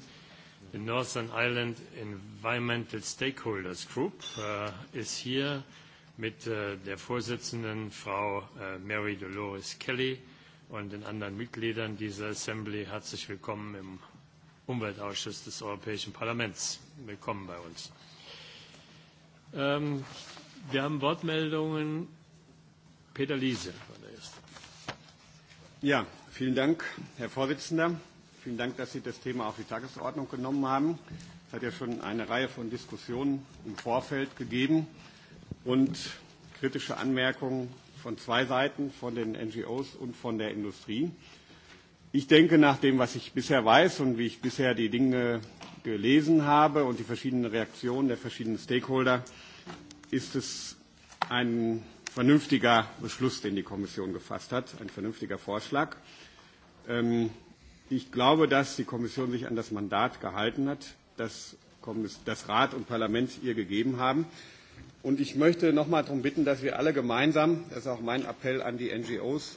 [SPEAKER 2] den Northern Ireland Environmental Stakeholders Group äh, ist hier mit äh, der Vorsitzenden Frau äh, Mary Dolores Kelly und den anderen Mitgliedern dieser Assembly herzlich willkommen im Umweltausschuss des Europäischen Parlaments. Willkommen bei uns. Ähm, wir haben Wortmeldungen. Peter Liese war der Erste.
[SPEAKER 12] Ja, vielen Dank, Herr Vorsitzender. Vielen Dank, dass Sie das Thema auf die Tagesordnung genommen haben. Es hat ja schon eine Reihe von Diskussionen im Vorfeld gegeben und kritische Anmerkungen von zwei Seiten, von den NGOs und von der Industrie. Ich denke, nach dem, was ich bisher weiß und wie ich bisher die Dinge gelesen habe und die verschiedenen Reaktionen der verschiedenen Stakeholder, ist es ein vernünftiger Beschluss, den die Kommission gefasst hat, ein vernünftiger Vorschlag. Ähm, ich glaube, dass die Kommission sich an das Mandat gehalten hat, das, das Rat und Parlament ihr gegeben haben. Und ich möchte nochmal darum bitten, dass wir alle gemeinsam, das ist auch mein Appell an die NGOs,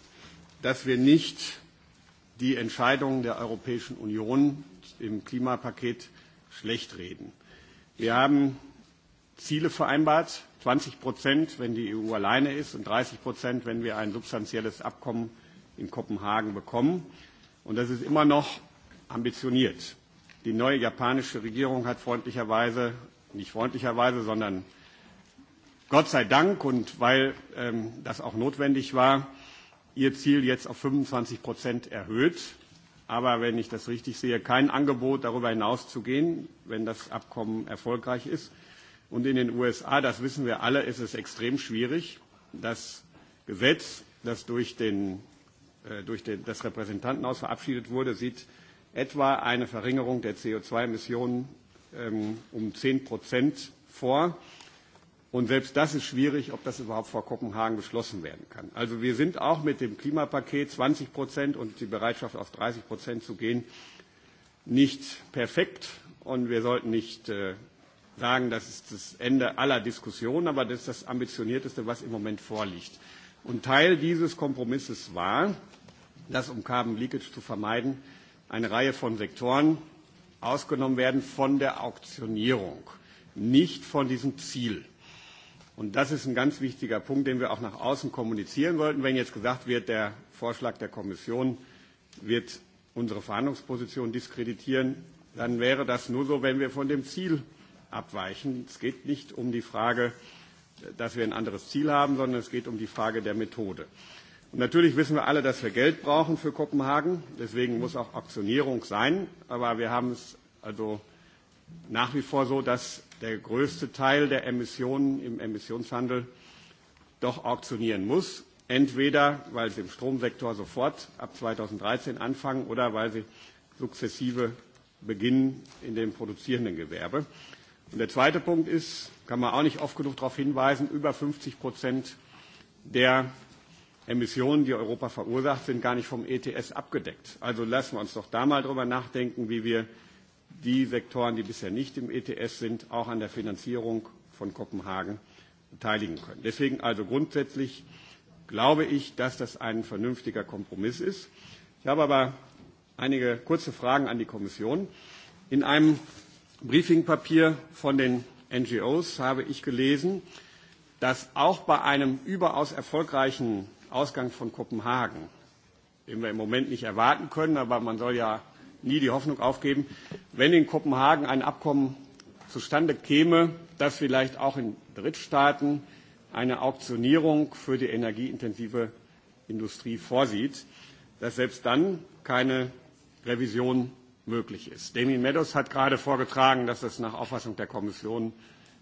[SPEAKER 12] dass wir nicht die Entscheidungen der Europäischen Union im Klimapaket schlecht reden. Wir haben Ziele vereinbart, 20 Prozent, wenn die EU alleine ist und 30 Prozent, wenn wir ein substanzielles Abkommen in Kopenhagen bekommen. Und das ist immer noch ambitioniert. Die neue japanische Regierung hat freundlicherweise, nicht freundlicherweise, sondern Gott sei Dank und weil ähm, das auch notwendig war, ihr Ziel jetzt auf 25 Prozent erhöht. Aber wenn ich das richtig sehe, kein Angebot darüber hinaus zu gehen, wenn das Abkommen erfolgreich ist. Und in den USA, das wissen wir alle, ist es extrem schwierig. Das Gesetz, das durch, den, äh, durch den, das Repräsentantenhaus verabschiedet wurde, sieht etwa eine Verringerung der CO2-Emissionen ähm, um 10 Prozent vor. Und selbst das ist schwierig, ob das überhaupt vor Kopenhagen beschlossen werden kann. Also wir sind auch mit dem Klimapaket 20 Prozent und die Bereitschaft, auf 30 Prozent zu gehen, nicht perfekt. Und wir sollten nicht äh, sagen, das ist das Ende aller Diskussionen, aber das ist das ambitionierteste, was im Moment vorliegt. Und Teil dieses Kompromisses war, dass, um Carbon Leakage zu vermeiden, eine Reihe von Sektoren ausgenommen werden von der Auktionierung, nicht von diesem Ziel. Und das ist ein ganz wichtiger Punkt, den wir auch nach außen kommunizieren wollten. Wenn jetzt gesagt wird, der Vorschlag der Kommission wird unsere Verhandlungsposition diskreditieren, dann wäre das nur so, wenn wir von dem Ziel abweichen. Es geht nicht um die Frage, dass wir ein anderes Ziel haben, sondern es geht um die Frage der Methode. Und natürlich wissen wir alle, dass wir Geld brauchen für Kopenhagen. Deswegen muss auch Aktionierung sein. Aber wir haben es also nach wie vor so, dass der größte Teil der Emissionen im Emissionshandel doch auktionieren muss. Entweder, weil sie im Stromsektor sofort ab 2013 anfangen oder weil sie sukzessive beginnen in dem produzierenden Gewerbe. Und der zweite Punkt ist, kann man auch nicht oft genug darauf hinweisen, über 50 Prozent der Emissionen, die Europa verursacht, sind gar nicht vom ETS abgedeckt. Also lassen wir uns doch da mal drüber nachdenken, wie wir die Sektoren, die bisher nicht im ETS sind, auch an der Finanzierung von Kopenhagen beteiligen können. Deswegen also grundsätzlich glaube ich, dass das ein vernünftiger Kompromiss ist. Ich habe aber einige kurze Fragen an die Kommission. In einem Briefingpapier von den NGOs habe ich gelesen, dass auch bei einem überaus erfolgreichen Ausgang von Kopenhagen, den wir im Moment nicht erwarten können, aber man soll ja nie die Hoffnung aufgeben, wenn in Kopenhagen ein Abkommen zustande käme, dass vielleicht auch in Drittstaaten eine Auktionierung für die energieintensive Industrie vorsieht, dass selbst dann keine Revision möglich ist. Damien Meadows hat gerade vorgetragen, dass das nach Auffassung der Kommission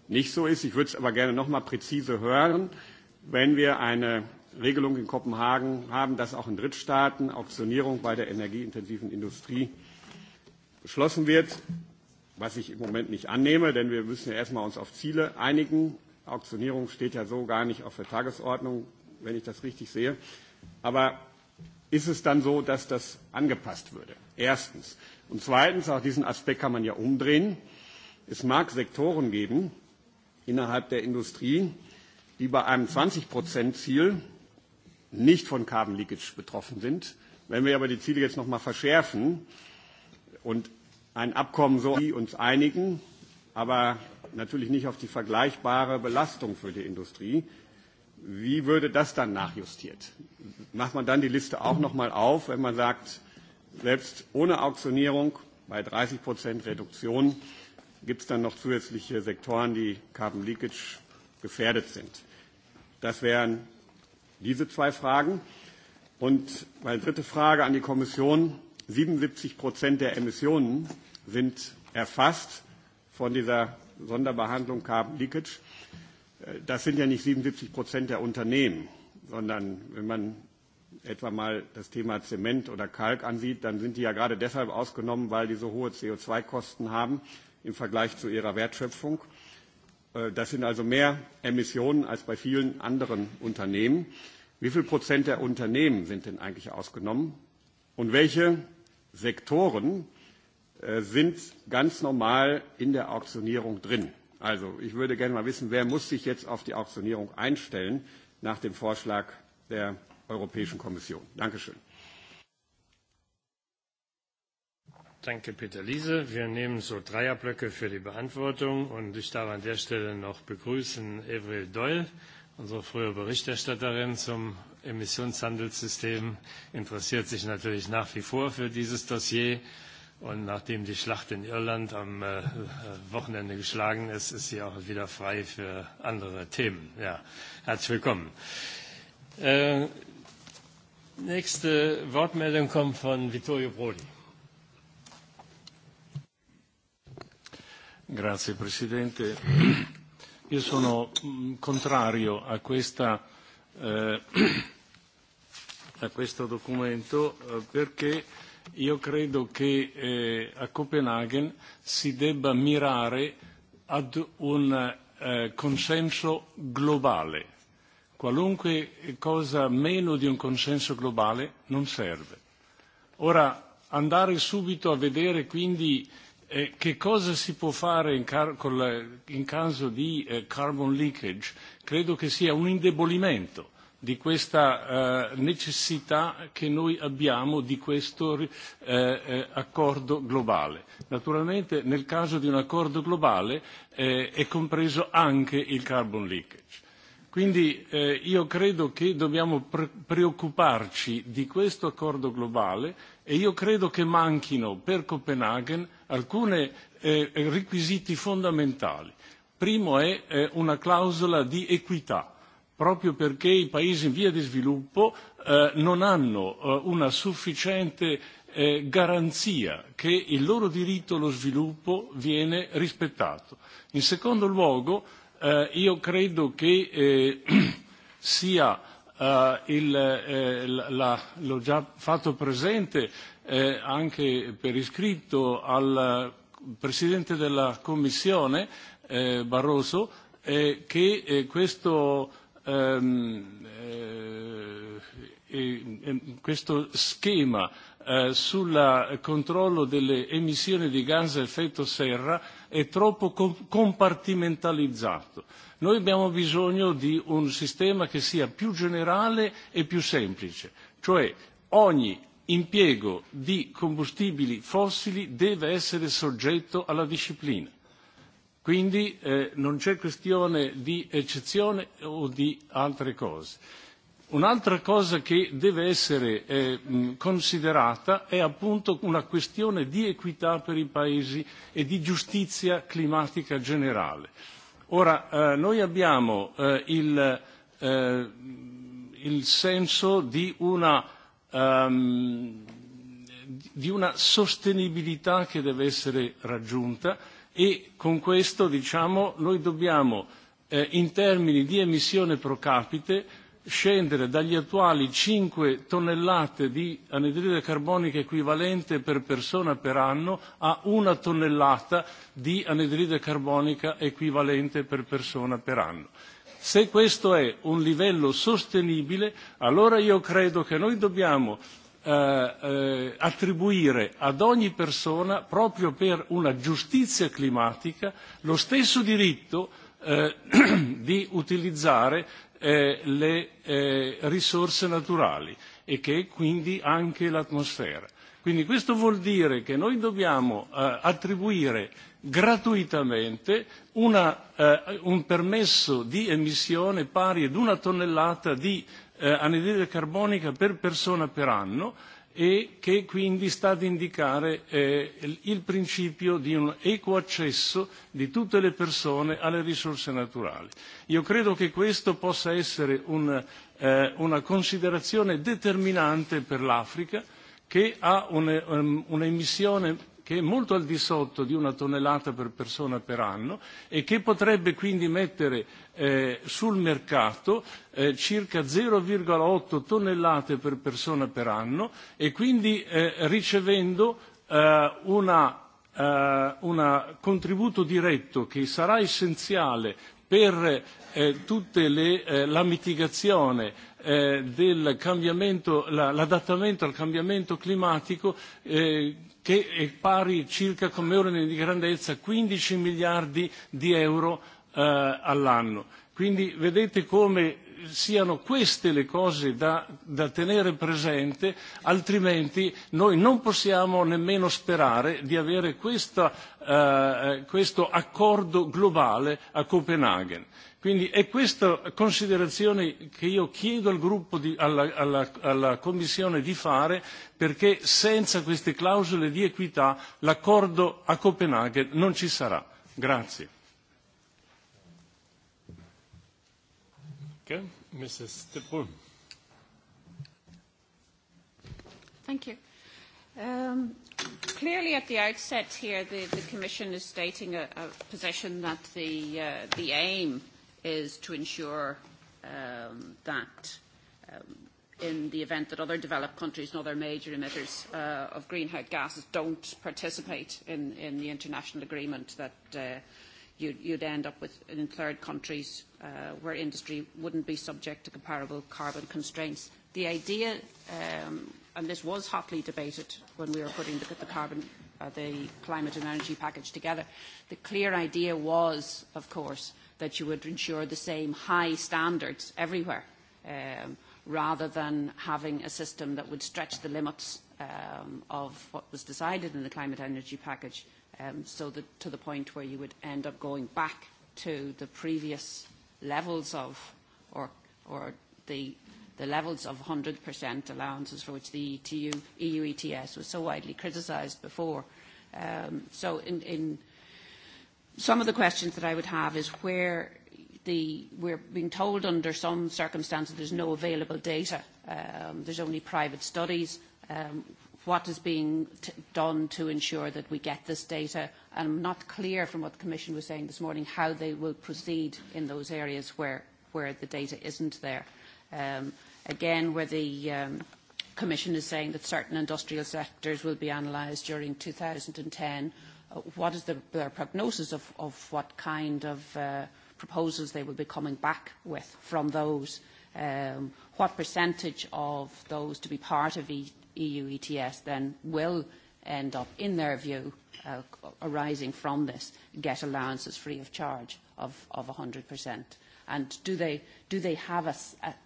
[SPEAKER 12] nicht so ist. Ich würde es aber gerne noch mal präzise hören. Wenn wir eine Regelung in Kopenhagen haben, dass auch in Drittstaaten Auktionierung bei der energieintensiven Industrie beschlossen wird, was ich im Moment nicht annehme, denn wir müssen ja erstmal uns auf Ziele einigen. Auktionierung steht ja so gar nicht auf der Tagesordnung, wenn ich das richtig sehe. Aber ist es dann so, dass das angepasst würde? Erstens. Und zweitens, auch diesen Aspekt kann man ja umdrehen. Es mag Sektoren geben innerhalb der Industrie, die bei einem 20-Prozent-Ziel nicht von Carbon Leakage betroffen sind. Wenn wir aber die Ziele jetzt noch mal verschärfen, Und ein Abkommen so uns einigen, aber natürlich nicht auf die vergleichbare Belastung für die Industrie. Wie würde das dann nachjustiert? Macht man dann die Liste auch nochmal auf, wenn man sagt, selbst ohne Auktionierung bei 30 Prozent Reduktion gibt es dann noch zusätzliche Sektoren, die Carbon Leakage gefährdet sind? Das wären diese zwei Fragen. Und meine dritte Frage an die Kommission 77 Prozent der Emissionen sind erfasst von dieser Sonderbehandlung Carbon Leakage. Äh, das sind ja nicht 77 Prozent der Unternehmen, sondern wenn man etwa mal das Thema Zement oder Kalk ansieht, dann sind die ja gerade deshalb ausgenommen, weil die so hohe CO2-Kosten haben im Vergleich zu ihrer Wertschöpfung. Äh, das sind also mehr Emissionen als bei vielen anderen Unternehmen. Wie viel Prozent der Unternehmen sind denn eigentlich ausgenommen? und welche Sektoren äh, sind ganz normal in der Auktionierung drin. Also ich würde gerne mal wissen, wer muss sich jetzt auf die Auktionierung einstellen nach dem Vorschlag der Europäischen Kommission? Dankeschön.
[SPEAKER 2] Danke, Peter Liese. Wir nehmen so Dreierblöcke für die Beantwortung und ich darf an der Stelle noch begrüßen Avril Doyle unsere frühe Berichterstatterin zum Emissionshandelssystem, interessiert sich natürlich nach wie vor für dieses Dossier. Und nachdem die Schlacht in Irland am äh, Wochenende geschlagen ist, ist sie auch wieder frei für andere Themen. Ja, herzlich willkommen. Äh, nächste Wortmeldung kommt von Vittorio Prodi.
[SPEAKER 13] Grazie Presidente. Io sono mm, contrario a, questa, eh, [clears throat] a questo documento eh, perché io credo che eh, a Copenaghen si debba mirare ad un eh, consenso globale. Qualunque cosa meno di un consenso globale non serve. Ora, andare subito a vedere quindi eh, Eh, che cosa si può fare in, car- con la, in caso di eh, carbon leakage? Credo che sia un indebolimento di questa eh, necessità che noi abbiamo di questo eh, eh, accordo globale. Naturalmente nel caso di un accordo globale eh, è compreso anche il carbon leakage. Quindi eh, io credo che dobbiamo pre- preoccuparci di questo accordo globale e io credo che manchino per Copenaghen alcuni eh, requisiti fondamentali. Primo è eh, una clausola di equità, proprio perché i paesi in via di sviluppo eh, non hanno eh, una sufficiente eh, garanzia che il loro diritto allo sviluppo viene rispettato. In secondo luogo, eh, io credo che eh, [clears throat] sia eh, il, eh, la, l'ho già fatto presente eh, anche per iscritto al Presidente della Commissione eh, Barroso eh, che eh, questo, ehm, eh, eh, questo schema eh, sul controllo delle emissioni di gas a effetto serra è troppo compartimentalizzato. Noi abbiamo bisogno di un sistema che sia più generale e più semplice, cioè ogni impiego di combustibili fossili deve essere soggetto alla disciplina. Quindi eh, non c'è questione di eccezione o di altre cose Un'altra cosa che deve essere eh, considerata è appunto una questione di equità per i paesi e di giustizia climatica generale. Ora, eh, noi abbiamo eh, il, eh, il senso di una, um, di una sostenibilità che deve essere raggiunta e con questo diciamo, noi dobbiamo eh, in termini di emissione pro capite scendere dagli attuali 5 tonnellate di anidride carbonica equivalente per persona per anno a una tonnellata di anidride carbonica equivalente per persona per anno. Se questo è un livello sostenibile, allora io credo che noi dobbiamo eh, eh, attribuire ad ogni persona, proprio per una giustizia climatica, lo stesso diritto eh, [clears throat] di utilizzare eh, le eh, risorse naturali e che è quindi anche l'atmosfera. Quindi questo vuol dire che noi dobbiamo eh, attribuire gratuitamente una, eh, un permesso di emissione pari ad una tonnellata di eh, anidride carbonica per persona per anno e che quindi sta ad indicare eh, il principio di un equo accesso di tutte le persone alle risorse naturali. Io credo che questo possa essere un, eh, una considerazione determinante per l'Africa che ha un, um, un'emissione che è molto al di sotto di una tonnellata per persona per anno e che potrebbe quindi mettere eh, sul mercato eh, circa 0,8 tonnellate per persona per anno e quindi eh, ricevendo eh, una, eh, un contributo diretto che sarà essenziale per eh, tutte le, eh, la mitigazione eh, del cambiamento, la, l'adattamento al cambiamento climatico eh, che è pari circa come ordine di grandezza 15 miliardi di euro Eh, all'anno. Quindi vedete come siano queste le cose da, da tenere presente, altrimenti noi non possiamo nemmeno sperare di avere questa, eh, eh, questo accordo globale a Copenaghen. Quindi è questa considerazione che io chiedo al gruppo di, alla, alla, alla Commissione di fare perché senza queste clausole di equità l'accordo a Copenaghen non ci sarà. Grazie.
[SPEAKER 2] Okay. Mrs. de Bruyn.
[SPEAKER 14] Thank you. Um, clearly, at the outset here, the, the Commission is stating a, a position that the, uh, the aim is to ensure um, that um, in the event that other developed countries and other major emitters uh, of greenhouse gases don't participate in, in the international agreement, that uh, you'd, you'd end up with in third countries uh, where industry wouldn't be subject to comparable carbon constraints. The idea, um, and this was hotly debated when we were putting the, the carbon, uh, the climate and energy package together, the clear idea was, of course, that you would ensure the same high standards everywhere, um, rather than having a system that would stretch the limits um, of what was decided in the climate energy package, um, so that to the point where you would end up going back to the previous levels of or, or the, the levels of 100% allowances for which the EU, EU ETS was so widely criticised before. Um, so in, in some of the questions that I would have is where the, we're being told under some circumstances there's no available data. Um, there's only private studies. Um, what is being t- done to ensure that we get this data. And I'm not clear from what the Commission was saying this morning how they will proceed in those areas where, where the data isn't there. Um, again, where the um, Commission is saying that certain industrial sectors will be analysed during 2010, uh, what is the, their prognosis of, of what kind of uh, proposals they will be coming back with from those? Um, what percentage of those to be part of e EU ETS then will end up, in their view, uh, arising from this, get allowances free of charge of, of 100%? And do they, do they have a,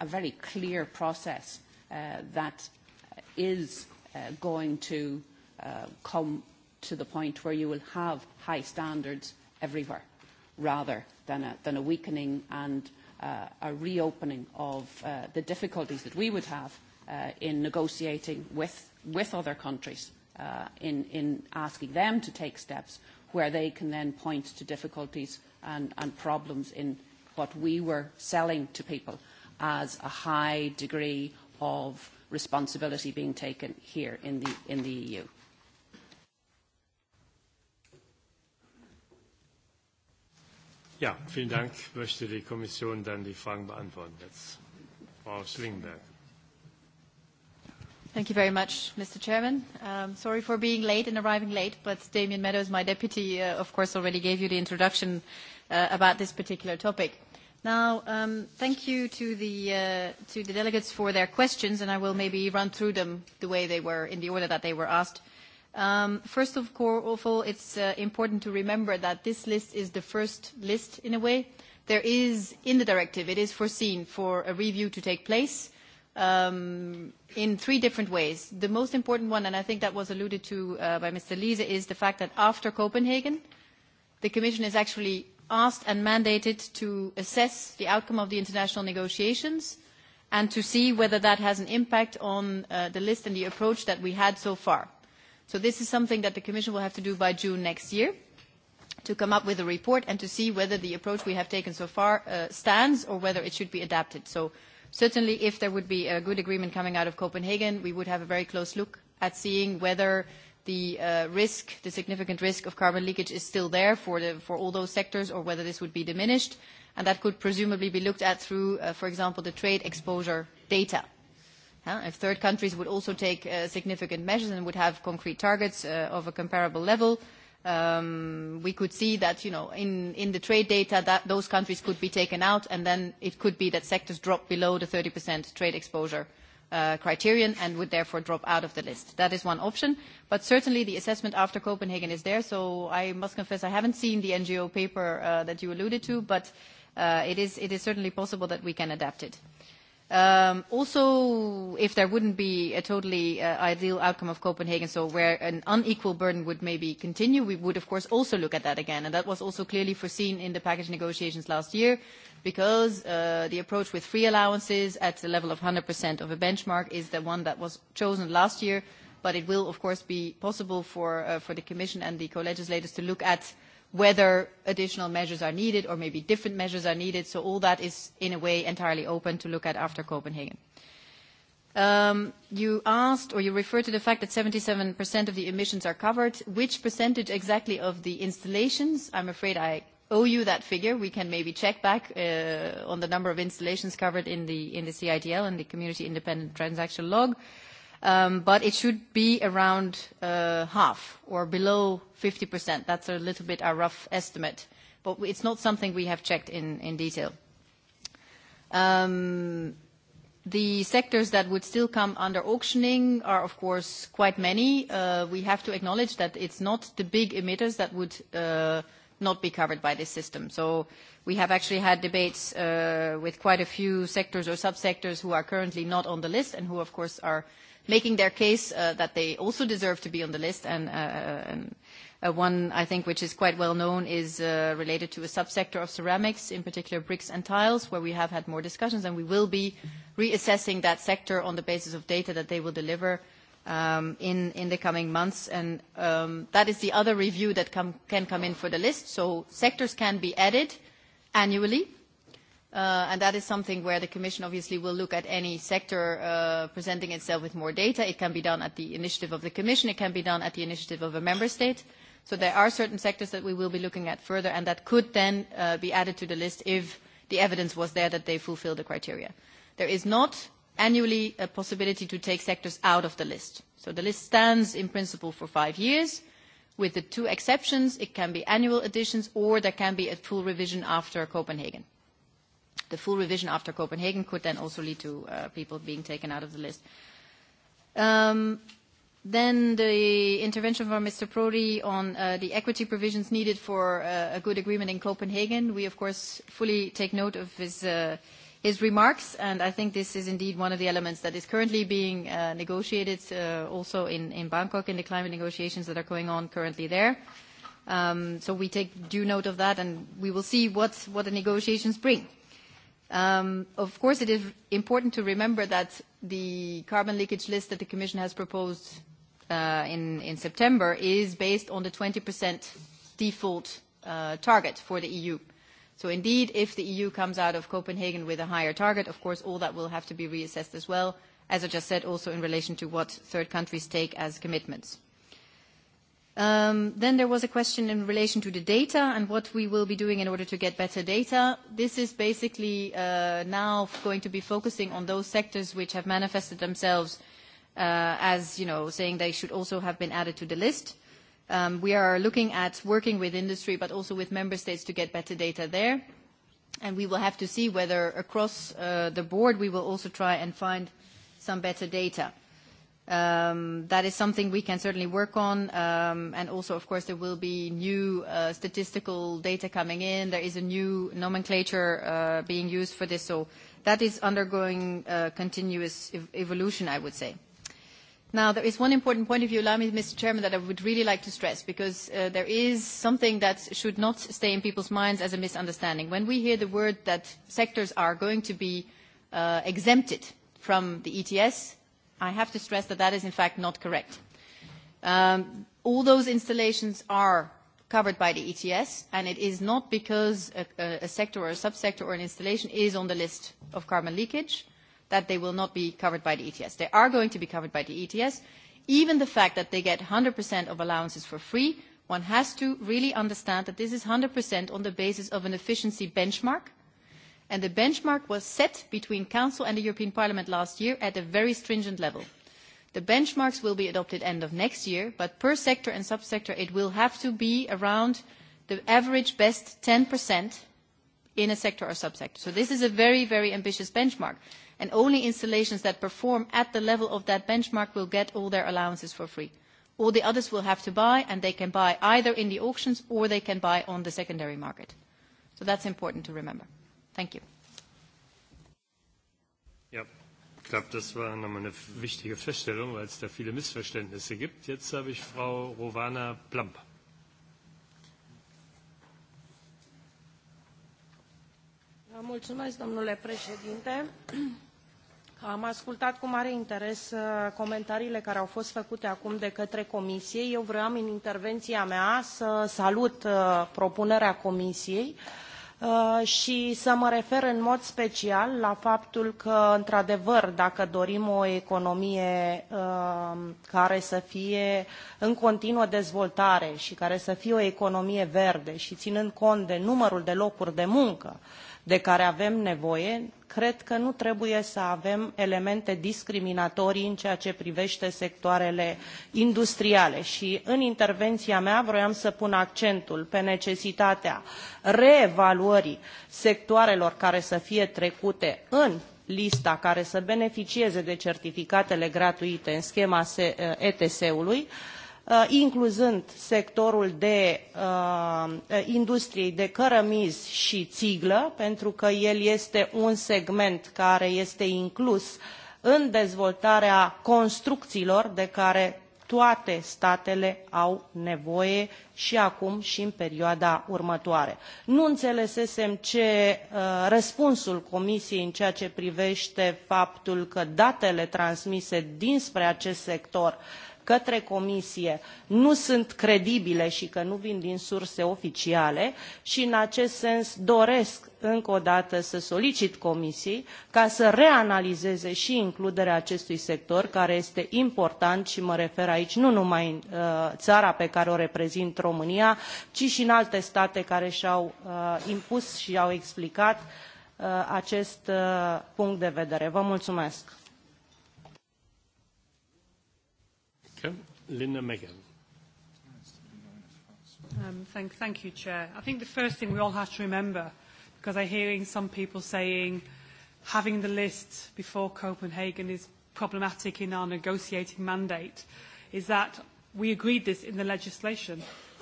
[SPEAKER 14] a very clear process uh, that is uh, going to uh, come to the point where you will have high standards everywhere rather than a, than a weakening and uh, a reopening of uh, the difficulties that we would have uh, in negotiating with, with other countries, uh, in, in asking them to take steps where they can then point to difficulties and, and problems in what we were selling to people as a high degree of responsibility being taken here in the, in the EU.
[SPEAKER 2] Ja, vielen Dank. Möchte die Kommission dann die Fragen beantworten jetzt? Frau Schlingberg.
[SPEAKER 15] Thank you very much, Mr. Chairman. Um, sorry for being late and arriving late, but Damien Meadows, my deputy, uh, of course, already gave you the introduction uh, about this particular topic. Now, um, thank you to the, uh, to the delegates for their questions, and I will maybe run through them the way they were, in the order that they were asked. Um, first of all, it's uh, important to remember that this list is the first list in a way. There is, in the directive, it is foreseen for a review to take place, um, in three different ways. The most important one, and I think that was alluded to uh, by Mr. Liese, is the fact that after Copenhagen, the Commission is actually asked and mandated to assess the outcome of the international negotiations and to see whether that has an impact on uh, the list and the approach that we had so far. So this is something that the Commission will have to do by June next year to come up with a report and to see whether the approach we have taken so far uh, stands or whether it should be adapted. So Certainly, if there would be a good agreement coming out of Copenhagen, we would have a very close look at seeing whether the uh, risk, the significant risk of carbon leakage is still there for, the, for all those sectors or whether this would be diminished. And that could presumably be looked at through, uh, for example, the trade exposure data. Uh, if third countries would also take uh, significant measures and would have concrete targets uh, of a comparable level, um, we could see that, you know, in, in the trade data, that those countries could be taken out, and then it could be that sectors drop below the 30% trade exposure uh, criterion and would therefore drop out of the list. That is one option, but certainly the assessment after Copenhagen is there, so I must confess I haven't seen the NGO paper uh, that you alluded to, but uh, it, is, it is certainly possible that we can adapt it. Uh, Um, also, if there wouldn't be a totally uh, ideal outcome of Copenhagen, so where an unequal burden would maybe continue, we would of course also look at that again. And that was also clearly foreseen in the package negotiations last year, because uh, the approach with free allowances at the level of 100% of a benchmark is the one that was chosen last year. But it will of course be possible for, uh, for the Commission and the co-legislators to look at uh, whether additional measures are needed or maybe different measures are needed. So all that is, in a way, entirely open to look at after Copenhagen. Um, you asked or you referred to the fact that 77% of the emissions are covered. Which percentage exactly of the installations? I'm afraid I owe you that figure. We can maybe check back uh, on the number of installations covered in the, in the CITL and the Community Independent Transaction Log. Uh, Um, but it should be around uh, half or below 50%. That's a little bit our rough estimate, but it's not something we have checked in, in detail. Um, the sectors that would still come under auctioning are, of course, quite many. Uh, we have to acknowledge that it's not the big emitters that would uh, not be covered by this system. So we have actually had debates uh, with quite a few sectors or subsectors who are currently not on the list and who, of course, are making their case uh, that they also deserve to be on the list. And, uh, uh, and uh, one, I think, which is quite well known is uh, related to a subsector of ceramics, in particular bricks and tiles, where we have had more discussions, and we will be reassessing that sector on the basis of data that they will deliver um, in, in the coming months. And um, that is the other review that com can come in for the list. So sectors can be added annually Uh, and that is something where the Commission obviously will look at any sector uh, presenting itself with more data. It can be done at the initiative of the Commission. It can be done at the initiative of a member state. So there are certain sectors that we will be looking at further, and that could then uh, be added to the list if the evidence was there that they fulfill the criteria. There is not annually a possibility to take sectors out of the list. So the list stands in principle for five years. With the two exceptions, it can be annual additions, or there can be a full revision after Copenhagen the full revision after Copenhagen could then also lead to uh, people being taken out of the list. Um, Then the intervention from Mr. Prodi on uh, the equity provisions needed for uh, a good agreement in Copenhagen. We, of course, fully take note of his, uh, his remarks, and I think this is indeed one of the elements that is currently being uh, negotiated uh, also in, in Bangkok in the climate negotiations that are going on currently there. Um, so we take due note of that, and we will see what, what the negotiations bring. Um, of course, it is important to remember that the carbon leakage list that the Commission has proposed uh, in, in September is based on the 20% default uh, target for the EU. So indeed, if the EU comes out of Copenhagen with a higher target, of course, all that will have to be reassessed as well, as I just said, also in relation to what third countries take as commitments. Um, then there was a question in relation to the data and what we will be doing in order to get better data. This is basically uh, now going to be focusing on those sectors which have manifested themselves uh, as, you know, saying they should also have been added to the list. Um, we are looking at working with industry, but also with member states to get better data there. And we will have to see whether across uh, the board, we will also try and find some better data. Um, that is something we can certainly work on. Um, and also, of course, there will be new uh, statistical data coming in. There is a new nomenclature uh, being used for this. So that is undergoing uh, continuous ev evolution, I would say. Now, there is one important point of view, allow me, Mr. Chairman, that I would really like to stress, because uh, there is something that should not stay in people's minds as a misunderstanding. When we hear the word that sectors are going to be uh, exempted from the ETS, I have to stress that that is in fact not correct. Um, all those installations are covered by the ETS, and it is not because a, a sector or a subsector or an installation is on the list of carbon leakage that they will not be covered by the ETS. They are going to be covered by the ETS. Even the fact that they get 100% of allowances for free, one has to really understand that this is 100% on the basis of an efficiency benchmark and the benchmark was set between Council and the European Parliament last year at a very stringent level. The benchmarks will be adopted end of next year, but per sector and subsector, it will have to be around the average best 10% in a sector or subsector. So this is a very, very ambitious benchmark, and only installations that perform at the level of that benchmark will get all their allowances for free. All the others will have to buy, and they can buy either in the auctions or they can buy on the secondary market. So that's important to remember. Thank you.
[SPEAKER 2] Ja, ich glaube, das war nochmal eine wichtige Feststellung, weil es da viele Missverständnisse gibt. Jetzt habe ich Frau Rovana Plamp.
[SPEAKER 16] Mulțumesc, domnule președinte. Am ascultat cu mare interes uh, comentariile care au fost făcute acum de către Comisie. Eu vreau în intervenția mea să salut uh, propunerea Comisiei. Uh, Uh, și să mă refer în mod special la faptul că, într-adevăr, dacă dorim o economie uh, care să fie în continuă dezvoltare și care să fie o economie verde și ținând cont de numărul de locuri de muncă de care avem nevoie cred că nu trebuie să avem elemente discriminatorii în ceea ce privește sectoarele industriale și în intervenția mea vroiam să pun accentul pe necesitatea reevaluării sectoarelor care să fie trecute în lista care să beneficieze de certificatele gratuite în schema ETS-ului, eh, e Uh, incluzând sectorul de uh, industriei de cărămizi și țiglă, pentru că el este un segment care este inclus în dezvoltarea construcțiilor de care toate statele au nevoie și acum și în perioada următoare. Nu înțelesesem ce uh, răspunsul Comisiei în ceea ce privește faptul că datele transmise dinspre acest sector uh, către Comisie nu sunt credibile și că nu vin din surse oficiale și în acest sens doresc încă o dată să solicit Comisiei ca să reanalizeze și includerea acestui sector care este important și mă refer aici nu numai în uh, țara pe care o reprezint România, ci și în alte state care și-au uh, impus și au explicat uh, acest uh, punct de vedere. Vă mulțumesc! Okay. Linda Megan.
[SPEAKER 9] Um, thank, thank you, Chair. I think the first thing we all have to remember, because I'm hearing some people saying having the list before Copenhagen is problematic in our negotiating mandate, is that we agreed this in the legislation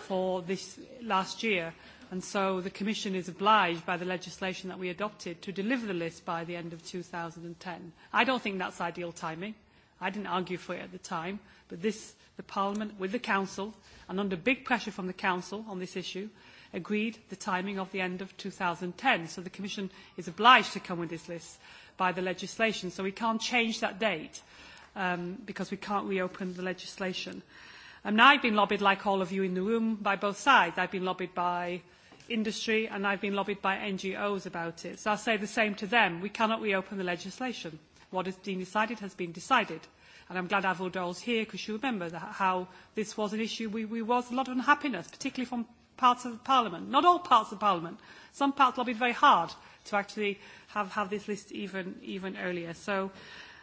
[SPEAKER 9] for this last year, and so the Commission is obliged by the legislation that we adopted to deliver the list by the end of 2010. I don't think that's ideal timing. I didn't argue for it at the time, but this, the Parliament, with the Council, and under big pressure from the Council on this issue, agreed the timing of the end of 2010. So the Commission is obliged to come with this list by the legislation. So we can't change that date um, because we can't reopen the legislation. And I've been lobbied, like all of you in the room, by both sides. I've been lobbied by industry and I've been lobbied by NGOs about it. So I'll say the same to them. We cannot reopen the legislation. What has been decided has been decided and I'm glad Avril Doyle's here because she remembers how this was an issue. We, we was a lot of unhappiness, particularly from parts of Parliament. Not all parts of Parliament. Some parts lobbied very hard to actually have, have this list even, even earlier. So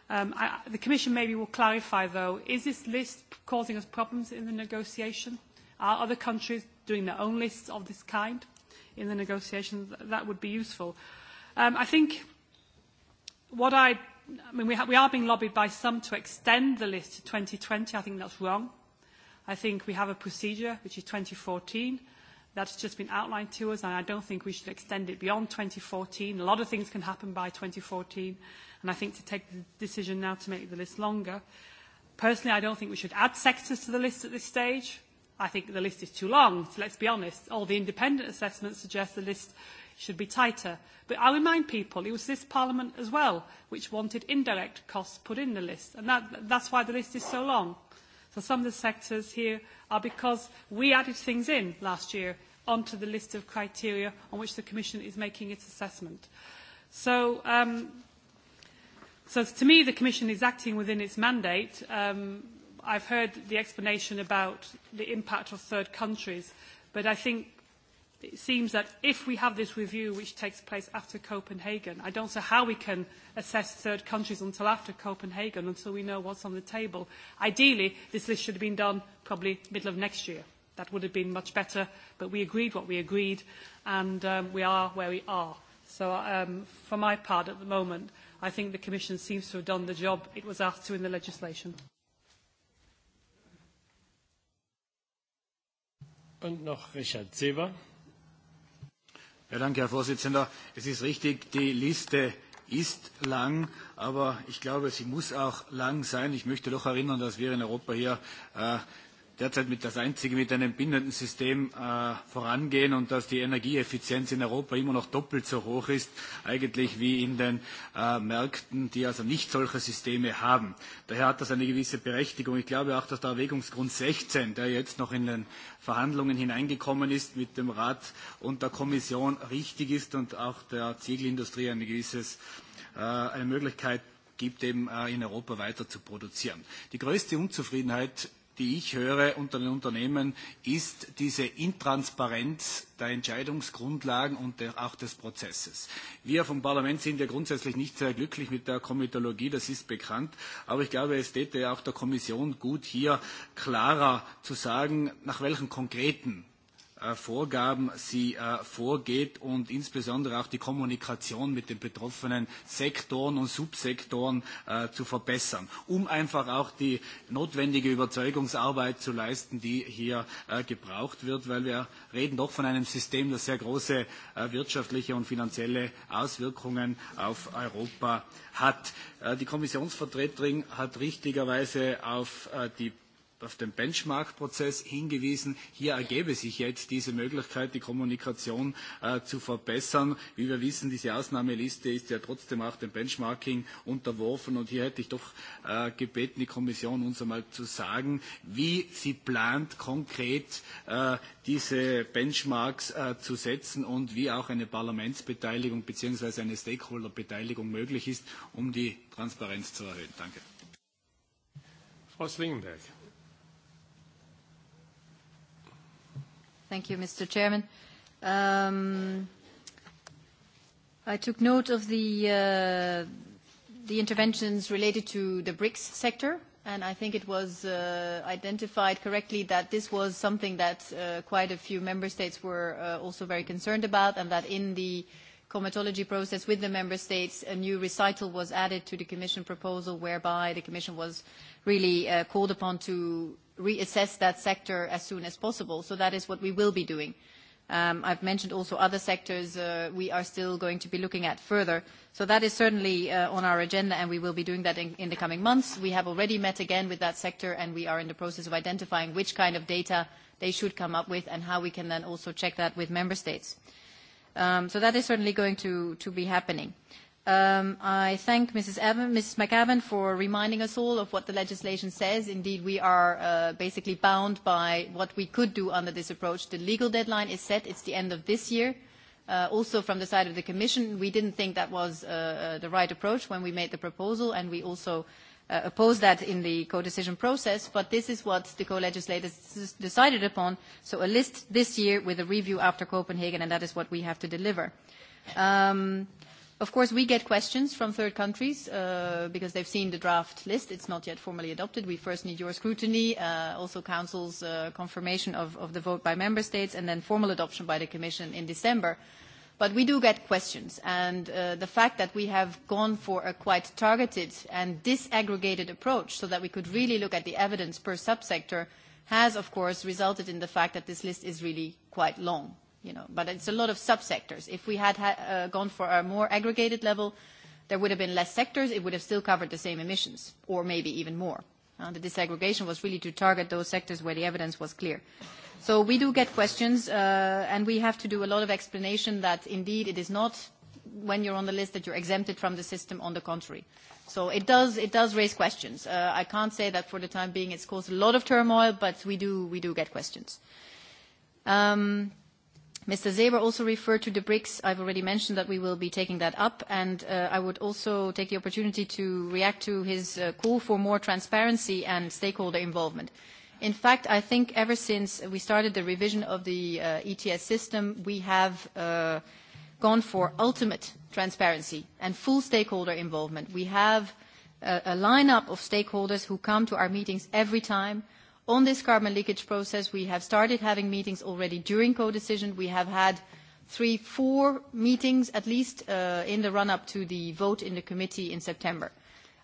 [SPEAKER 9] um, I, the Commission maybe will clarify, though, is this list causing us problems in the negotiation? Are other countries doing their own lists of this kind in the negotiations? That would be useful. Um, I think what I I mean, we, ha- we are being lobbied by some to extend the list to 2020. I think that's wrong. I think we have a procedure, which is 2014. That's just been outlined to us, and I don't think we should extend it beyond 2014. A lot of things can happen by 2014, and I think to take the decision now to make the list longer. Personally, I don't think we should add sectors to the list at this stage. I think the list is too long. So let's be honest, all the independent assessments suggest the list should be tighter. But I remind people it was this Parliament as well which wanted indirect costs put in the list, and that, that's why the list is so long. So some of the sectors here are because we added things in last year onto the list of criteria on which the Commission is making its assessment. So, um, so to me, the Commission is acting within its mandate. Um, I've heard the explanation about the impact of third countries, but I think it seems that if we have this review which takes place after Copenhagen, I don't see how we can assess third countries until after Copenhagen, until we know what's on the table. Ideally, this list should have been done probably middle of next year. That would have been much better, but we agreed what we agreed, and um, we are where we are. So um, for my part at the moment, I think the Commission seems to have done the job it was asked to in the legislation.
[SPEAKER 6] Und noch Richard Seber. Ja, danke, Herr Vorsitzender. Es ist richtig, die Liste ist lang, aber ich glaube, sie muss auch lang sein. Ich möchte doch erinnern, dass wir in Europa hier äh, derzeit mit das einzige mit einem bindenden System äh, vorangehen und dass die Energieeffizienz in Europa immer noch doppelt so hoch ist, eigentlich wie in den äh, Märkten, die also nicht solche Systeme haben. Daher hat das eine gewisse Berechtigung. Ich glaube auch, dass der Erwägungsgrund 16, der jetzt noch in den Verhandlungen hineingekommen ist mit dem Rat und der Kommission, richtig ist und auch der Ziegelindustrie ein gewisses, äh, eine Möglichkeit gibt, eben äh, in Europa weiter zu produzieren. Die größte Unzufriedenheit die ich höre unter den Unternehmen, ist diese Intransparenz der Entscheidungsgrundlagen und der, auch des Prozesses. Wir vom Parlament sind ja grundsätzlich nicht sehr glücklich mit der Komitologie, das ist bekannt. Aber ich glaube, es täte ja auch der Kommission gut, hier klarer zu sagen, nach welchen konkreten Äh, Vorgaben sie äh, vorgeht und insbesondere auch die Kommunikation mit den betroffenen Sektoren und Subsektoren äh, zu verbessern, um einfach auch die notwendige Überzeugungsarbeit zu leisten, die hier gebraucht wird, weil wir reden doch von einem System, das sehr große wirtschaftliche und finanzielle Auswirkungen auf Europa hat. Die Kommissionsvertreterin hat richtigerweise auf die auf den Benchmark-Prozess hingewiesen. Hier ergäbe sich jetzt diese Möglichkeit, die Kommunikation äh, zu verbessern. Wie wir wissen, diese Ausnahmeliste ist ja trotzdem auch dem Benchmarking unterworfen. Und hier hätte ich doch äh, gebeten, die Kommission uns einmal zu sagen, wie sie plant, konkret äh, diese Benchmarks äh, zu setzen und wie auch eine Parlamentsbeteiligung bzw. eine Stakeholderbeteiligung möglich ist, um die Transparenz zu erhöhen. Danke. Frau Slingenberg.
[SPEAKER 15] Thank you, Mr. Chairman. Um, I took note of the, uh, the interventions related to the BRICS sector, and I think it was uh, identified correctly that this was something that uh, quite a few member states were uh, also very concerned about, and that in the comitology process with the member states, a new recital was added to the Commission proposal, whereby the Commission was really uh, called upon to reassess that sector as soon as possible. So that is what we will be doing. Um, I've mentioned also other sectors uh, we are still going to be looking at further. So that is certainly uh, on our agenda, and we will be doing that in, in the coming months. We have already met again with that sector, and we are in the process of identifying which kind of data they should come up with and how we can then also check that with member states. Um, so that is certainly going to, to be happening. Um, I thank Mrs. Evan, Mrs. McAvan for reminding us all of what the legislation says. Indeed, we are uh, basically bound by what we could do under this approach. The legal deadline is set. It's the end of this year. Uh, also from the side of the Commission, we didn't think that was uh, uh the right approach when we made the proposal, and we also uh, opposed that in the co-decision process. But this is what the co-legislators decided upon. So a list this year with a review after Copenhagen, and that is what we have to deliver. Um, uh, Of course, we get questions from third countries uh, because they've seen the draft list. It's not yet formally adopted. We first need your scrutiny, uh, also Council's uh, confirmation of, of the vote by member states, and then formal adoption by the Commission in December. But we do get questions, and uh, the fact that we have gone for a quite targeted and disaggregated approach so that we could really look at the evidence per subsector has, of course, resulted in the fact that this list is really quite long you know, but it's a lot of subsectors. If we had uh, gone for a more aggregated level, there would have been less sectors. It would have still covered the same emissions, or maybe even more. Uh, the disaggregation was really to target those sectors where the evidence was clear. So we do get questions, uh, and we have to do a lot of explanation that indeed it is not when you're on the list that you're exempted from the system, on the contrary. So it does, it does raise questions. Uh, I can't say that for the time being it's caused a lot of turmoil, but we do, we do get questions. Um, Mr. Zeber also referred to the BRICS. I've already mentioned that we will be taking that up, and uh, I would also take the opportunity to react to his uh, call for more transparency and stakeholder involvement. In fact, I think ever since we started the revision of the uh, ETS system, we have uh, gone for ultimate transparency and full stakeholder involvement. We have a, a lineup of stakeholders who come to our meetings every time, uh, On this carbon leakage process, we have started having meetings already during co-decision. We have had three, four meetings at least uh, in the run-up to the vote in the committee in September.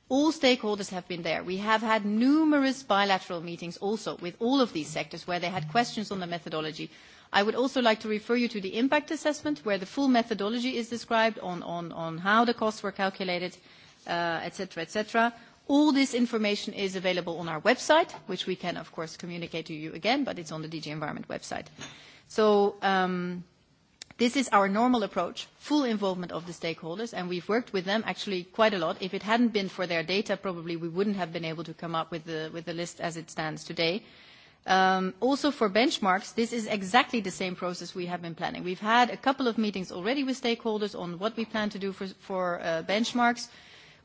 [SPEAKER 15] All stakeholders have been there. We have had numerous bilateral meetings also with all of these sectors where they had questions on the methodology. I would also like to refer you to the impact assessment where the full methodology is described on, on, on how the costs were calculated, uh, et cetera, et cetera. All this information is available on our website, which we can, of course, communicate to you again, but it's on the DG Environment website. So um, this is our normal approach, full involvement of the stakeholders, and we've worked with them actually quite a lot. If it hadn't been for their data, probably we wouldn't have been able to come up with the, with the list as it stands today. Um, also for benchmarks, this is exactly the same process we have been planning. We've had a couple of meetings already with stakeholders on what we plan to do for, for uh, benchmarks. Uh,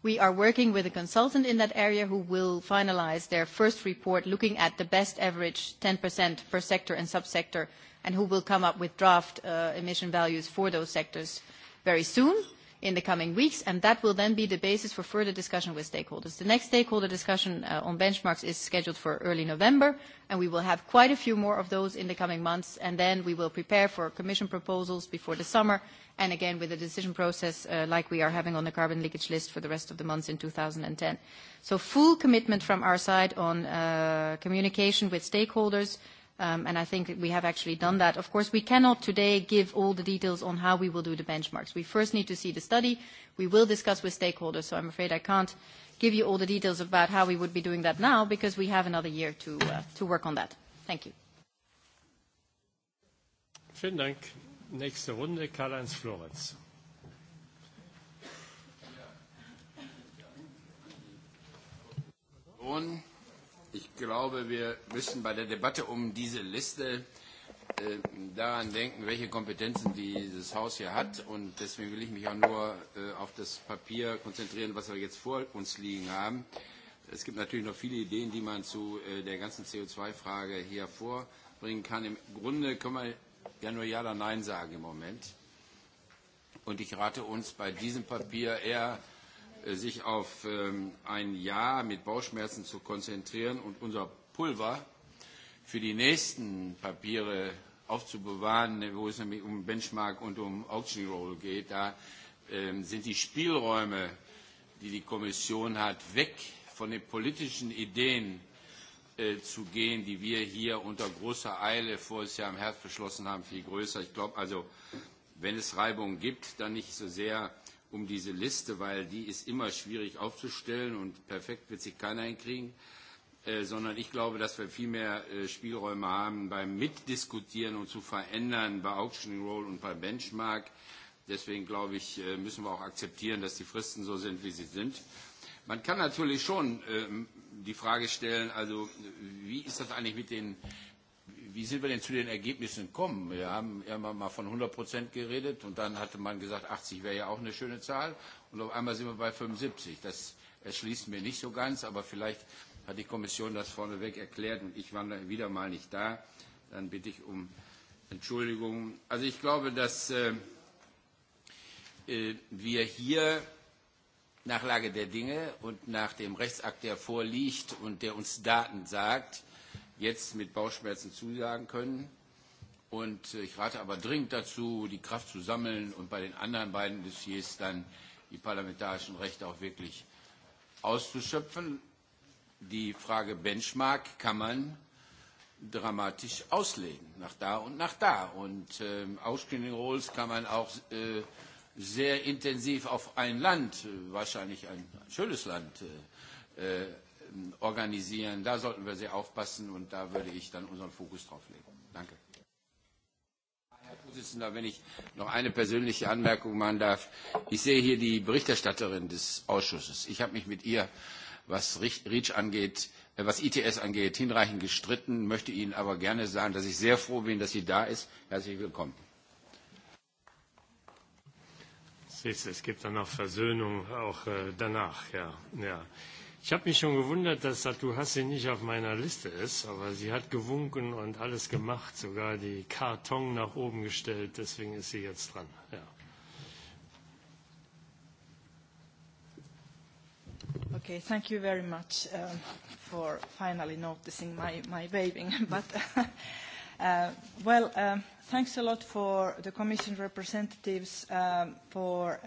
[SPEAKER 15] We are working with a consultant in that area who will finalize their first report looking at the best average 10% per sector and subsector and who will come up with draft uh, emission values for those sectors very soon. Uh, in the coming weeks, and that will then be the basis for further discussion with stakeholders. The next stakeholder discussion uh, on benchmarks is scheduled for early November, and we will have quite a few more of those in the coming months, and then we will prepare for commission proposals before the summer, and again with a decision process uh, like we are having on the carbon leakage list for the rest of the months in 2010. So full commitment from our side on uh, communication with stakeholders, uh, Um, and I think we have actually done that. Of course, we cannot today give all the details on how we will do the benchmarks. We first need to see the study. We will discuss with stakeholders, so I'm afraid I can't give you all the details about how we would be doing that now because we have another year to, uh, to work on that. Thank you.
[SPEAKER 2] Vielen Dank. Nächste Runde, Karl-Heinz Florenz.
[SPEAKER 17] Mikrofon. Ich glaube, wir müssen bei der Debatte um diese Liste äh, daran denken, welche Kompetenzen dieses Haus hier hat. Und deswegen will ich mich ja nur äh, auf das Papier konzentrieren, was wir jetzt vor uns liegen haben. Es gibt natürlich noch viele Ideen, die man zu äh, der ganzen CO2-Frage hier vorbringen kann. Im Grunde kann man ja nur Ja oder Nein sagen im Moment. Und ich rate uns bei diesem Papier eher sich auf ähm, ein Jahr mit Bauchschmerzen zu konzentrieren und unser Pulver für die nächsten Papiere aufzubewahren, wo es nämlich um Benchmark und um Auction Roll geht, da ähm, sind die Spielräume, die die Kommission hat, weg von den politischen Ideen äh, zu gehen, die wir hier unter großer Eile vor das Jahr im Herbst beschlossen haben, viel größer. Ich glaube also, wenn es Reibungen gibt, dann nicht so sehr um diese Liste, weil die ist immer schwierig aufzustellen und perfekt wird sich keiner hinkriegen, äh, sondern ich glaube, dass wir viel mehr äh, Spielräume haben beim Mitdiskutieren und zu verändern bei Auctioning Roll und bei Benchmark. Deswegen glaube ich, äh, müssen wir auch akzeptieren, dass die Fristen so sind, wie sie sind. Man kann natürlich schon äh, die Frage stellen, also wie ist das eigentlich mit den äh, wie sind wir denn zu den Ergebnissen gekommen? Wir haben irgendwann mal von 100 Prozent geredet und dann hatte man gesagt, 80 wäre ja auch eine schöne Zahl und auf einmal sind wir bei 75. Das erschließt mir nicht so ganz, aber vielleicht hat die Kommission das vorneweg erklärt und ich war wieder mal nicht da. Dann bitte ich um Entschuldigung. Also ich glaube, dass äh, äh wir hier nach Lage der Dinge und nach dem Rechtsakt, der vorliegt und der uns Daten sagt, jetzt mit Bauchschmerzen zusagen können. Und äh, ich rate aber dringend dazu, die Kraft zu sammeln und bei den anderen beiden Dossiers dann die parlamentarischen Rechte auch wirklich auszuschöpfen. Die Frage Benchmark kann man dramatisch auslegen, nach da und nach da. Und äh, Auscreening Rules kann man auch äh, sehr intensiv auf ein Land, äh, wahrscheinlich ein, ein schönes Land, äh, äh organisieren. Da sollten wir sehr aufpassen und da würde ich dann unseren Fokus drauf legen. Danke. Herr Vorsitzender, wenn ich noch eine persönliche Anmerkung machen darf. Ich sehe hier die Berichterstatterin des Ausschusses. Ich habe mich mit ihr, was REACH angeht, äh, was ITS angeht, hinreichend gestritten, möchte Ihnen aber gerne sagen, dass ich sehr froh bin, dass sie da ist. Herzlich willkommen.
[SPEAKER 2] Siehst, es gibt dann auch Versöhnung auch äh, danach, ja. ja. Ich habe mich schon gewundert, dass Satu Hassi nicht auf meiner Liste ist, aber sie hat gewunken und alles gemacht, sogar die Karton nach oben gestellt, deswegen ist sie jetzt dran. Ja.
[SPEAKER 4] Okay, thank you very much um, uh, for finally noticing my, my waving. [laughs] but, uh, well, um, uh, thanks a lot for the Commission representatives um, for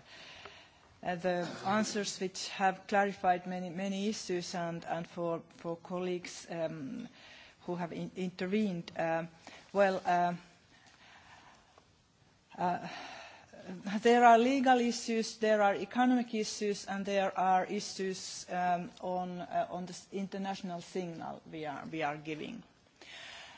[SPEAKER 4] uh, the answers which have clarified many, many issues and, and for, for colleagues um, who have in, intervened. Uh, well, uh, uh, there are legal issues, there are economic issues, and there are issues um, on, uh, on the international signal we are, we are giving.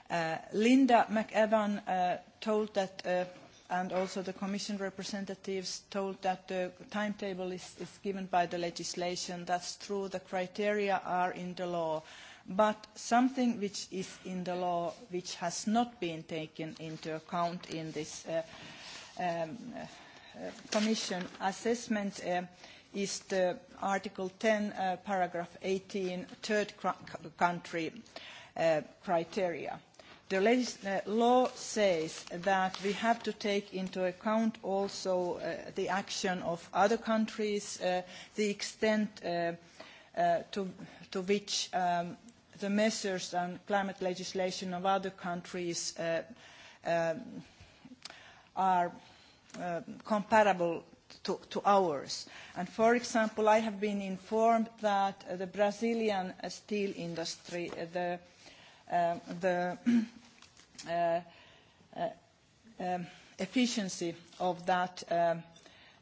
[SPEAKER 4] Uh, Linda McEwan uh, told that uh, and also the Commission representatives told that the timetable is, is given by the legislation. That's true. The criteria are in the law. But something which is in the law, which has not been taken into account in this uh, um, uh, Commission assessment uh, is the Article 10, uh, paragraph 18, third country uh, criteria the uh, law says that we have to take into account also uh, the action of other countries, uh, the extent uh, uh, to, to which um, the measures and climate legislation of other countries uh, uh, are uh, comparable to, to ours. And for example, I have been informed that the Brazilian steel industry, uh, the uh, uh, the [clears throat] uh, uh, um, efficiency of that um,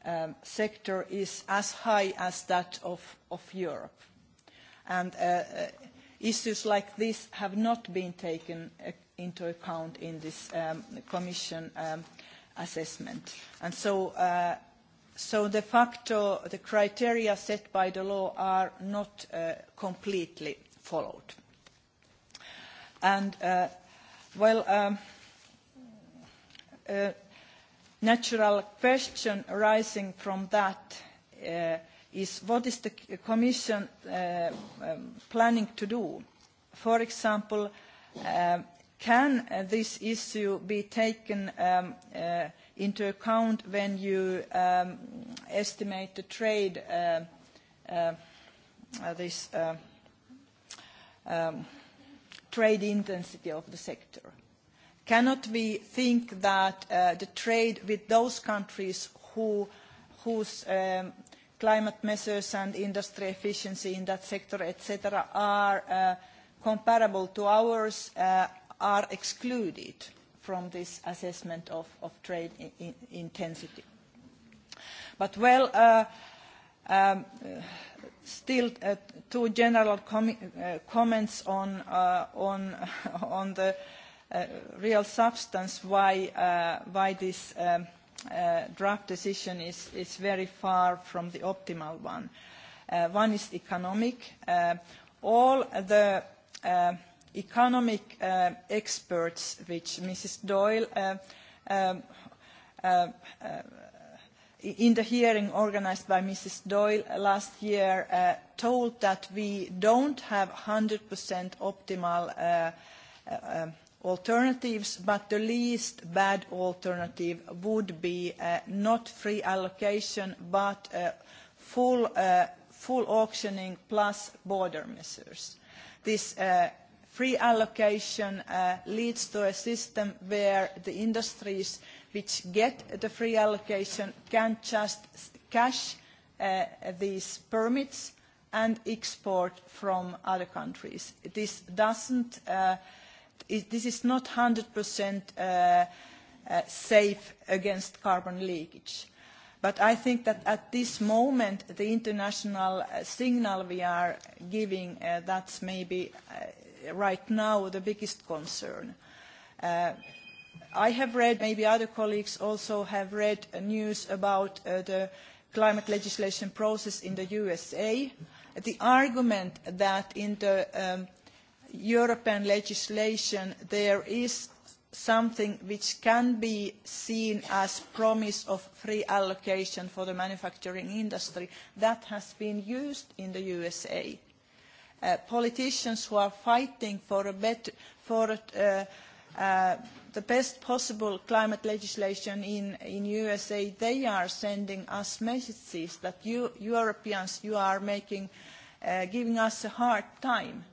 [SPEAKER 4] um, sector is as high as that of, of Europe. And uh, uh, issues like this have not been taken uh, into account in this um, Commission um, assessment. And so, uh, so de facto, the criteria set by the law are not uh, completely followed. And, uh, well, um, a uh, natural question arising from that uh, is what is the Commission uh, um, planning to do? For example, uh, can uh, this issue be taken um, uh, into account when you um, estimate the trade um, uh, uh, this uh, um, trade intensity of the sector. Cannot we think that uh, the trade with those countries who, whose um, climate measures and industry efficiency in that sector, etc., are uh, comparable to ours, uh, are excluded from this assessment of, of trade in, in intensity? But well, uh, Um, still uh, two general com uh, comments on, uh, on, [laughs] on the uh, real substance why, uh, why this um, uh, draft decision is, is very far from the optimal one. Uh, one is economic. Uh, all the uh, economic uh, experts which Mrs. Doyle uh, um, uh, uh, in the hearing organised by Mrs Doyle last year uh, told that we don't have 100% optimal uh, uh, um, alternatives, but the least bad alternative would be uh, not free allocation, but uh, full, uh, full auctioning plus border measures. This uh, free allocation uh, leads to a system where the industries which get the free allocation can just cash uh, these permits and export from other countries. This, doesn't, uh, it, this is not 100% uh, uh, safe against carbon leakage. But I think that at this moment, the international uh, signal we are giving, uh, that's maybe uh, right now the biggest concern. Uh, I have read, maybe other colleagues also have read uh, news about uh, the climate legislation process in the USA. The argument that in the um, European legislation there is something which can be seen as promise of free allocation for the manufacturing industry that has been used in the USA. Uh, politicians who are fighting for a better, for a, uh, uh, the best possible climate legislation in, in USA, they are sending us messages that you Europeans, you are making, uh, giving us a hard time.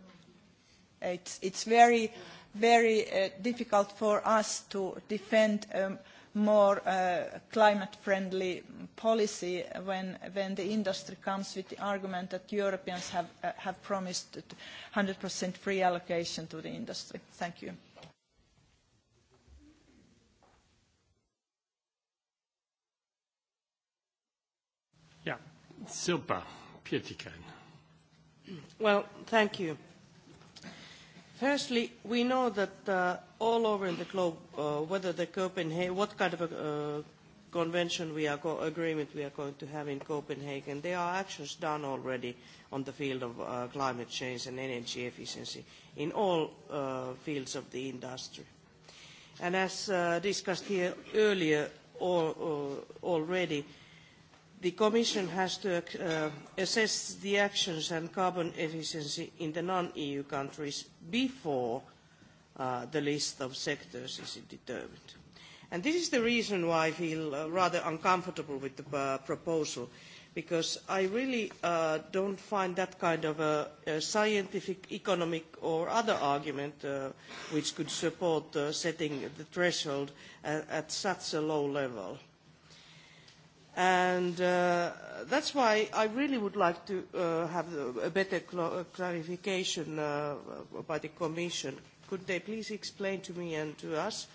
[SPEAKER 4] It's, it's very, very uh, difficult for us to defend um, more uh, climate-friendly policy when, when the industry comes with the argument that Europeans have, uh, have promised 100% free allocation to the industry. Thank you.
[SPEAKER 2] Super. Pietikäinen.
[SPEAKER 1] Well, thank you. Firstly, we know that uh, all over in the globe, uh, whether the Copenhagen, what kind of a uh, convention we are go agreement we are going to have in Copenhagen, there are actions done already on the field of uh, climate change and energy efficiency in all uh, fields of the industry. And as uh, discussed here earlier all, uh, already, uh, the Commission has to uh, assess the actions and carbon efficiency in the non-EU countries before uh, the list of sectors is determined. And this is the reason why I feel uh, rather uncomfortable with the uh, proposal, because I really uh, don't find that kind of a, a scientific, economic or other argument uh, which could support uh, setting the threshold at, uh, at such a low level. Uh, And uh, that's why I really would like to uh, have a better cl clarification uh, by the Commission. Could they please explain to me and to us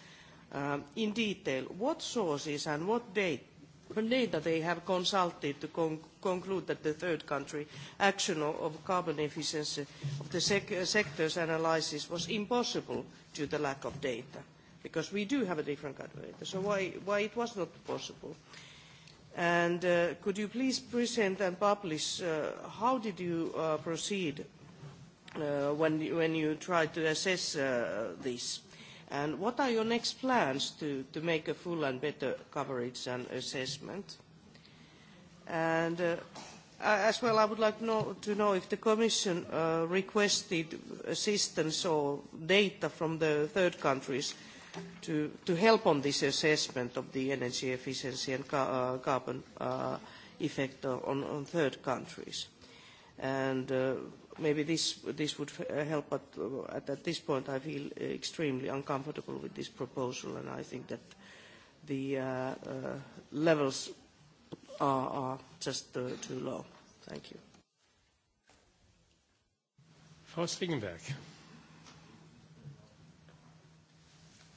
[SPEAKER 1] um, in detail what sources and what date, data they have consulted to con conclude that the third country action of, of carbon efficiency of the sec sector's analysis was impossible due to the lack of data? Because we do have a different kind of data. So why, why it was not possible? Uh, And uh, could you please present and publish uh, how did you uh, proceed uh, when, when you tried to assess uh, this? And what are your next plans to, to make a full and better coverage and assessment? And uh, as well, I would like know, to know if the Commission uh, requested assistance or data from the third countries uh, to, to help on this assessment of the energy efficiency and ca uh, carbon uh, effect on, on third countries. And uh, maybe this, this would uh, help, but uh, at, at this point I feel extremely uncomfortable with this proposal, and I think that the uh, uh, levels are, are just uh, too low. Thank you. Frau Stringenberg.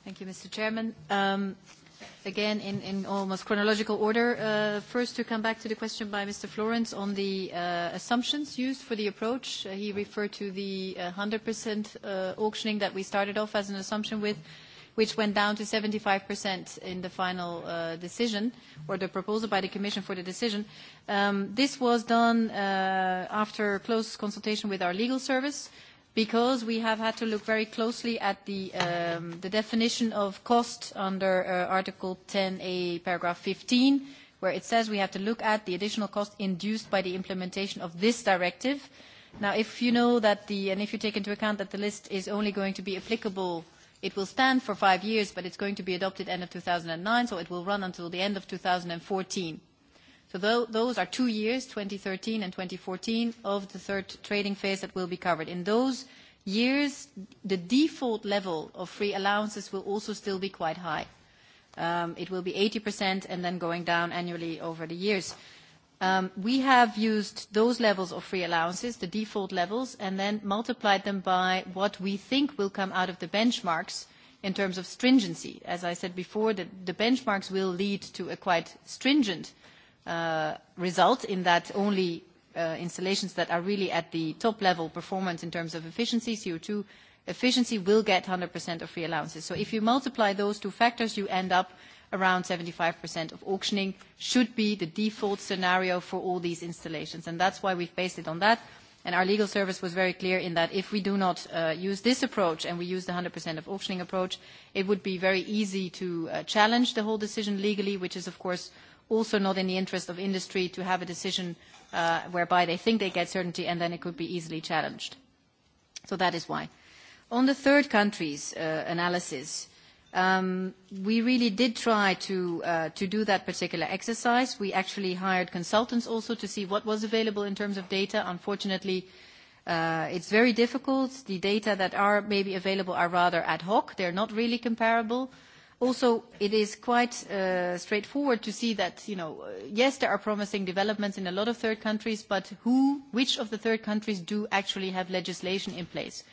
[SPEAKER 15] Thank you, Mr. Chairman. Um, again, in, in almost chronological order, uh, first to come back to the question by Mr. Florence on the uh, assumptions used for the approach. Uh, he referred to the 100% uh, uh, auctioning that we started off as an assumption with, which went down to 75% in the final uh, decision or the proposal by the Commission for the decision. Um, this was done uh, after close consultation with our legal service. Uh, because we have had to look very closely at the, um, the definition of cost under uh, Article 10A, paragraph 15, where it says we have to look at the additional cost induced by the implementation of this directive. Now, if you know that the, and if you take into account that the list is only going to be applicable, it will stand for five years, but it's going to be adopted end of 2009, so it will run until the end of 2014. So th those are two years, 2013 and 2014, of the third trading phase that will be covered. In those years, the default level of free allowances will also still be quite high. Um, it will be 80% and then going down annually over the years. Um, we have used those levels of free allowances, the default levels, and then multiplied them by what we think will come out of the benchmarks in terms of stringency. As I said before, the, the benchmarks will lead to a quite stringent uh, uh, result in that only uh, installations that are really at the top level performance in terms of efficiency, CO2 efficiency, will get 100% of free allowances. So if you multiply those two factors, you end up around 75% of auctioning should be the default scenario for all these installations. And that's why we've based it on that. And our legal service was very clear in that if we do not uh, use this approach and we use the 100% of auctioning approach, it would be very easy to uh, challenge the whole decision legally, which is, of course, uh, also not in the interest of industry to have a decision uh, whereby they think they get certainty and then it could be easily challenged. So that is why. On the third countries uh, analysis, um, we really did try to, uh, to do that particular exercise. We actually hired consultants also to see what was available in terms of data. Unfortunately, uh, it's very difficult. The data that are maybe available are rather ad hoc. They're not really comparable. Uh, Also, it is quite uh, straightforward to see that, you know, uh, yes, there are promising developments in a lot of third countries, but who, which of the third countries do actually have legislation in place?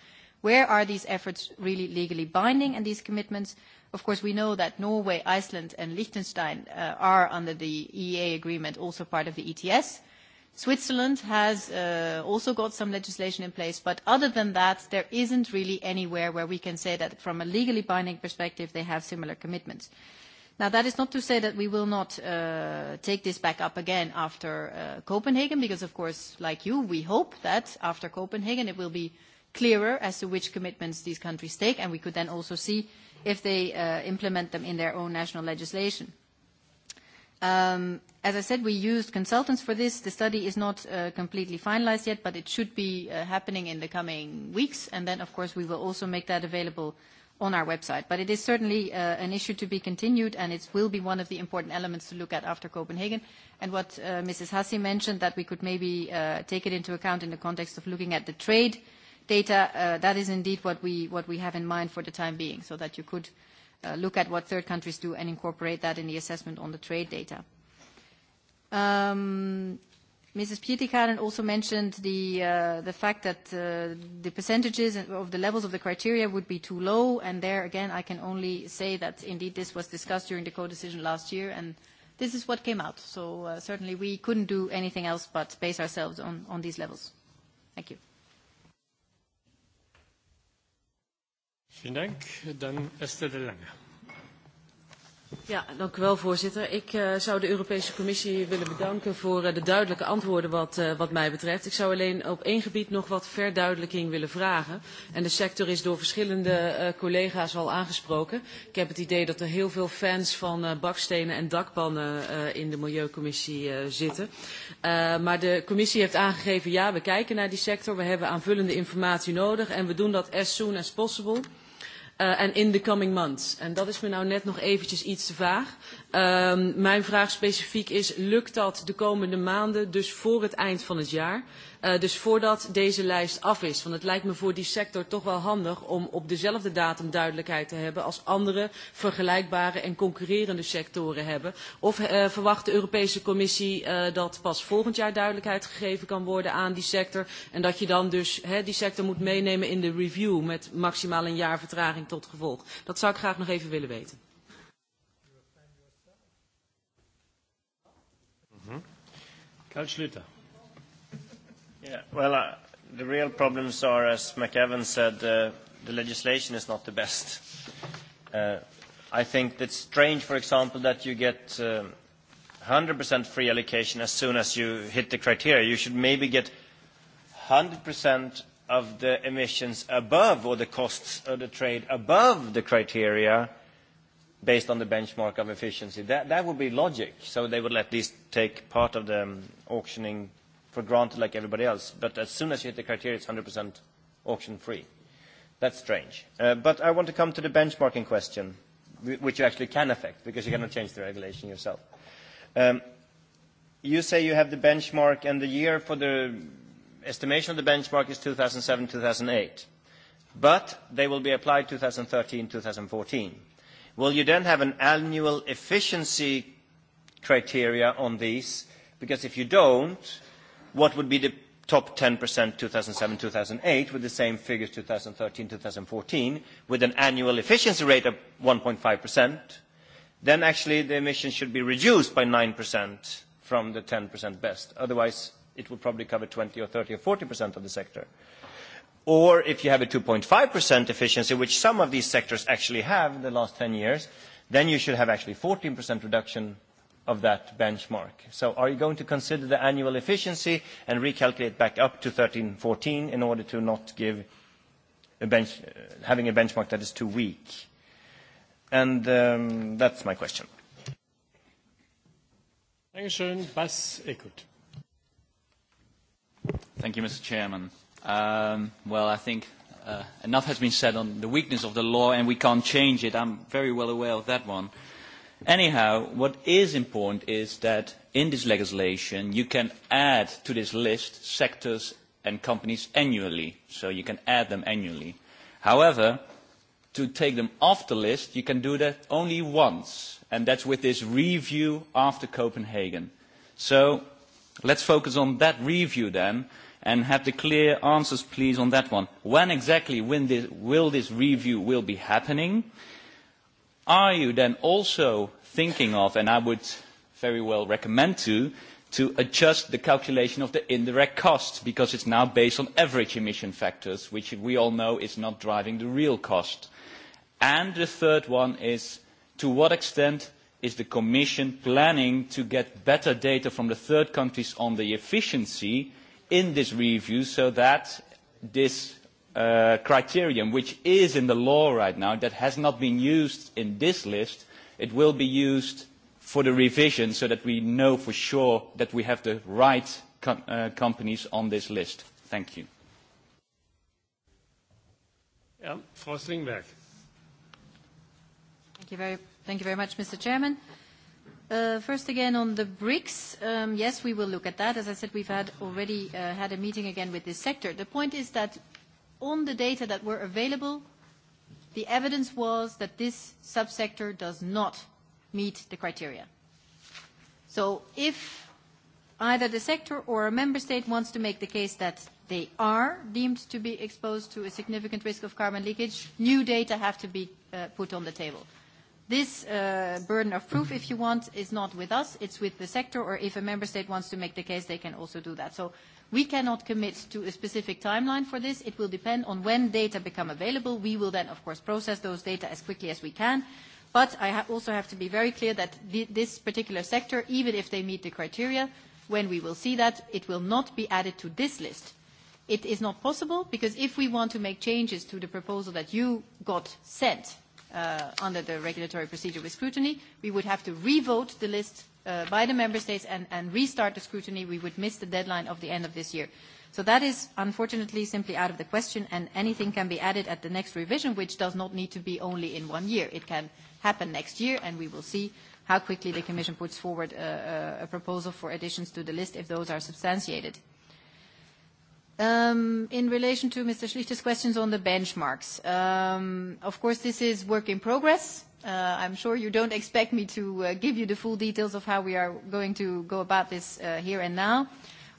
[SPEAKER 15] Where are these efforts really legally binding and these commitments? Of course, we know that Norway, Iceland, and Liechtenstein uh, are under the EEA agreement, also part of the ETS. Switzerland has uh, also got some legislation in place, but other than that, there isn't really anywhere where we can say that from a legally binding perspective, they have similar commitments. Now, that is not to say that we will not uh, take this back up again after uh, Copenhagen, because of course, like you, we hope that after Copenhagen, it will be clearer as to which commitments these countries take, and we could then also see if they uh, implement them in their own national legislation. Um, as I said, we used consultants for this. The study is not uh, completely finalized yet, but it should be uh, happening in the coming weeks. And then, of course, we will also make that available on our website. But it is certainly uh, an issue to be continued, and it will be one of the important elements to look at after Copenhagen. And what uh, Mrs. Hassi mentioned, that we could maybe uh, take it into account in the context of looking at the trade data, uh, that is indeed what we, what we have in mind for the time being, so that you could uh, look at what third countries do and incorporate that in the assessment on the trade data. Um, Mrs. Pietikäinen also mentioned the, uh, the fact that uh, the percentages of the levels of the criteria would be too low, and there again, I can only say that indeed this was discussed during the co-decision last year, and this is what came out. So, uh, certainly we couldn't do anything else but base ourselves on, on these levels.
[SPEAKER 18] Thank you.
[SPEAKER 2] Vielen dank. Dan Esther de Lange.
[SPEAKER 18] Ja, dank u wel, voorzitter. Ik uh, zou de Europese Commissie willen bedanken voor uh, de duidelijke antwoorden wat, uh, wat mij betreft. Ik zou alleen op één gebied nog wat verduidelijking willen vragen. En de sector is door verschillende uh, collega's al aangesproken. Ik heb het idee dat er heel veel fans van uh, bakstenen en dakpannen uh, in de Milieucommissie uh, zitten. Uh, maar de commissie heeft aangegeven, ja, we kijken naar die sector. We hebben aanvullende informatie nodig en we doen dat as soon as possible. Uh, uh, en in the coming months. En dat is me nou net nog eventjes iets te vaag. Um, mijn vraag specifiek is, lukt dat de komende maanden, dus voor het eind van het jaar? Uh, Uh, dus voordat deze lijst af is. Want het lijkt me voor die sector toch wel handig om op dezelfde datum duidelijkheid te hebben als andere vergelijkbare en concurrerende sectoren hebben. Of uh, verwacht de Europese Commissie uh, dat pas volgend jaar duidelijkheid gegeven kan worden aan die sector. En dat je dan dus he, die sector moet meenemen in de review met maximaal een jaar vertraging tot gevolg. Dat zou ik graag nog even willen weten. Mm -hmm. Karl Schlüter.
[SPEAKER 2] Yeah,
[SPEAKER 8] well, uh, the real problems are, as McEvan said, uh, the legislation is not the best. Uh, I think it's strange, for example, that you get uh, 100% free allocation as soon as you hit the criteria. You should maybe get 100% of the emissions above or the costs of the trade above the criteria based on the benchmark of efficiency. That, that would be logic. So they would at least take part of the um, auctioning for granted like everybody else, but as soon as you hit the criteria, it's 100% auction free. That's strange. Uh, but I want to come to the benchmarking question, which you actually can affect because you cannot change the regulation yourself. Um, you say you have the benchmark and the year for the estimation of the benchmark is 2007, 2008, but they will be applied 2013, 2014. Will you then have an annual efficiency criteria on these? Because if you don't, what would be the top 10% 2007-2008 with the same figures 2013-2014 with an annual efficiency rate of 1.5%, then actually the emissions should be reduced by 9% from the 10% best. Otherwise, it would probably cover 20 or 30 or 40% of the sector. Or if you have a 2.5% efficiency, which some of these sectors actually have in the last 10 years, then you should have actually 14% reduction of that benchmark. So are you going to consider the annual efficiency and recalculate back up to 13, 14 in order to not give a bench, uh, having a benchmark that is too weak? And um, that's my question.
[SPEAKER 2] Dankeschön. Bas Eckert.
[SPEAKER 8] Thank you, Mr.
[SPEAKER 19] Chairman. Um, well, I think uh, enough has been said on the weakness of the law, and we can't change it. I'm very well aware of that one. Uh, Anyhow, what is important is that in this legislation you can add to this list sectors and companies annually. So you can add them annually. However, to take them off the list, you can do that only once, and that's with this review after Copenhagen. So let's focus on that review then, and have the clear answers, please, on that one. When exactly when this, will this review will be happening? Uh, are you then also thinking of, and I would very well recommend to, to adjust the calculation of the indirect costs because it's now based on average emission factors, which we all know is not driving the real cost. And the third one is, to what extent is the Commission planning to get better data from the third countries on the efficiency in this review so that this uh, criterion, which is in the law right now, that has not been used in this list, it will be used for the revision so that we know for sure that we have the right com uh, companies on this list. Thank you.
[SPEAKER 2] Yeah, Frau Slingberg.
[SPEAKER 15] Thank you very, thank you very much, Mr. Chairman. Uh, first again on the BRICS, um, yes, we will look at that. As I said, we've had already uh, had a meeting again with this sector. The point is that on the data that were available, the evidence was that this subsector does not meet the criteria. So if either the sector or a member state wants to make the case that they are deemed to be exposed to a significant risk of carbon leakage, new data have to be uh, put on the table. This uh, burden of proof, if you want, is not with us, it's with the sector, or if a member state wants to make the case, they can also do that. So We cannot commit to a specific timeline for this. It will depend on when data become available. We will then, of course, process those data as quickly as we can. But I ha also have to be very clear that th this particular sector, even if they meet the criteria, when we will see that, it will not be added to this list. It is not possible because if we want to make changes to the proposal that you got sent uh, under the regulatory procedure with scrutiny, we would have to revote the list uh, by the member states and, and restart the scrutiny, we would miss the deadline of the end of this year. So that is unfortunately simply out of the question, and anything can be added at the next revision, which does not need to be only in one year. It can happen next year, and we will see how quickly the Commission puts forward a, a proposal for additions to the list if those are substantiated. Um, in relation to Mr. Schlichter's questions on the benchmarks, um, of course, this is work in progress. Uh, I'm sure you don't expect me to uh, give you the full details of how we are going to go about this uh, here and now.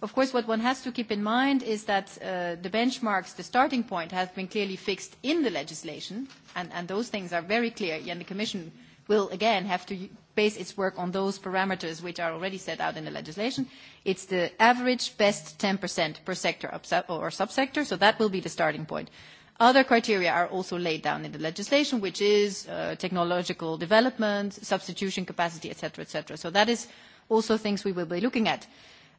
[SPEAKER 15] Of course, what one has to keep in mind is that uh, the benchmarks, the starting point, has been clearly fixed in the legislation, and, and those things are very clear, and the Commission will again have to base its work on those parameters which are already set out in the legislation. It's the average best 10% per sector or subsector, so that will be the starting point. Other criteria are also laid down in the legislation, which is uh, technological development, substitution capacity, et cetera, et cetera. So that is also things we will be looking at.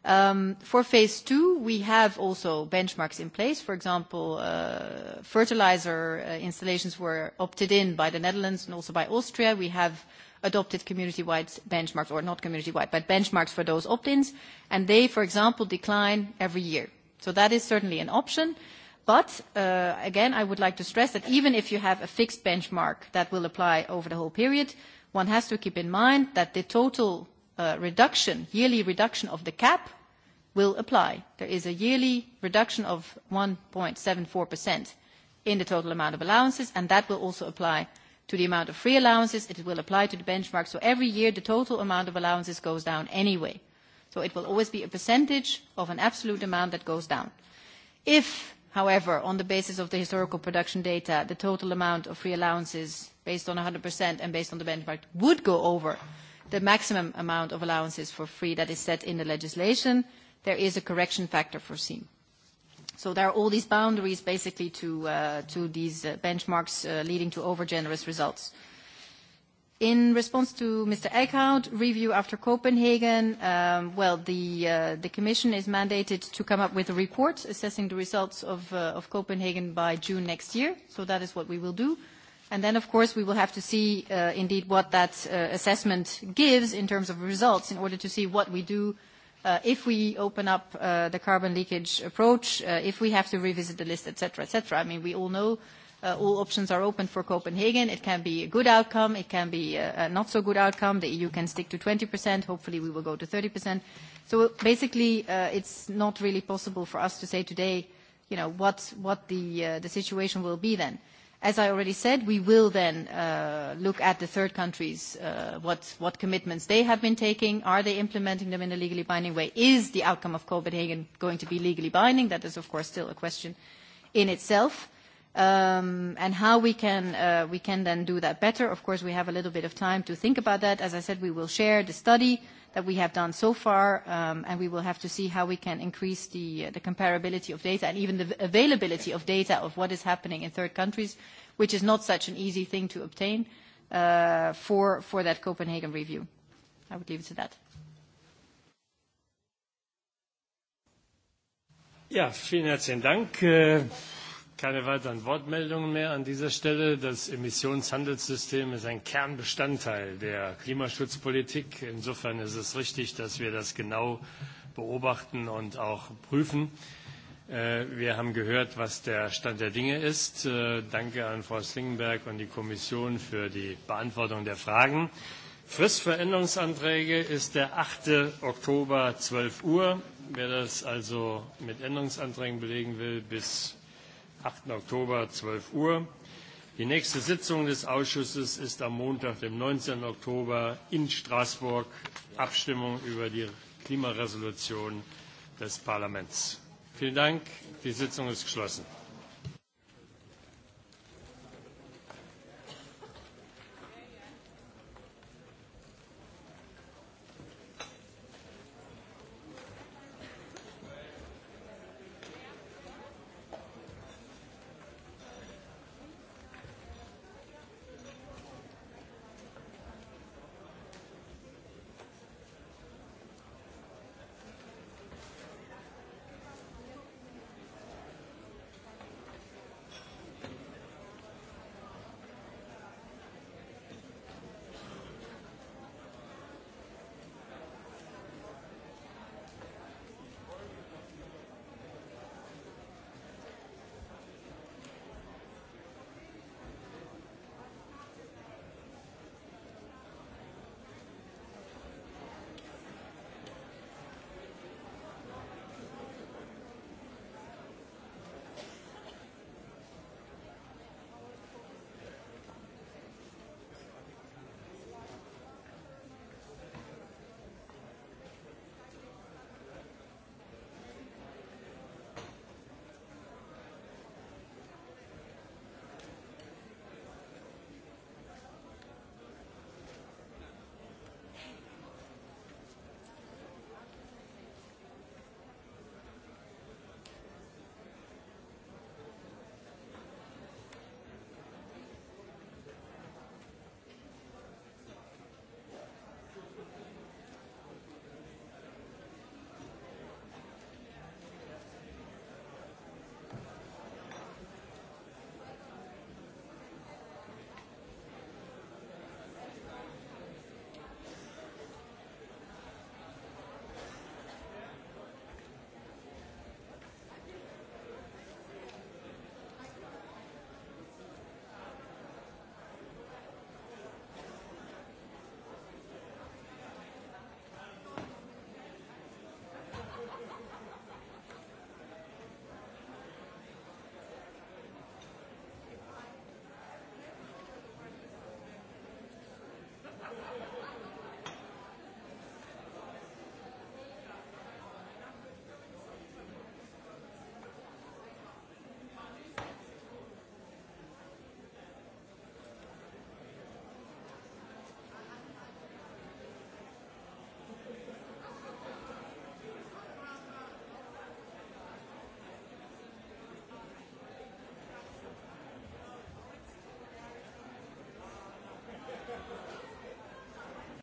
[SPEAKER 15] Um, for phase two, we have also benchmarks in place. For example, uh, fertilizer uh, installations were opted in by the Netherlands and also by Austria. We have adopted community-wide benchmarks, or not community-wide, but benchmarks for those opt-ins, and they, for example, decline every year. So that is certainly an option. Uh, But uh, again, I would like to stress that even if you have a fixed benchmark that will apply over the whole period, one has to keep in mind that the total uh, reduction, yearly reduction of the cap will apply. There is a yearly reduction of 1.74% in the total amount of allowances, and that will also apply to the amount of free allowances. It will apply to the benchmark. So every year, the total amount of allowances goes down anyway. So it will always be a percentage of an absolute amount that goes down. If However, on the basis of the historical production data, the total amount of free allowances based on 100% and based on the benchmark would go over the maximum amount of allowances for free that is set in the legislation. There is a correction factor foreseen. So there are all these boundaries basically to, uh, to these uh, benchmarks uh, leading to over-generous results. Uh, In response to Mr. Eickhout, review after Copenhagen, um, well, the, uh, the commission is mandated to come up with a report assessing the results of, uh, of Copenhagen by June next year. So that is what we will do. And then, of course, we will have to see uh, indeed what that uh, assessment gives in terms of results in order to see what we do uh, if we open up uh, the carbon leakage approach, if we have to revisit the list, et cetera, et cetera. I mean, we all know Uh, all options are open for Copenhagen. It can be a good outcome. It can be a, a not so good outcome. The EU can stick to 20%. Hopefully, we will go to 30%. So basically, uh, it's not really possible for us to say today, you know, what, what the, uh, the situation will be then. As I already said, we will then uh, look at the third countries, uh, what, what commitments they have been taking. Are they implementing them in a legally binding way? Is the outcome of Copenhagen going to be legally binding? That is, of course, still a question in itself um, and how we can, uh, we can then do that better. Of course, we have a little bit of time to think about that. As I said, we will share the study that we have done so far, um, and we will have to see how we can increase the, uh, the comparability of data and even the availability of data of what is happening in third countries, which is not such an easy thing to obtain uh, for, for that Copenhagen review. I would leave it to that.
[SPEAKER 2] Ja, vielen herzlichen Dank. Äh, keine weiteren Wortmeldungen mehr an dieser Stelle. Das Emissionshandelssystem ist ein Kernbestandteil der Klimaschutzpolitik. Insofern ist es richtig, dass wir das genau beobachten und auch prüfen. Äh, wir haben gehört, was der Stand der Dinge ist. Äh, danke an Frau Slingenberg und die Kommission für die Beantwortung der Fragen. Frist für Änderungsanträge ist der 8. Oktober 12 Uhr. Wer das also mit Änderungsanträgen belegen will, bis 8. Oktober, 12 Uhr. Die nächste Sitzung des Ausschusses ist am Montag, dem 19. Oktober in Straßburg. Abstimmung über die Klimaresolution des Parlaments. Vielen Dank. Die Sitzung ist geschlossen.